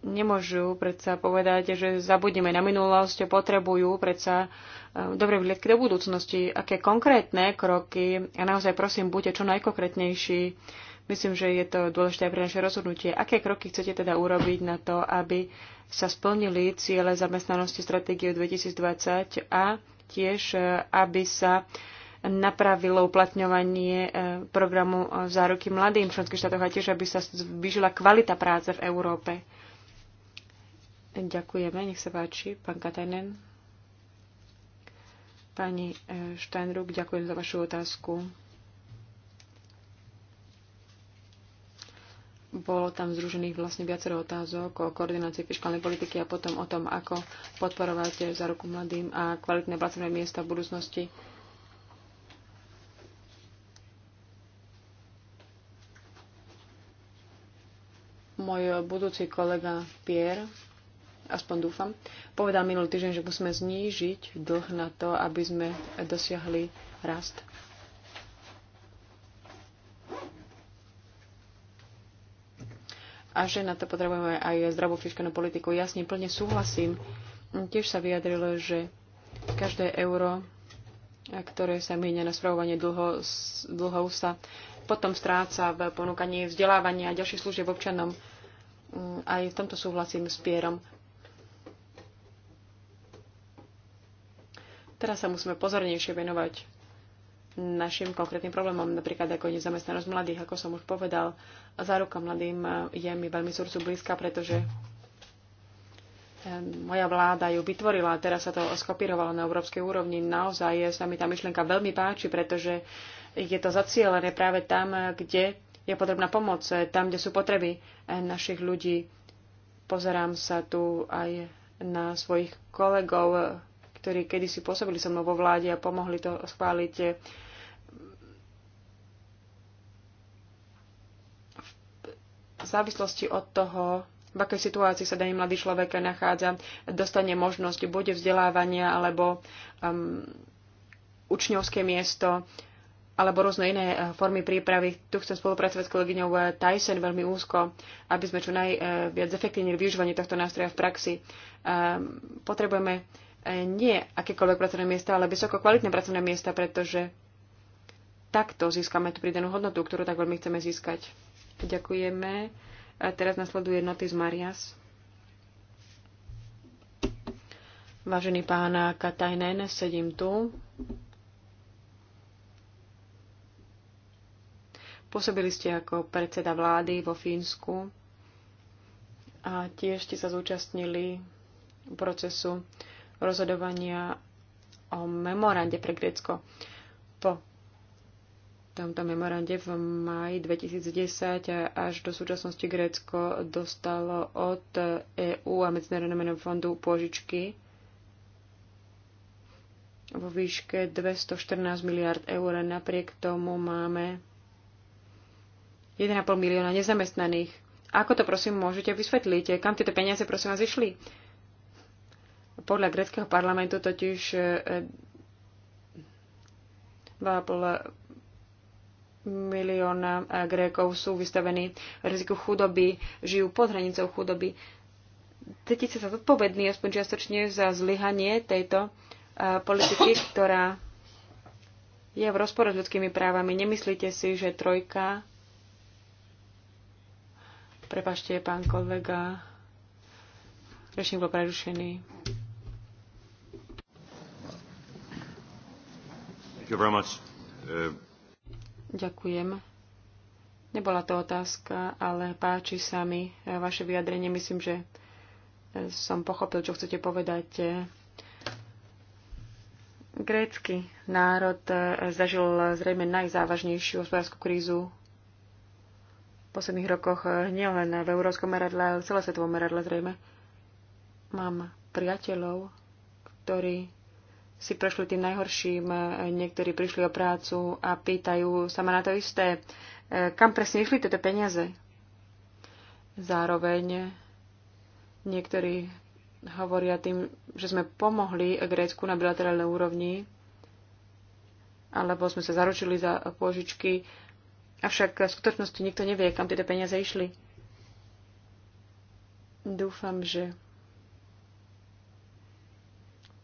nemôžu predsa povedať, že zabudneme na minulosť, potrebujú predsa e, dobre vhľadky do budúcnosti. Aké konkrétne kroky, a naozaj prosím, buďte čo najkonkrétnejší, myslím, že je to dôležité pre naše rozhodnutie. Aké kroky chcete teda urobiť na to, aby sa splnili ciele zamestnanosti stratégie 2020 a tiež, e, aby sa napravilo uplatňovanie e, programu záruky mladým v členských štátoch a tiež, aby sa zvýšila kvalita práce v Európe. Ďakujeme, nech sa páči, pán Katajnen. Pani e, Steinruck, ďakujem za vašu otázku. Bolo tam združených vlastne viacero otázok o koordinácii fiskálnej politiky a potom o tom, ako podporovať za ruku mladým a kvalitné pracovné miesta v budúcnosti. Môj budúci kolega Pierre aspoň dúfam, povedal minulý týždeň, že musíme znížiť dlh na to, aby sme dosiahli rast. A že na to potrebujeme aj zdravú fiskálnu politiku. Ja s ním plne súhlasím. Tiež sa vyjadrilo, že každé euro, ktoré sa míňa na spravovanie dlho, dlhov, sa potom stráca v ponúkaní vzdelávania a ďalších služieb občanom mm, aj v tomto súhlasím s Pierom. Teraz sa musíme pozornejšie venovať našim konkrétnym problémom, napríklad ako nezamestnanosť mladých, ako som už povedal. A záruka mladým je mi veľmi srdcu blízka, pretože moja vláda ju vytvorila a teraz sa to skopírovalo na európskej úrovni. Naozaj sa mi tá myšlienka veľmi páči, pretože je to zacielené práve tam, kde je potrebná pomoc, tam, kde sú potreby našich ľudí. Pozerám sa tu aj na svojich kolegov ktorí kedysi pôsobili so mnou vo vláde a pomohli to schváliť. Eh, v závislosti od toho, v akej situácii sa daný mladý človek nachádza, dostane možnosť buď vzdelávania alebo um, učňovské miesto alebo rôzne iné eh, formy prípravy. Tu chcem spolupracovať s kolegyňou eh, Tyson veľmi úzko, aby sme čo najviac zefektívnili využívanie tohto nástroja v praxi. Ehm, potrebujeme E, nie akékoľvek pracovné miesta, ale vysoko kvalitné pracovné miesta, pretože takto získame tú pridanú hodnotu, ktorú tak veľmi chceme získať. Ďakujeme. A teraz nasleduje Notis Marias. Vážený pán Katajnen, sedím tu. Pôsobili ste ako predseda vlády vo Fínsku a tiež ste sa zúčastnili procesu rozhodovania o memorande pre Grécko. Po tomto memorande v maji 2010 až do súčasnosti Grécko dostalo od EÚ a Medzinárodného menom fondu pôžičky vo výške 214 miliard eur. Napriek tomu máme 1,5 milióna nezamestnaných. Ako to prosím môžete vysvetliť? Kam tieto peniaze prosím vás išli? Podľa greckého parlamentu totiž 2,5 e, e, milióna e, Grékov sú vystavení riziku chudoby, žijú pod hranicou chudoby. Cítite sa zodpovední aspoň čiastočne za zlyhanie tejto politiky, ktorá je v rozpore s ľudskými právami. Nemyslíte si, že trojka... Prepašte, pán kolega. Rešim bol prerušený. Uh, Ďakujem. Nebola to otázka, ale páči sa mi eh, vaše vyjadrenie. Myslím, že eh, som pochopil, čo chcete povedať. Grécky národ eh, zažil zrejme najzávažnejšiu hospodárskú krízu v posledných rokoch nielen v európskom meradle, ale v celosvetovom meradle zrejme. Mám priateľov, ktorí si prešli tým najhorším, e, niektorí prišli o prácu a pýtajú sa ma na to isté, e, kam presne išli tieto peniaze. Zároveň niektorí hovoria tým, že sme pomohli Grécku na bilaterálnej úrovni, alebo sme sa zaručili za pôžičky, avšak v skutočnosti nikto nevie, kam tieto peniaze išli. Dúfam, že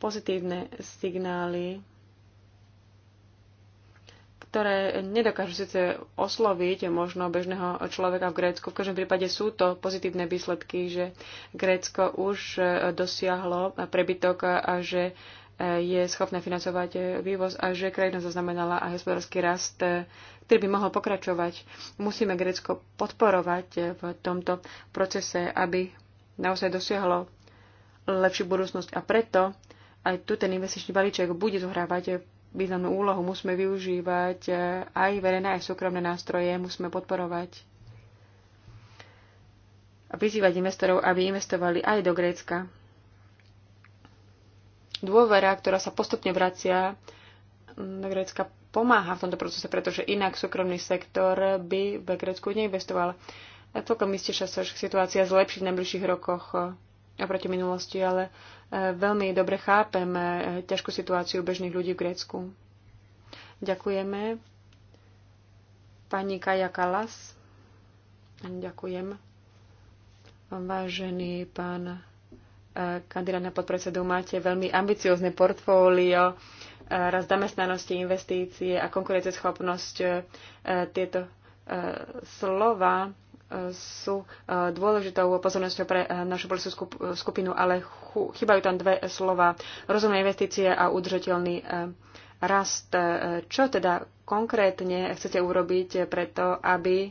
pozitívne signály, ktoré nedokážu síce osloviť možno bežného človeka v Grécku. V každom prípade sú to pozitívne výsledky, že Grécko už e, dosiahlo prebytok a že e, je schopné financovať vývoz a že krajina zaznamenala aj hospodársky rast, e, ktorý by mohol pokračovať. Musíme Grécko podporovať v tomto procese, aby naozaj dosiahlo lepšiu budúcnosť. A preto aj tu ten investičný balíček bude zohrávať významnú úlohu. Musíme využívať eh, aj verejné, aj súkromné nástroje, musíme podporovať a vyzývať investorov, aby investovali aj do Grécka. Dôvera, ktorá sa postupne vracia mm, do Grécka, pomáha v tomto procese, pretože inak súkromný sektor by v Grécku neinvestoval. A celkom že sa situácia zlepší v najbližších rokoch oproti minulosti, ale e, veľmi dobre chápeme e, ťažkú situáciu bežných ľudí v Grécku. Ďakujeme. Pani Kaja Kalas. Ďakujem. Vážený pán e, kandidát na podpredsedu, máte veľmi ambiciózne portfólio, raz zamestnanosti, investície a konkurencieschopnosť. Tieto slova sú e, dôležitou pozornosťou pre e, našu politickú skupinu, ale chýbajú tam dve slova. Rozumné investície a udržateľný e, rast. Čo teda konkrétne chcete urobiť preto, aby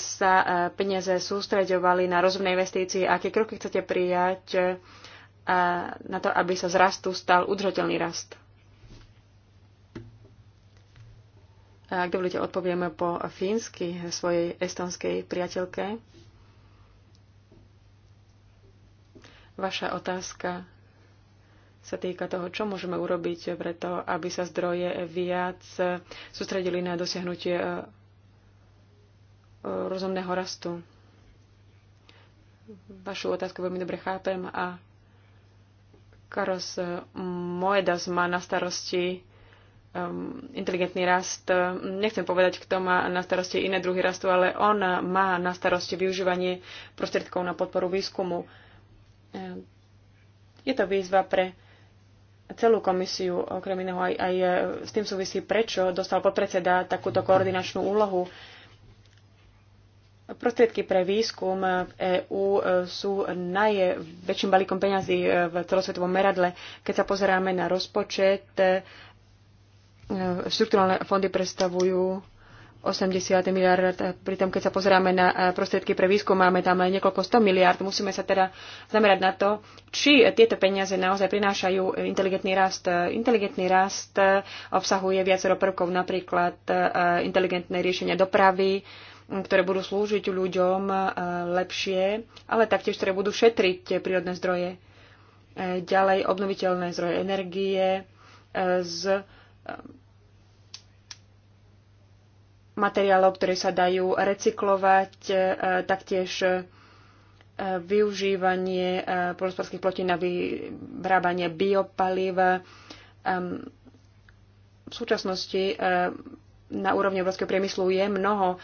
sa peniaze sústreďovali na rozumné investície, aké kroky chcete prijať na to, aby sa z rastu stal udržateľný rast. Ak dovolíte, odpovieme po fínsky svojej estonskej priateľke. Vaša otázka sa týka toho, čo môžeme urobiť preto, aby sa zdroje viac sústredili na dosiahnutie e, rozumného rastu. Vašu otázku veľmi dobre chápem a Karos Moedas má na starosti um, inteligentný rast. Nechcem povedať, kto má na starosti iné druhy rastu, ale on má na starosti využívanie prostriedkov na podporu výskumu. Je to výzva pre celú komisiu, okrem iného aj, aj e, s tým súvisí, prečo dostal podpredseda takúto koordinačnú úlohu. Prostriedky pre výskum v EÚ e, sú najväčším balíkom peňazí e, v celosvetovom meradle. Keď sa pozeráme na rozpočet E, Štrukturálne fondy predstavujú 80 miliard, pritom keď sa pozeráme na e, prostriedky pre výskum, máme tam aj niekoľko 100 miliard. Musíme sa teda zamerať na to, či tieto peniaze naozaj prinášajú inteligentný rast. Inteligentný rast e, obsahuje viacero prvkov, napríklad inteligentné riešenia dopravy, ktoré budú slúžiť ľuďom lepšie, ale taktiež, ktoré budú šetriť prírodné zdroje. Ďalej obnoviteľné zdroje energie z Um, materiálov, ktoré sa dajú recyklovať, e, taktiež e, využívanie e, polospodských plotín na vyrábanie biopaliv. Um, v súčasnosti na úrovni obrovského priemyslu je mnoho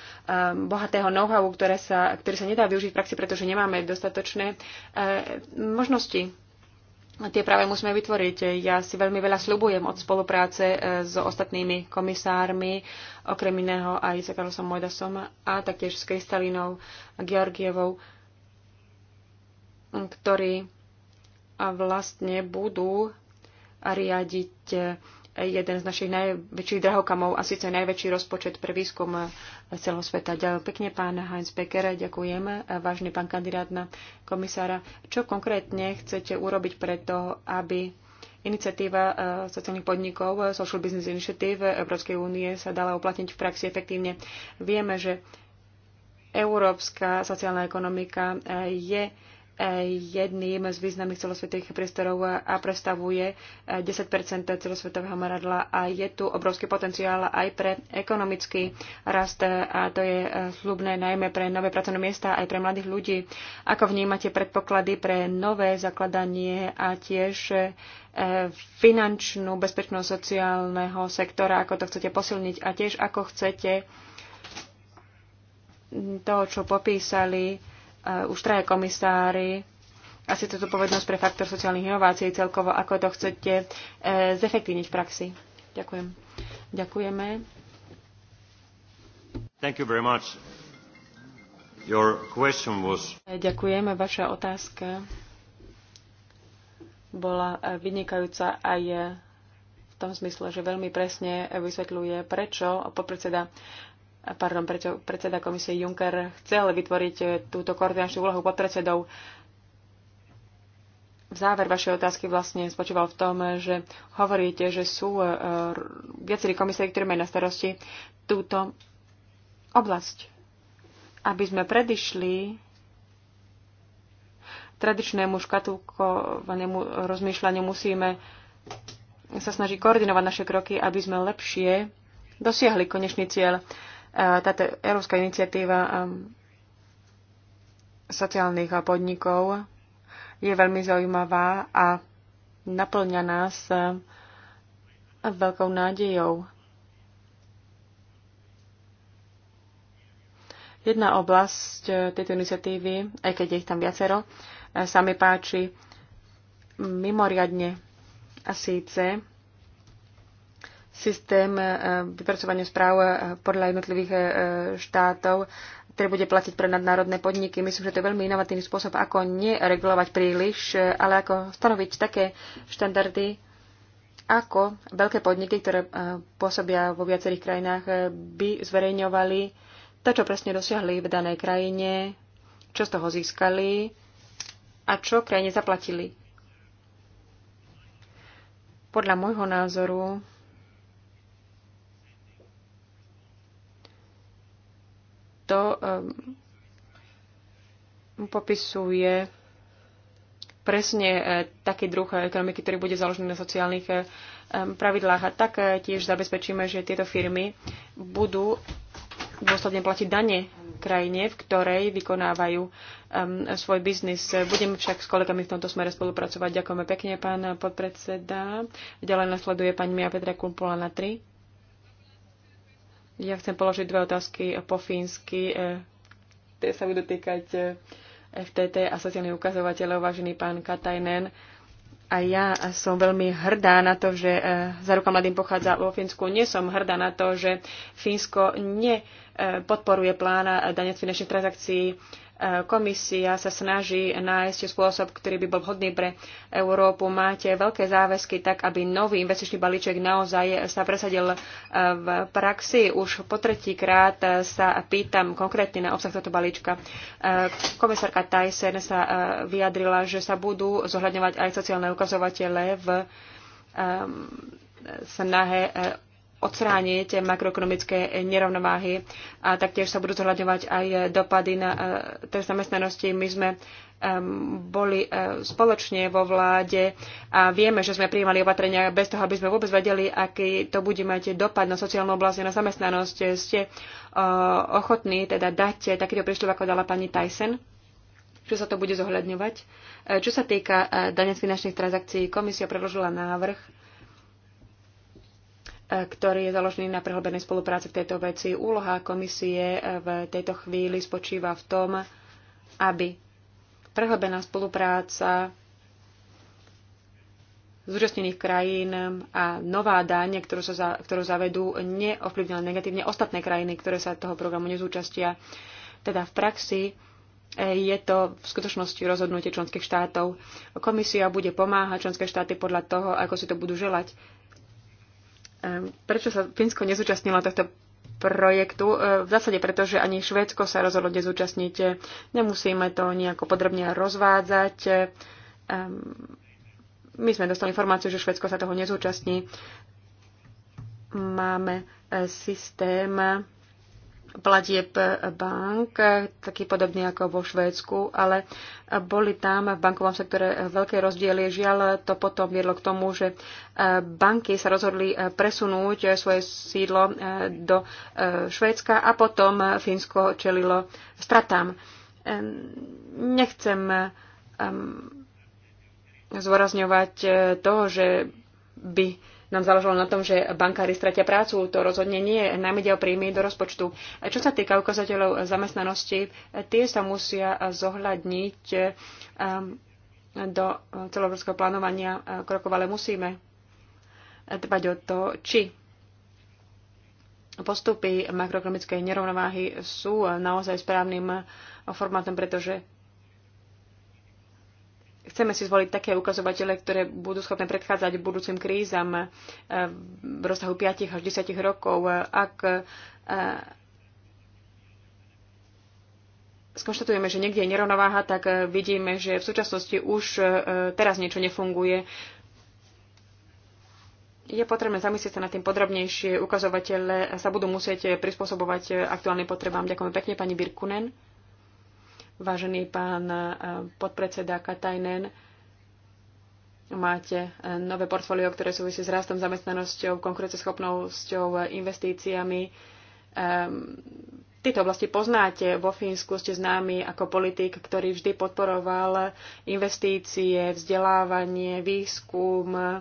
bohatého know-how, ktoré sa, ktoré sa nedá využiť v praxi, pretože nemáme dostatočné možnosti tie práve musíme vytvoriť. Ja si veľmi veľa slubujem od spolupráce e, s ostatnými komisármi, okrem iného aj s Karlosom Mojdasom a taktiež s Kristalinou Georgievou, ktorí vlastne budú riadiť e, jeden z našich najväčších drahokamov a síce najväčší rozpočet pre výskum celého sveta. Ďakujem pekne, pán Heinz Becker, ďakujem, vážny pán kandidát na komisára. Čo konkrétne chcete urobiť preto, aby iniciatíva eh, sociálnych podnikov, eh, Social Business Initiative Európskej únie sa dala uplatniť v praxi efektívne? Vieme, že európska sociálna ekonomika eh, je jedným z významných celosvetových priestorov a predstavuje 10 eh, celosvetového meradla a je tu obrovský potenciál aj pre ekonomický rast a to je eh, slubné najmä pre nové pracovné miesta aj pre mladých ľudí. Ako vnímate predpoklady pre nové zakladanie a tiež eh, finančnú bezpečnosť sociálneho sektora, ako to chcete posilniť a tiež ako chcete to, čo popísali, uh, už traje komisári a síce povednosť pre faktor sociálnych inovácií celkovo, ako to chcete e, zefektívniť v praxi. Ďakujem. Ďakujeme. Thank you very much. Your question was... E, Ďakujeme. Vaša otázka bola vynikajúca aj v tom zmysle, že veľmi presne vysvetľuje, prečo podpredseda pardon, prečo predseda komisie Juncker chcel vytvoriť eh, túto koordinačnú úlohu podpredsedov. V záver vašej otázky vlastne spočíval v tom, že hovoríte, že sú eh, viacerí komisie, ktorí majú na starosti túto oblasť. Aby sme predišli tradičnému škatúkovanému rozmýšľaniu, musíme sa snažiť koordinovať naše kroky, aby sme lepšie dosiahli konečný cieľ táto európska iniciatíva um, sociálnych podnikov je veľmi zaujímavá a naplňa nás um, veľkou nádejou. Jedna oblasť uh, tejto iniciatívy, aj keď je ich tam viacero, uh, sa mi páči mimoriadne a síce systém e, vypracovania správ e, podľa jednotlivých e, štátov, ktorý bude platiť pre nadnárodné podniky. Myslím, že to je veľmi inovatívny spôsob, ako neregulovať príliš, ale ako stanoviť také štandardy, ako veľké podniky, ktoré pôsobia vo viacerých krajinách, by zverejňovali to, čo presne dosiahli v danej krajine, čo z toho získali a čo krajine zaplatili. Podľa môjho názoru to ehm, popisuje presne e, taký druh ekonomiky, ktorý bude založený na sociálnych e, ehm, pravidlách. A tak e, tiež zabezpečíme, že tieto firmy budú dôsledne platiť dane krajine, v ktorej vykonávajú um, svoj biznis. Budem však s kolegami v tomto smere spolupracovať. Ďakujeme pekne, pán podpredseda. Ďalej nasleduje pani Mia Petra Kumpula na 3. Ja chcem položiť dve otázky po fínsky. E, tie sa budú týkať e, FTT a sociálnych ukazovateľov, vážený pán Katajnen. A ja som veľmi hrdá na to, že e, za ruka mladým pochádza vo Fínsku. Nie som hrdá na to, že Fínsko nepodporuje plána dane z finančných transakcií. Komisia sa snaží nájsť spôsob, ktorý by bol vhodný pre Európu. Máte veľké záväzky tak, aby nový investičný balíček naozaj sa presadil eh, v praxi. Už po tretíkrát sa pýtam konkrétne na obsah tohto balíčka. Eh, komisárka Tyson sa eh, vyjadrila, že sa budú zohľadňovať aj sociálne ukazovatele v ehm, snahe odstrániť makroekonomické nerovnováhy a taktiež sa budú zohľadňovať aj dopady na e, trh zamestnanosti. My sme boli e, spoločne vo vláde a vieme, že sme prijímali opatrenia bez toho, aby sme vôbec vedeli, aký to bude mať dopad na sociálnu oblasť a na zamestnanosť. Ste e, ochotní teda dať takýto prísľub, ako dala pani Tyson? čo sa to bude zohľadňovať. Čo sa týka dane z finančných transakcií, komisia predložila návrh E, ktorý je založený na prehlbenej spolupráci v tejto veci. Úloha komisie e, v tejto chvíli spočíva v tom, aby prehlbená spolupráca zúčastnených krajín a nová daň, ktorú, sa za, ktorú zavedú, neovplyvnila negatívne ostatné krajiny, ktoré sa toho programu nezúčastia. Teda v praxi e, je to v skutočnosti rozhodnutie členských štátov. Komisia bude pomáhať členské štáty podľa toho, ako si to budú želať. Ehm, prečo sa Fínsko nezúčastnilo tohto projektu? Ehm, v zásade preto, že ani Švédsko sa rozhodlo nezúčastniť. Nemusíme to nejako podrobne rozvádzať. Ehm, my sme dostali informáciu, že Švédsko sa toho nezúčastní. Máme e, systém platieb bank, taký podobný ako vo Švédsku, ale boli tam v bankovom sektore veľké rozdiely. Žiaľ, to potom viedlo k tomu, že banky sa rozhodli presunúť svoje sídlo eh, do eh, Švédska a potom Fínsko čelilo stratám. Nechcem zvorazňovať eh, to, že by nám záležalo na tom, že bankári stratia prácu. To rozhodne nie. je najmedel o príjmy do rozpočtu. Čo sa týka ukazateľov zamestnanosti, tie sa musia zohľadniť um, do celoeurópskeho plánovania uh, krokov, ale musíme dbať o to, či postupy makroekonomickej nerovnováhy sú naozaj správnym uh, formátom, pretože Chceme si zvoliť také ukazovatele, ktoré budú schopné predchádzať budúcim krízam eh, v rozsahu 5 až 10 rokov. Ak eh, skonštatujeme, že niekde je nerovnováha, tak eh, vidíme, že v súčasnosti už teraz niečo nefunguje. Je potrebné zamyslieť sa na tým podrobnejšie. Ukazovatele sa budú musieť prispôsobovať aktuálnym potrebám. Ďakujem pekne, pani Birkunen. Vážený pán e, podpredseda Katajnen, máte e, nové portfólio, ktoré súvisí s rastom zamestnanosťou, konkurenceschopnosťou, e, investíciami. Ehm, tieto oblasti poznáte. Vo Fínsku ste známi ako politik, ktorý vždy podporoval investície, vzdelávanie, výskum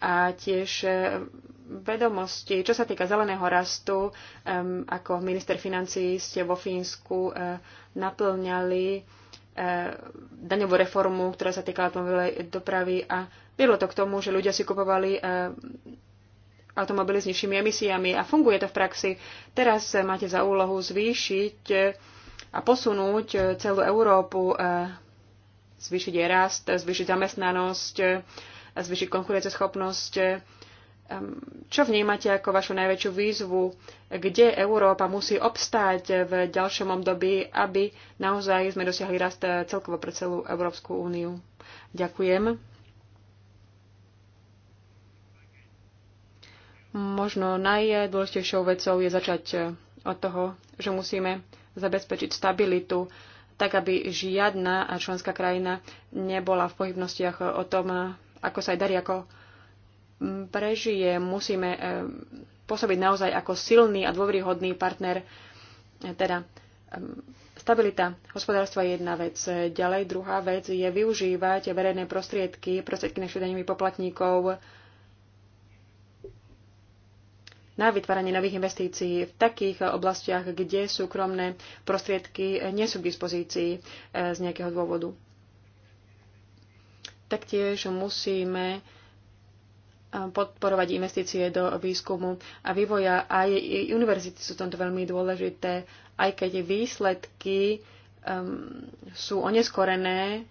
a tiež vedomosti. Čo sa týka zeleného rastu, um, ako minister financí ste vo Fínsku uh, naplňali uh, daňovú reformu, ktorá sa týkala automobilovej dopravy a viedlo to k tomu, že ľudia si kupovali uh, automobily s nižšími emisiami a funguje to v praxi. Teraz máte za úlohu zvýšiť a posunúť celú Európu, zvýšiť jej rast, zvýšiť zamestnanosť, zvýšiť konkurenceschopnosť čo vnímate ako vašu najväčšiu výzvu, kde Európa musí obstáť v ďalšom období, aby naozaj sme dosiahli rast eh, celkovo pre celú Európsku úniu? Ďakujem. Možno najdôležitejšou vecou je začať eh, od toho, že musíme zabezpečiť stabilitu, tak aby žiadna členská krajina nebola v pohybnostiach o tom, eh, ako sa aj darí, ako prežije. Musíme eh, pôsobiť naozaj ako silný a dôveryhodný partner. Eh, teda stabilita hospodárstva je jedna vec. Ďalej druhá vec je využívať verejné prostriedky, prostriedky našich daňových poplatníkov na vytváranie nových investícií v takých oblastiach, kde súkromné prostriedky nie sú k dispozícii eh, z nejakého dôvodu. Taktiež musíme podporovať investície do výskumu a vývoja. Aj univerzity sú tomto veľmi dôležité, aj keď výsledky um, sú oneskorené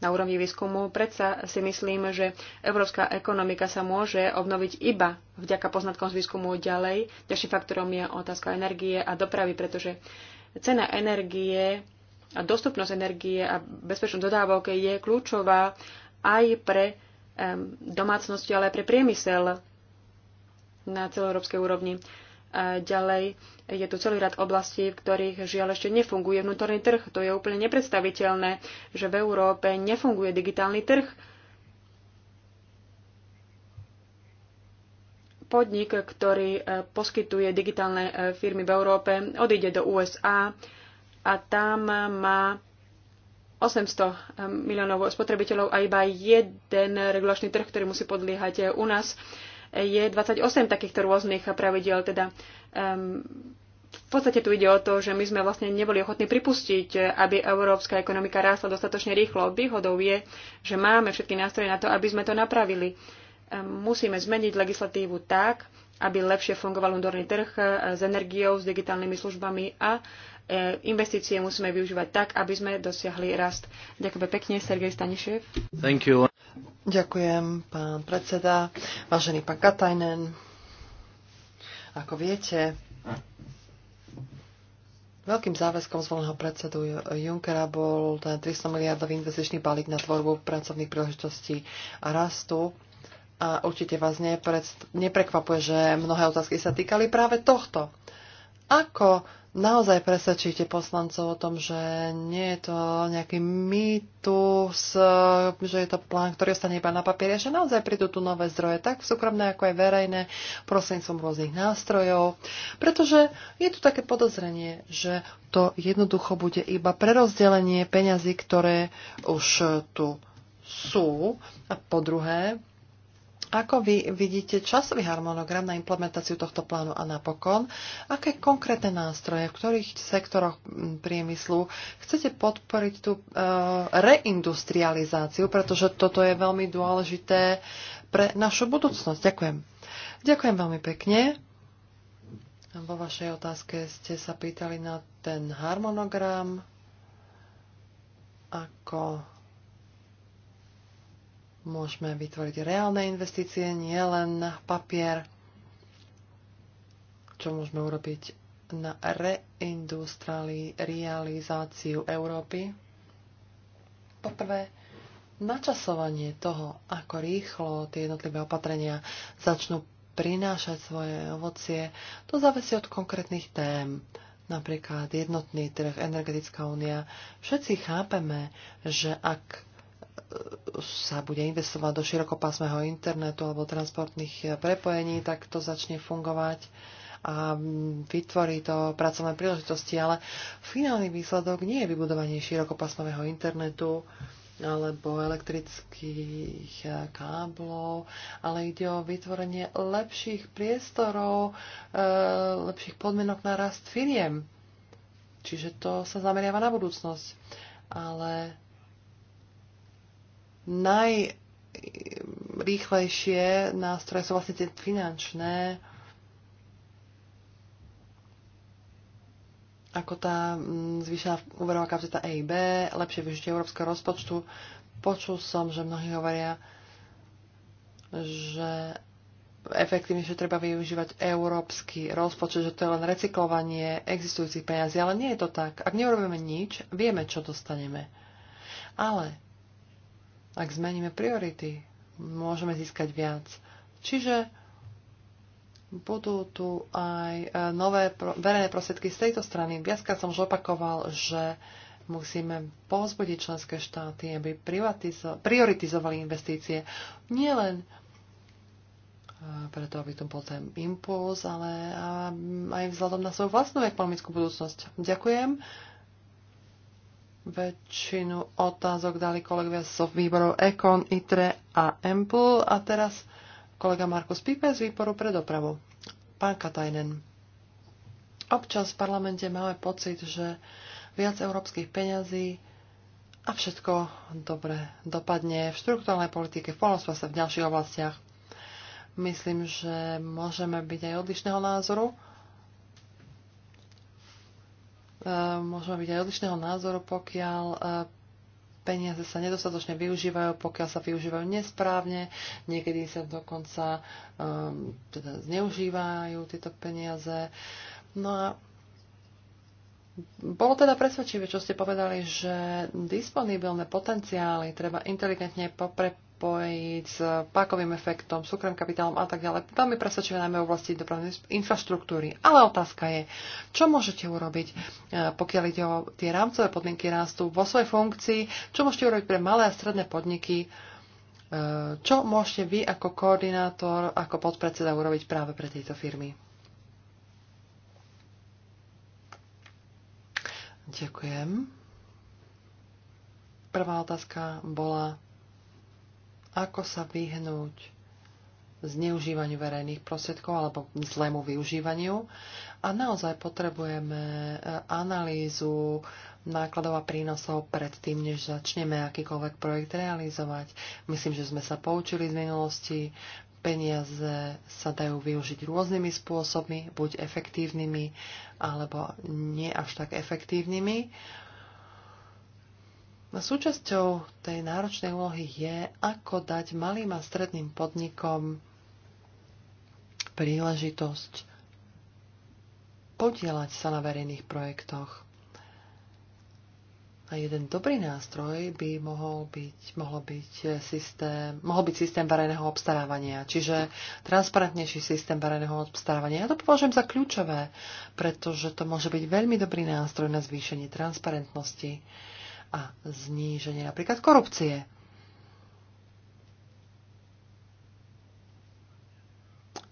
na úrovni výskumu. Predsa si myslím, že európska ekonomika sa môže obnoviť iba vďaka poznatkom z výskumu ďalej. Ďalším faktorom je otázka energie a dopravy, pretože cena energie a dostupnosť energie a bezpečnosť dodávok je kľúčová aj pre domácnosti, ale aj pre priemysel na celoeurópskej úrovni. ďalej je tu celý rad oblastí, v ktorých žiaľ ešte nefunguje vnútorný trh. To je úplne nepredstaviteľné, že v Európe nefunguje digitálny trh. Podnik, ktorý e, poskytuje digitálne e, firmy v Európe, odíde do USA a tam má 800 ehm, miliónov spotrebiteľov a iba jeden regulačný trh, ktorý musí podliehať. Eh, u nás eh, je 28 takýchto rôznych pravidel, teda um, v podstate tu ide o to, že my sme vlastne neboli ochotní pripustiť, eh, aby európska ekonomika rástla dostatočne rýchlo. Výhodou je, že máme všetky nástroje na to, aby sme to napravili. Um, musíme zmeniť legislatívu tak, aby lepšie fungoval vnútorný trh s energiou, s digitálnymi službami a E, investície musíme využívať tak, aby sme dosiahli rast. Ďakujem pekne, Sergej Stanišev. Thank you. Ďakujem, pán predseda, vážený pán Katajnen. Ako viete, Veľkým záväzkom zvoleného predsedu Junckera bol ten 300 miliardový investičný balík na tvorbu pracovných príležitostí a rastu. A určite vás neprekvapuje, že mnohé otázky sa týkali práve tohto. Ako naozaj presvedčíte poslancov o tom, že nie je to nejaký mýtus, že je to plán, ktorý ostane iba na papieri, že naozaj prídu tu nové zdroje, tak súkromné ako aj verejné, som rôznych nástrojov, pretože je tu také podozrenie, že to jednoducho bude iba prerozdelenie peňazí, ktoré už tu sú. A po druhé, ako vy vidíte časový harmonogram na implementáciu tohto plánu a napokon, aké konkrétne nástroje, v ktorých sektoroch priemyslu chcete podporiť tú e, reindustrializáciu, pretože toto je veľmi dôležité pre našu budúcnosť. Ďakujem. Ďakujem veľmi pekne. Vo vašej otázke ste sa pýtali na ten harmonogram, ako Môžeme vytvoriť reálne investície, nie len na papier. Čo môžeme urobiť na reindustrializáciu Európy? Poprvé, načasovanie toho, ako rýchlo tie jednotlivé opatrenia začnú prinášať svoje ovocie, to závisí od konkrétnych tém. Napríklad jednotný trh, energetická únia. Všetci chápeme, že ak sa bude investovať do širokopásmeho internetu alebo transportných eh, prepojení, tak to začne fungovať a mm, vytvorí to pracovné príležitosti, ale finálny výsledok nie je vybudovanie širokopásmového internetu alebo elektrických eh, káblov, ale ide o vytvorenie lepších priestorov, eh, lepších podmienok na rast firiem. Čiže to sa zameriava na budúcnosť. Ale najrýchlejšie nástroje sú vlastne tie finančné, ako tá mm, zvýšená úverová kapacita EIB, lepšie využitie európskeho rozpočtu. Počul som, že mnohí hovoria, že efektívnejšie treba využívať európsky rozpočet, že to je len recyklovanie existujúcich peniazí, ale nie je to tak. Ak neurobíme nič, vieme, čo dostaneme. Ale ak zmeníme priority, môžeme získať viac. Čiže budú tu aj e, nové pro, verejné prostriedky z tejto strany. Viackrát som už opakoval, že musíme povzbudiť členské štáty, aby prioritizovali investície. nielen e, preto, aby tu bol ten impuls, ale aj vzhľadom na svoju vlastnú ekonomickú budúcnosť. Ďakujem. Väčšinu otázok dali kolegovia z so výborov Econ, ITRE a EMPL a teraz kolega Markus Pipe z výboru pre dopravu. Pán Katajnen, občas v parlamente máme pocit, že viac európskych peňazí a všetko dobre dopadne v štruktúrnej politike, v sa v ďalších oblastiach. Myslím, že môžeme byť aj odlišného názoru, Eh, môžeme byť aj odlišného názoru, pokiaľ eh, peniaze sa nedostatočne využívajú, pokiaľ sa využívajú nesprávne, niekedy sa dokonca eh, teda zneužívajú tieto peniaze. No a bolo teda presvedčivé, čo ste povedali, že disponibilné potenciály treba inteligentne popre, spojiť s pákovým efektom, súkromným kapitálom a tak ďalej. Veľmi presvedčivé najmä v oblasti dopravnej infraštruktúry. Ale otázka je, čo môžete urobiť, e, pokiaľ ide o tie rámcové podmienky rastu vo svojej funkcii, čo môžete urobiť pre malé a stredné podniky, e, čo môžete vy ako koordinátor, ako podpredseda urobiť práve pre tieto firmy? Ďakujem. Prvá otázka bola ako sa vyhnúť zneužívaniu verejných prostriedkov alebo zlému využívaniu. A naozaj potrebujeme eh, analýzu nákladov a prínosov pred tým, než začneme akýkoľvek projekt realizovať. Myslím, že sme sa poučili z minulosti. Peniaze sa dajú využiť rôznymi spôsobmi, buď efektívnymi, alebo nie až tak efektívnymi. No, súčasťou tej náročnej úlohy je, ako dať malým a stredným podnikom príležitosť podielať sa na verejných projektoch. A jeden dobrý nástroj by mohol byť, mohol byť systém, mohol byť systém verejného obstarávania, čiže transparentnejší systém verejného obstarávania. Ja to považujem za kľúčové, pretože to môže byť veľmi dobrý nástroj na zvýšenie transparentnosti a zníženie napríklad korupcie.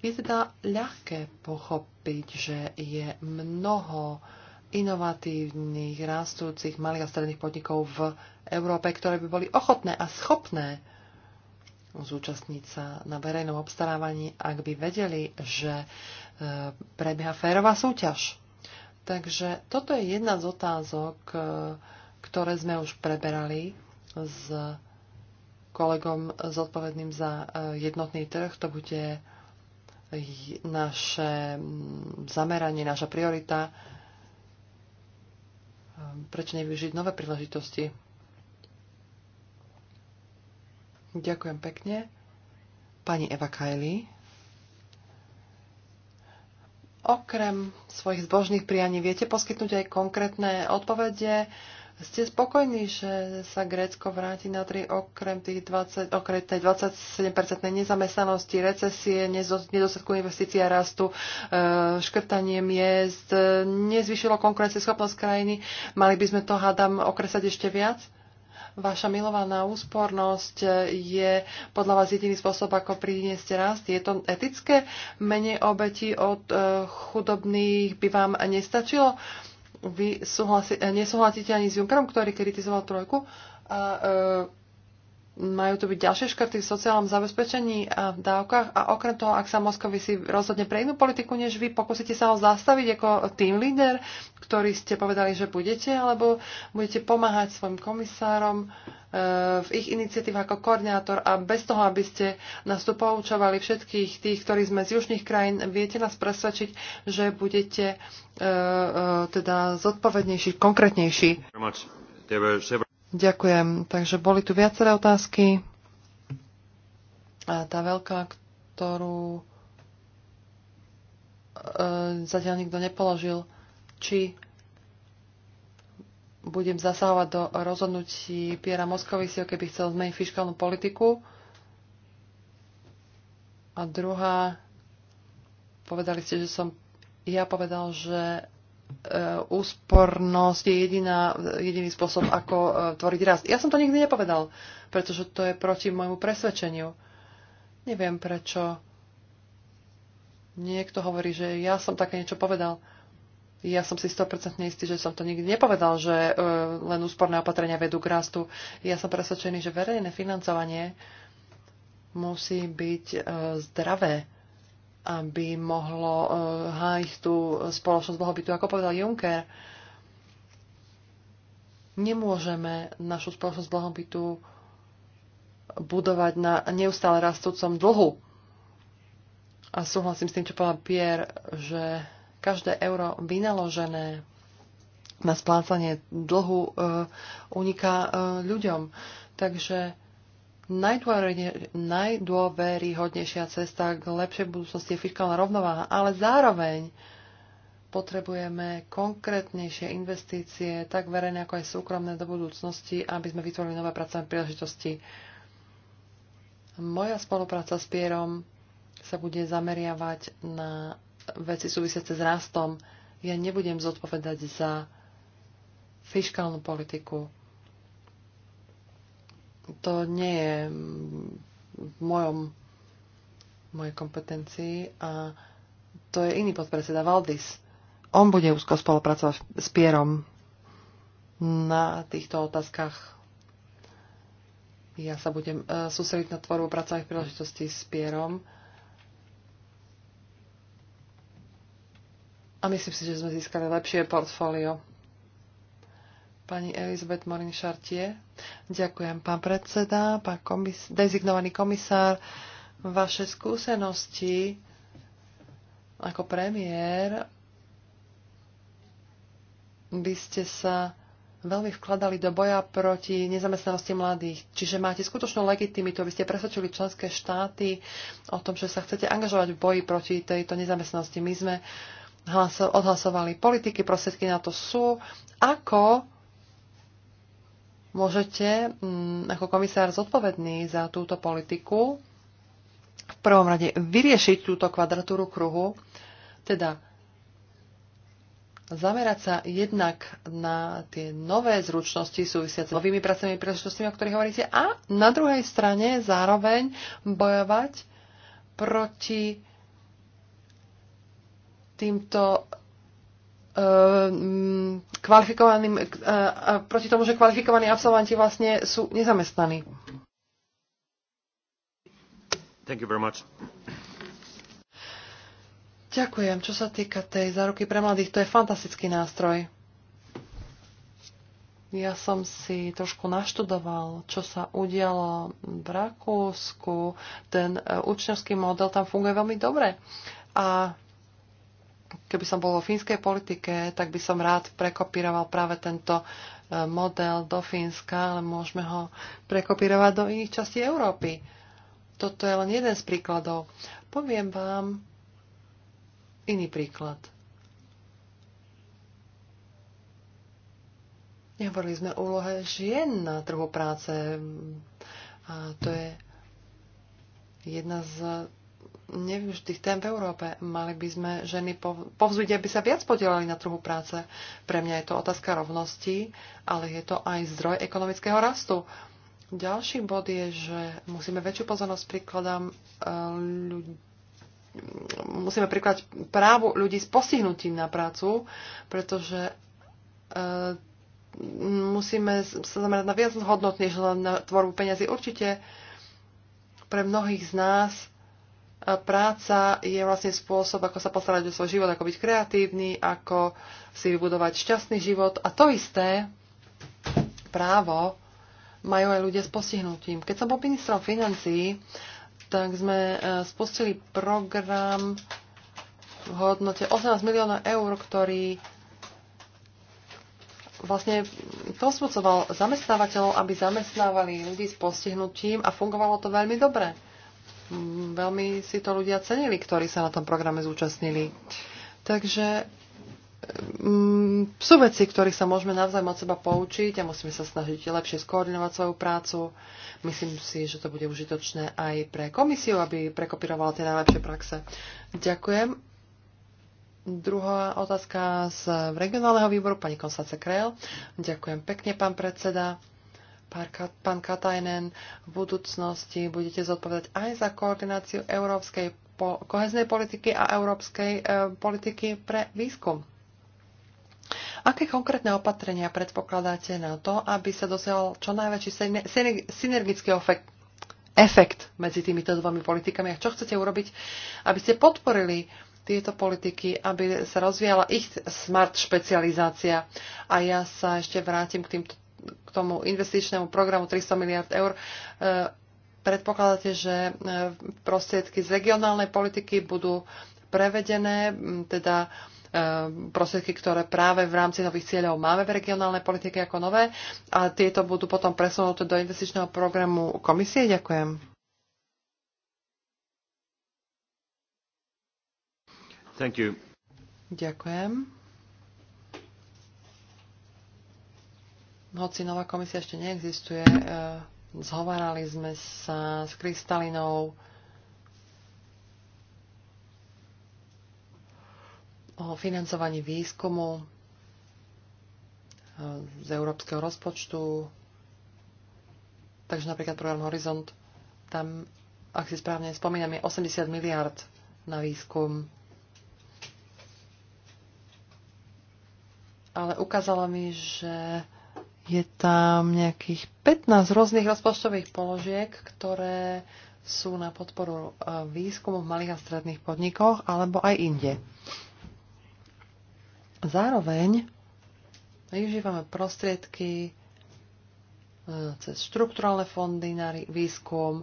Je teda ľahké pochopiť, že je mnoho inovatívnych, rastúcich malých a stredných podnikov v Európe, ktoré by boli ochotné a schopné zúčastniť sa na verejnom obstarávaní, ak by vedeli, že e, prebieha férová súťaž. Takže toto je jedna z otázok, e, ktoré sme už preberali s kolegom zodpovedným za e, jednotný trh. To bude naše zameranie, naša priorita. E, prečo nevyužiť nové príležitosti? Ďakujem pekne. Pani Eva Kajli. Okrem svojich zbožných prianí viete poskytnúť aj konkrétne odpovede ste spokojní, že sa Grécko vráti na 3 okrem, tých 20, okrem tej 27-percentnej nezamestnanosti, recesie, nedostatku investícií a rastu, e, škrtanie miest, e, nezvyšilo konkurencieschopnosť krajiny? Mali by sme to, hádam, okresať ešte viac? Vaša milovaná úspornosť e, je podľa vás jediný spôsob, ako priniesť rast. Je to etické? Menej obetí od chudobných by vám nestačilo? Uh, vy súhlasi, nesúhlasíte ani s Junkerom, ktorý kritizoval trojku a e, majú tu byť ďalšie škrty v sociálnom zabezpečení a v dávkach a okrem toho, ak sa Moskovi si rozhodne pre inú politiku než vy, pokúsite sa ho zastaviť ako team leader, ktorý ste povedali, že budete, alebo budete pomáhať svojim komisárom e, v ich iniciatívach ako koordinátor a bez toho, aby ste nás tu poučovali všetkých tých, ktorí sme z južných krajín, viete nás presvedčiť, že budete e, e, teda zodpovednejší, konkrétnejší. Ďakujem. Takže boli tu viaceré otázky. A tá veľká, ktorú e, zatiaľ nikto nepoložil, či budem zasahovať do rozhodnutí Piera Moskovisiho, keby chcel zmeniť fiskálnu politiku. A druhá, povedali ste, že som ja povedal, že E, úspornosť je jediná, jediný spôsob, ako e, tvoriť rast. Ja som to nikdy nepovedal, pretože to je proti môjmu presvedčeniu. Neviem, prečo niekto hovorí, že ja som také niečo povedal. Ja som si 100% istý, že som to nikdy nepovedal, že e, len úsporné opatrenia vedú k rastu. Ja som presvedčený, že verejné financovanie musí byť zdravé aby mohlo eh, hájiť tú spoločnosť blahobytu. Ako povedal Juncker, nemôžeme našu spoločnosť blahobytu budovať na neustále rastúcom dlhu. A súhlasím s tým, čo povedal Pierre, že každé euro vynaložené na splácanie dlhu eh, uniká eh, ľuďom. Takže najdôveryhodnejšia cesta k lepšej budúcnosti je fiskálna rovnováha, ale zároveň potrebujeme konkrétnejšie investície, tak verejné ako aj súkromné do budúcnosti, aby sme vytvorili nové pracovné príležitosti. Moja spolupráca s Pierom sa bude zameriavať na veci súvisiace s rastom. Ja nebudem zodpovedať za fiskálnu politiku to nie je v mojom, v mojej kompetencii a to je iný podpredseda Valdis. On bude úzko spolupracovať s Pierom na týchto otázkach. Ja sa budem uh, sústrediť na tvorbu pracovných príležitostí s Pierom. A myslím si, že sme získali lepšie portfólio pani Elizabeth Morin Chartier. Ďakujem, pán predseda, pán komis- dezignovaný komisár. Vaše skúsenosti ako premiér by ste sa veľmi vkladali do boja proti nezamestnanosti mladých. Čiže máte skutočnú legitimitu, aby ste presvedčili členské štáty o tom, že sa chcete angažovať v boji proti tejto nezamestnanosti. My sme odhlasovali politiky, prostriedky na to sú. Ako môžete mm, ako komisár zodpovedný za túto politiku v prvom rade vyriešiť túto kvadratúru kruhu, teda zamerať sa jednak na tie nové zručnosti súvisiace s novými pracovnými príležitostiami, o ktorých hovoríte, a na druhej strane zároveň bojovať proti týmto Eh, kvalifikovaným, eh, proti tomu, že kvalifikovaní absolventi vlastne sú nezamestnaní. Thank you very much. Ďakujem. Čo sa týka tej záruky pre mladých, to je fantastický nástroj. Ja som si trošku naštudoval, čo sa udialo v Rakúsku. Ten eh, učňovský model tam funguje veľmi dobre. A keby som bol vo fínskej politike, tak by som rád prekopíroval práve tento e, model do Fínska, ale môžeme ho prekopírovať do iných častí Európy. Toto je len jeden z príkladov. Poviem vám iný príklad. Nehovorili sme o úlohe žien na trhu práce. A to je jedna z nevyužitých tém v Európe. Mali by sme ženy povzbudiť, aby sa viac podielali na trhu práce. Pre mňa je to otázka rovnosti, ale je to aj zdroj ekonomického rastu. Ďalší bod je, že musíme väčšiu pozornosť prikladám e, ľudí musíme prikladať právu ľudí s postihnutím na prácu, pretože e, musíme sa zamerať na viac hodnot, na tvorbu peniazy. Určite pre mnohých z nás práca je vlastne spôsob, ako sa postarať o svoj život, ako byť kreatívny, ako si vybudovať šťastný život. A to isté právo majú aj ľudia s postihnutím. Keď som bol ministrom financií, tak sme e, spustili program v hodnote 18 miliónov eur, ktorý vlastne posvedcoval zamestnávateľov, aby zamestnávali ľudí s postihnutím a fungovalo to veľmi dobre Mm, veľmi si to ľudia cenili, ktorí sa na tom programe zúčastnili. Takže mm, sú veci, ktorých sa môžeme navzájom od seba poučiť a musíme sa snažiť lepšie skoordinovať svoju prácu. Myslím si, že to bude užitočné aj pre komisiu, aby prekopírovala tie najlepšie praxe. Ďakujem. Druhá otázka z regionálneho výboru, pani Konstance Krejl. Ďakujem pekne, pán predseda pán Katajnen, v budúcnosti budete zodpovedať aj za koordináciu európskej po, koheznej politiky a európskej e, politiky pre výskum. Aké konkrétne opatrenia predpokladáte na to, aby sa dosiahol čo najväčší synergický efekt, efekt medzi týmito dvomi politikami? A čo chcete urobiť, aby ste podporili tieto politiky, aby sa rozvíjala ich smart špecializácia. A ja sa ešte vrátim k týmto k tomu investičnému programu 300 miliard eur, e, predpokladáte, že e, prostriedky z regionálnej politiky budú prevedené, teda e, prostriedky, ktoré práve v rámci nových cieľov máme v regionálnej politike ako nové a tieto budú potom presunuté do investičného programu komisie. Ďakujem. Thank you. Ďakujem. hoci nová komisia ešte neexistuje, e, zhovárali sme sa s Kristalinou o financovaní výskumu e, z európskeho rozpočtu. Takže napríklad program Horizont, tam, ak si správne spomínam, je 80 miliard na výskum. Ale ukázalo mi, že je tam nejakých 15 rôznych rozpočtových položiek, ktoré sú na podporu e, výskumu v malých a stredných podnikoch alebo aj inde. Zároveň využívame prostriedky e, cez štrukturálne fondy na výskum,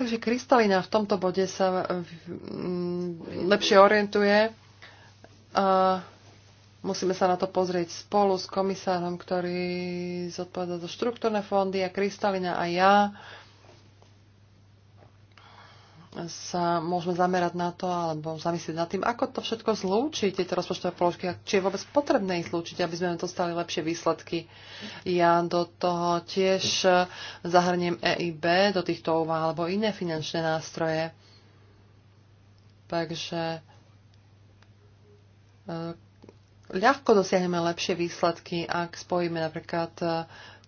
Takže krystalina v tomto bode sa lepšie orientuje a eh, musíme sa na to pozrieť spolu s komisárom, ktorý zodpovedá za štruktúrne fondy a Kristalina a ja sa môžeme zamerať na to alebo zamyslieť nad tým, ako to všetko zlúčiť, tieto rozpočtové položky, či je vôbec potrebné ich zlúčiť, aby sme dostali lepšie výsledky. Ja do toho tiež zahrniem EIB do týchto úvah alebo iné finančné nástroje. Takže E, ľahko dosiahneme lepšie výsledky, ak spojíme napríklad e,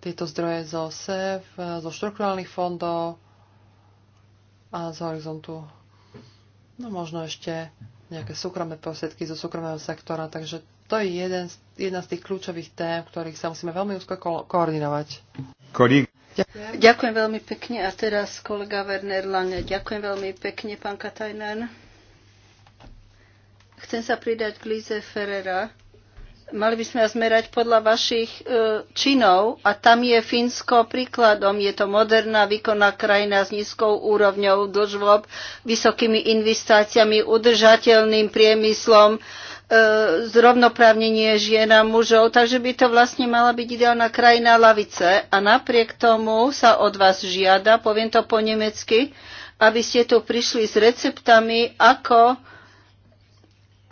tieto zdroje zo SEF, e, zo štrukturálnych fondov a z horizontu. No možno ešte nejaké súkromné prostriedky zo súkromného sektora, takže to je jeden, jedna z tých kľúčových tém, ktorých sa musíme veľmi úzko ko- koordinovať. Kolík. Ďakujem. Ďakujem veľmi pekne a teraz kolega Werner Lange. Ďakujem veľmi pekne, pán Katajnen. Chcem sa pridať k Lize Ferrera. Mali by sme vás merať podľa vašich e, činov a tam je Fínsko príkladom. Je to moderná, výkonná krajina s nízkou úrovňou dlžvob, vysokými investáciami, udržateľným priemyslom, e, zrovnoprávnenie žien a mužov. Takže by to vlastne mala byť ideálna krajina lavice. A napriek tomu sa od vás žiada, poviem to po nemecky, aby ste tu prišli s receptami, ako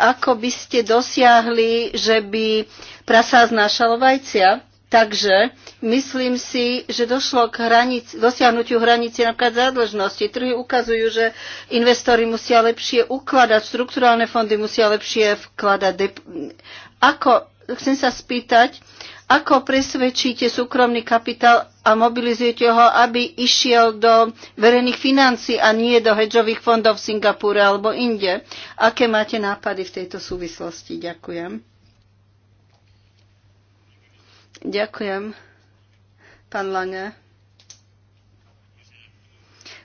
ako by ste dosiahli, že by prasa znášalo vajcia. Takže myslím si, že došlo k hranic, dosiahnutiu hranice napríklad zádlžnosti. Trhy ukazujú, že investori musia lepšie ukladať, štrukturálne fondy musia lepšie vkladať. Ako, chcem sa spýtať, ako presvedčíte súkromný kapitál a mobilizujete ho, aby išiel do verejných financí a nie do hedžových fondov v Singapúre alebo inde? Aké máte nápady v tejto súvislosti? Ďakujem. Ďakujem. Pán Lange.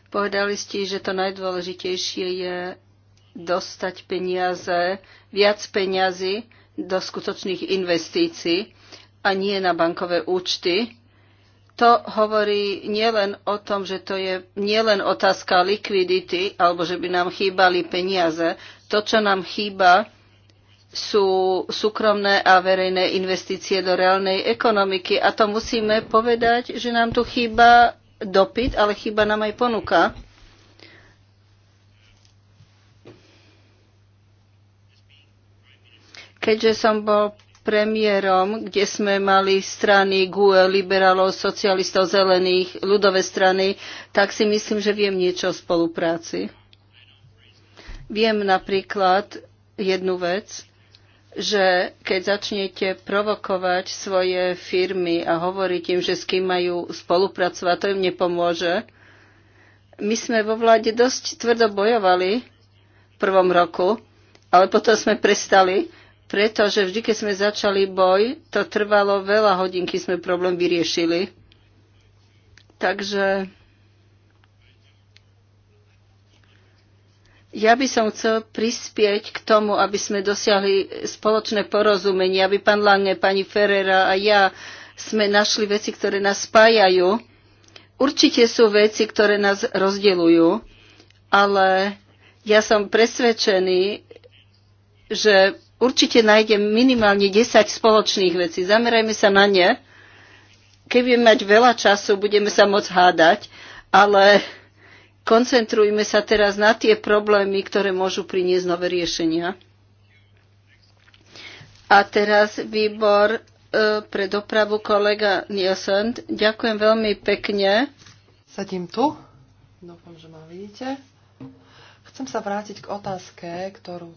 Povedali ste, že to najdôležitejšie je dostať peniaze, viac peniazy do skutočných investícií a nie na bankové účty. To hovorí nielen o tom, že to je nielen otázka likvidity, alebo že by nám chýbali peniaze. To, čo nám chýba, sú súkromné a verejné investície do reálnej ekonomiky. A to musíme povedať, že nám tu chýba dopyt, ale chýba nám aj ponuka. Keďže som bol premiérom, kde sme mali strany GUE, liberálov, socialistov, zelených, ľudové strany, tak si myslím, že viem niečo o spolupráci. Viem napríklad jednu vec, že keď začnete provokovať svoje firmy a hovoriť im, že s kým majú spolupracovať, to im nepomôže. My sme vo vláde dosť tvrdo bojovali v prvom roku, ale potom sme prestali, pretože vždy, keď sme začali boj, to trvalo veľa hodín, kým sme problém vyriešili. Takže ja by som chcel prispieť k tomu, aby sme dosiahli spoločné porozumenie, aby pán Lange, pani Ferrera a ja sme našli veci, ktoré nás spájajú. Určite sú veci, ktoré nás rozdeľujú, ale ja som presvedčený, že určite nájdem minimálne 10 spoločných vecí. Zamerajme sa na ne. Keď budeme mať veľa času, budeme sa môcť hádať, ale koncentrujme sa teraz na tie problémy, ktoré môžu priniesť nové riešenia. A teraz výbor e, pre dopravu kolega Nielsen. Ďakujem veľmi pekne. Sedím tu. Dúfam, že ma vidíte. Chcem sa vrátiť k otázke, ktorú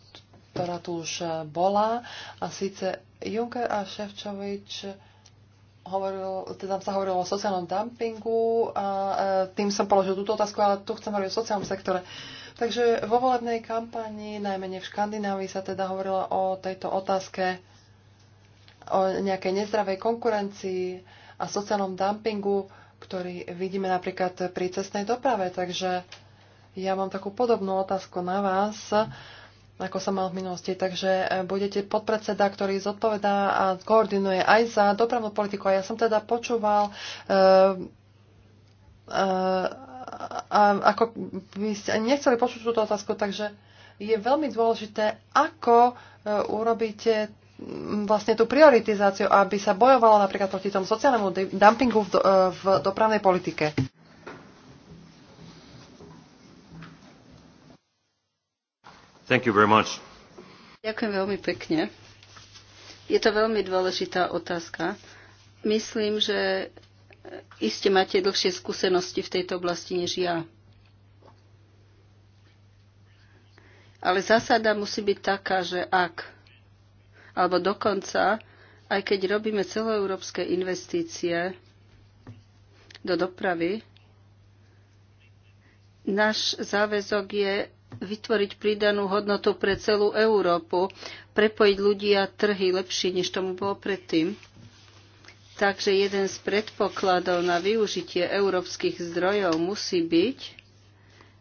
ktorá tu už e, bola. A síce Juncker a Ševčovič hovoril, teda sa hovorilo o sociálnom dumpingu a e, tým som položil túto otázku, ale tu chcem hovoriť o sociálnom sektore. Takže vo volebnej kampani, najmenej v Škandinávii, sa teda hovorilo o tejto otázke, o nejakej nezdravej konkurencii a sociálnom dumpingu, ktorý vidíme napríklad pri cestnej doprave. Takže ja mám takú podobnú otázku na vás. Mm ako som mal v minulosti. Takže e, budete podpredseda, ktorý zodpovedá a koordinuje aj za dopravnú politiku. A ja som teda počúval, e, e, a ako by ste nechceli počuť túto otázku, takže je veľmi dôležité, ako urobíte vlastne tú prioritizáciu, aby sa bojovalo napríklad proti tomu sociálnemu dumpingu v, do, v dopravnej politike. Thank you very much. Ďakujem veľmi pekne. Je to veľmi dôležitá otázka. Myslím, že iste máte dlhšie skúsenosti v tejto oblasti než ja. Ale zásada musí byť taká, že ak, alebo dokonca, aj keď robíme celoeurópske investície do dopravy, náš záväzok je vytvoriť pridanú hodnotu pre celú Európu, prepojiť ľudí a trhy lepšie, než tomu bolo predtým. Takže jeden z predpokladov na využitie európskych zdrojov musí byť,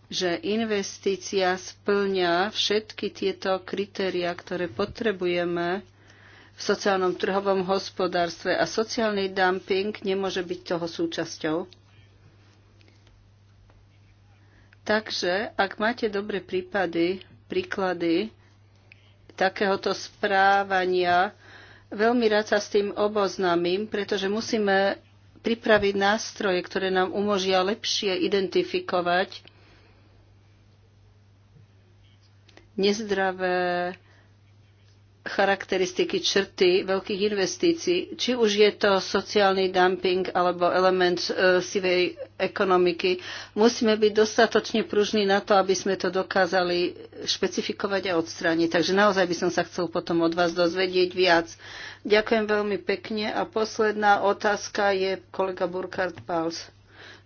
že investícia splňa všetky tieto kritéria, ktoré potrebujeme v sociálnom trhovom hospodárstve a sociálny dumping nemôže byť toho súčasťou. Takže ak máte dobré prípady, príklady takéhoto správania, veľmi rád sa s tým oboznámim, pretože musíme pripraviť nástroje, ktoré nám umožia lepšie identifikovať nezdravé charakteristiky črty veľkých investícií. Či už je to sociálny dumping alebo element uh, sivej ekonomiky, musíme byť dostatočne pružní na to, aby sme to dokázali špecifikovať a odstrániť. Takže naozaj by som sa chcel potom od vás dozvedieť viac. Ďakujem veľmi pekne a posledná otázka je kolega Burkhard Pals.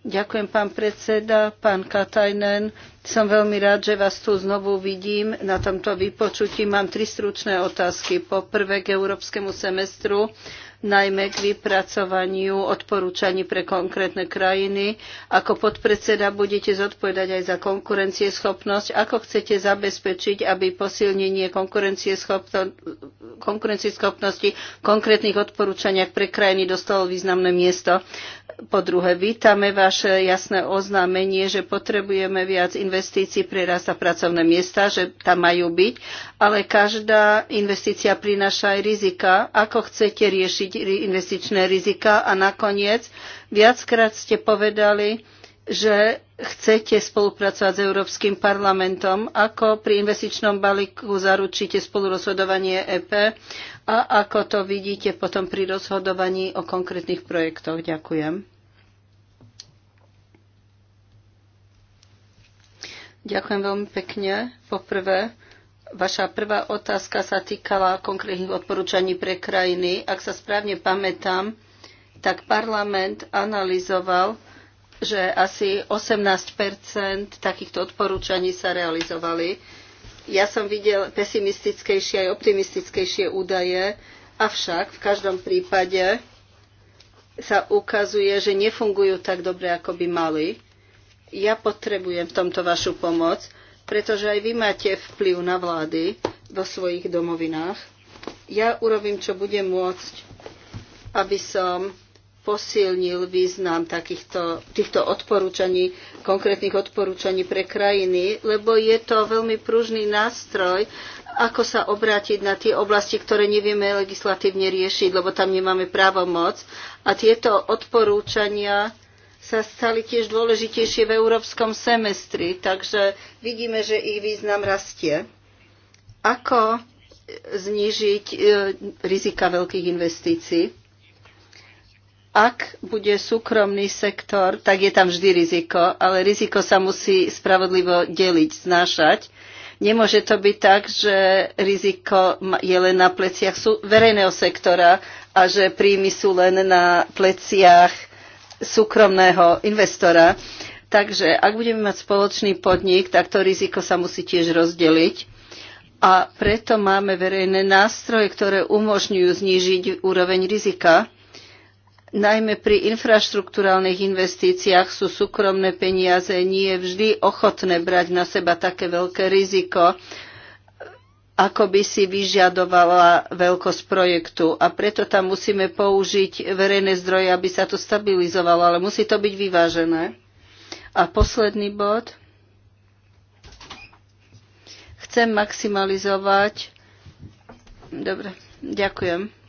Ďakujem, pán predseda, pán Katajnen. Som veľmi rád, že vás tu znovu vidím na tomto vypočutí. Mám tri stručné otázky. Po prvé k európskemu semestru, najmä k vypracovaniu odporúčaní pre konkrétne krajiny. Ako podpredseda budete zodpovedať aj za konkurencieschopnosť. Ako chcete zabezpečiť, aby posilnenie konkurencieschopnosti v konkrétnych odporúčaniach pre krajiny dostalo významné miesto? Po druhé, vítame vaše jasné oznámenie, že potrebujeme viac investícií pre rast a pracovné miesta, že tam majú byť, ale každá investícia prináša aj rizika. Ako chcete riešiť investičné rizika? A nakoniec, viackrát ste povedali, že chcete spolupracovať s Európskym parlamentom, ako pri investičnom balíku zaručíte spolurozhodovanie EP a ako to vidíte potom pri rozhodovaní o konkrétnych projektoch. Ďakujem. Ďakujem veľmi pekne. Poprvé, vaša prvá otázka sa týkala konkrétnych odporúčaní pre krajiny. Ak sa správne pamätám, tak parlament analyzoval, že asi 18 takýchto odporúčaní sa realizovali ja som videl pesimistickejšie aj optimistickejšie údaje, avšak v každom prípade sa ukazuje, že nefungujú tak dobre, ako by mali. Ja potrebujem v tomto vašu pomoc, pretože aj vy máte vplyv na vlády vo svojich domovinách. Ja urobím, čo budem môcť, aby som posilnil význam takýchto, týchto odporúčaní, konkrétnych odporúčaní pre krajiny, lebo je to veľmi pružný nástroj, ako sa obrátiť na tie oblasti, ktoré nevieme legislatívne riešiť, lebo tam nemáme právomoc. A tieto odporúčania sa stali tiež dôležitejšie v európskom semestri, takže vidíme, že ich význam rastie. Ako znížiť e, rizika veľkých investícií? Ak bude súkromný sektor, tak je tam vždy riziko, ale riziko sa musí spravodlivo deliť, znášať. Nemôže to byť tak, že riziko je len na pleciach verejného sektora a že príjmy sú len na pleciach súkromného investora. Takže ak budeme mať spoločný podnik, tak to riziko sa musí tiež rozdeliť a preto máme verejné nástroje, ktoré umožňujú znížiť úroveň rizika najmä pri infraštruktúrálnych investíciách sú súkromné peniaze nie vždy ochotné brať na seba také veľké riziko, ako by si vyžiadovala veľkosť projektu. A preto tam musíme použiť verejné zdroje, aby sa to stabilizovalo, ale musí to byť vyvážené. A posledný bod. Chcem maximalizovať. Dobre, ďakujem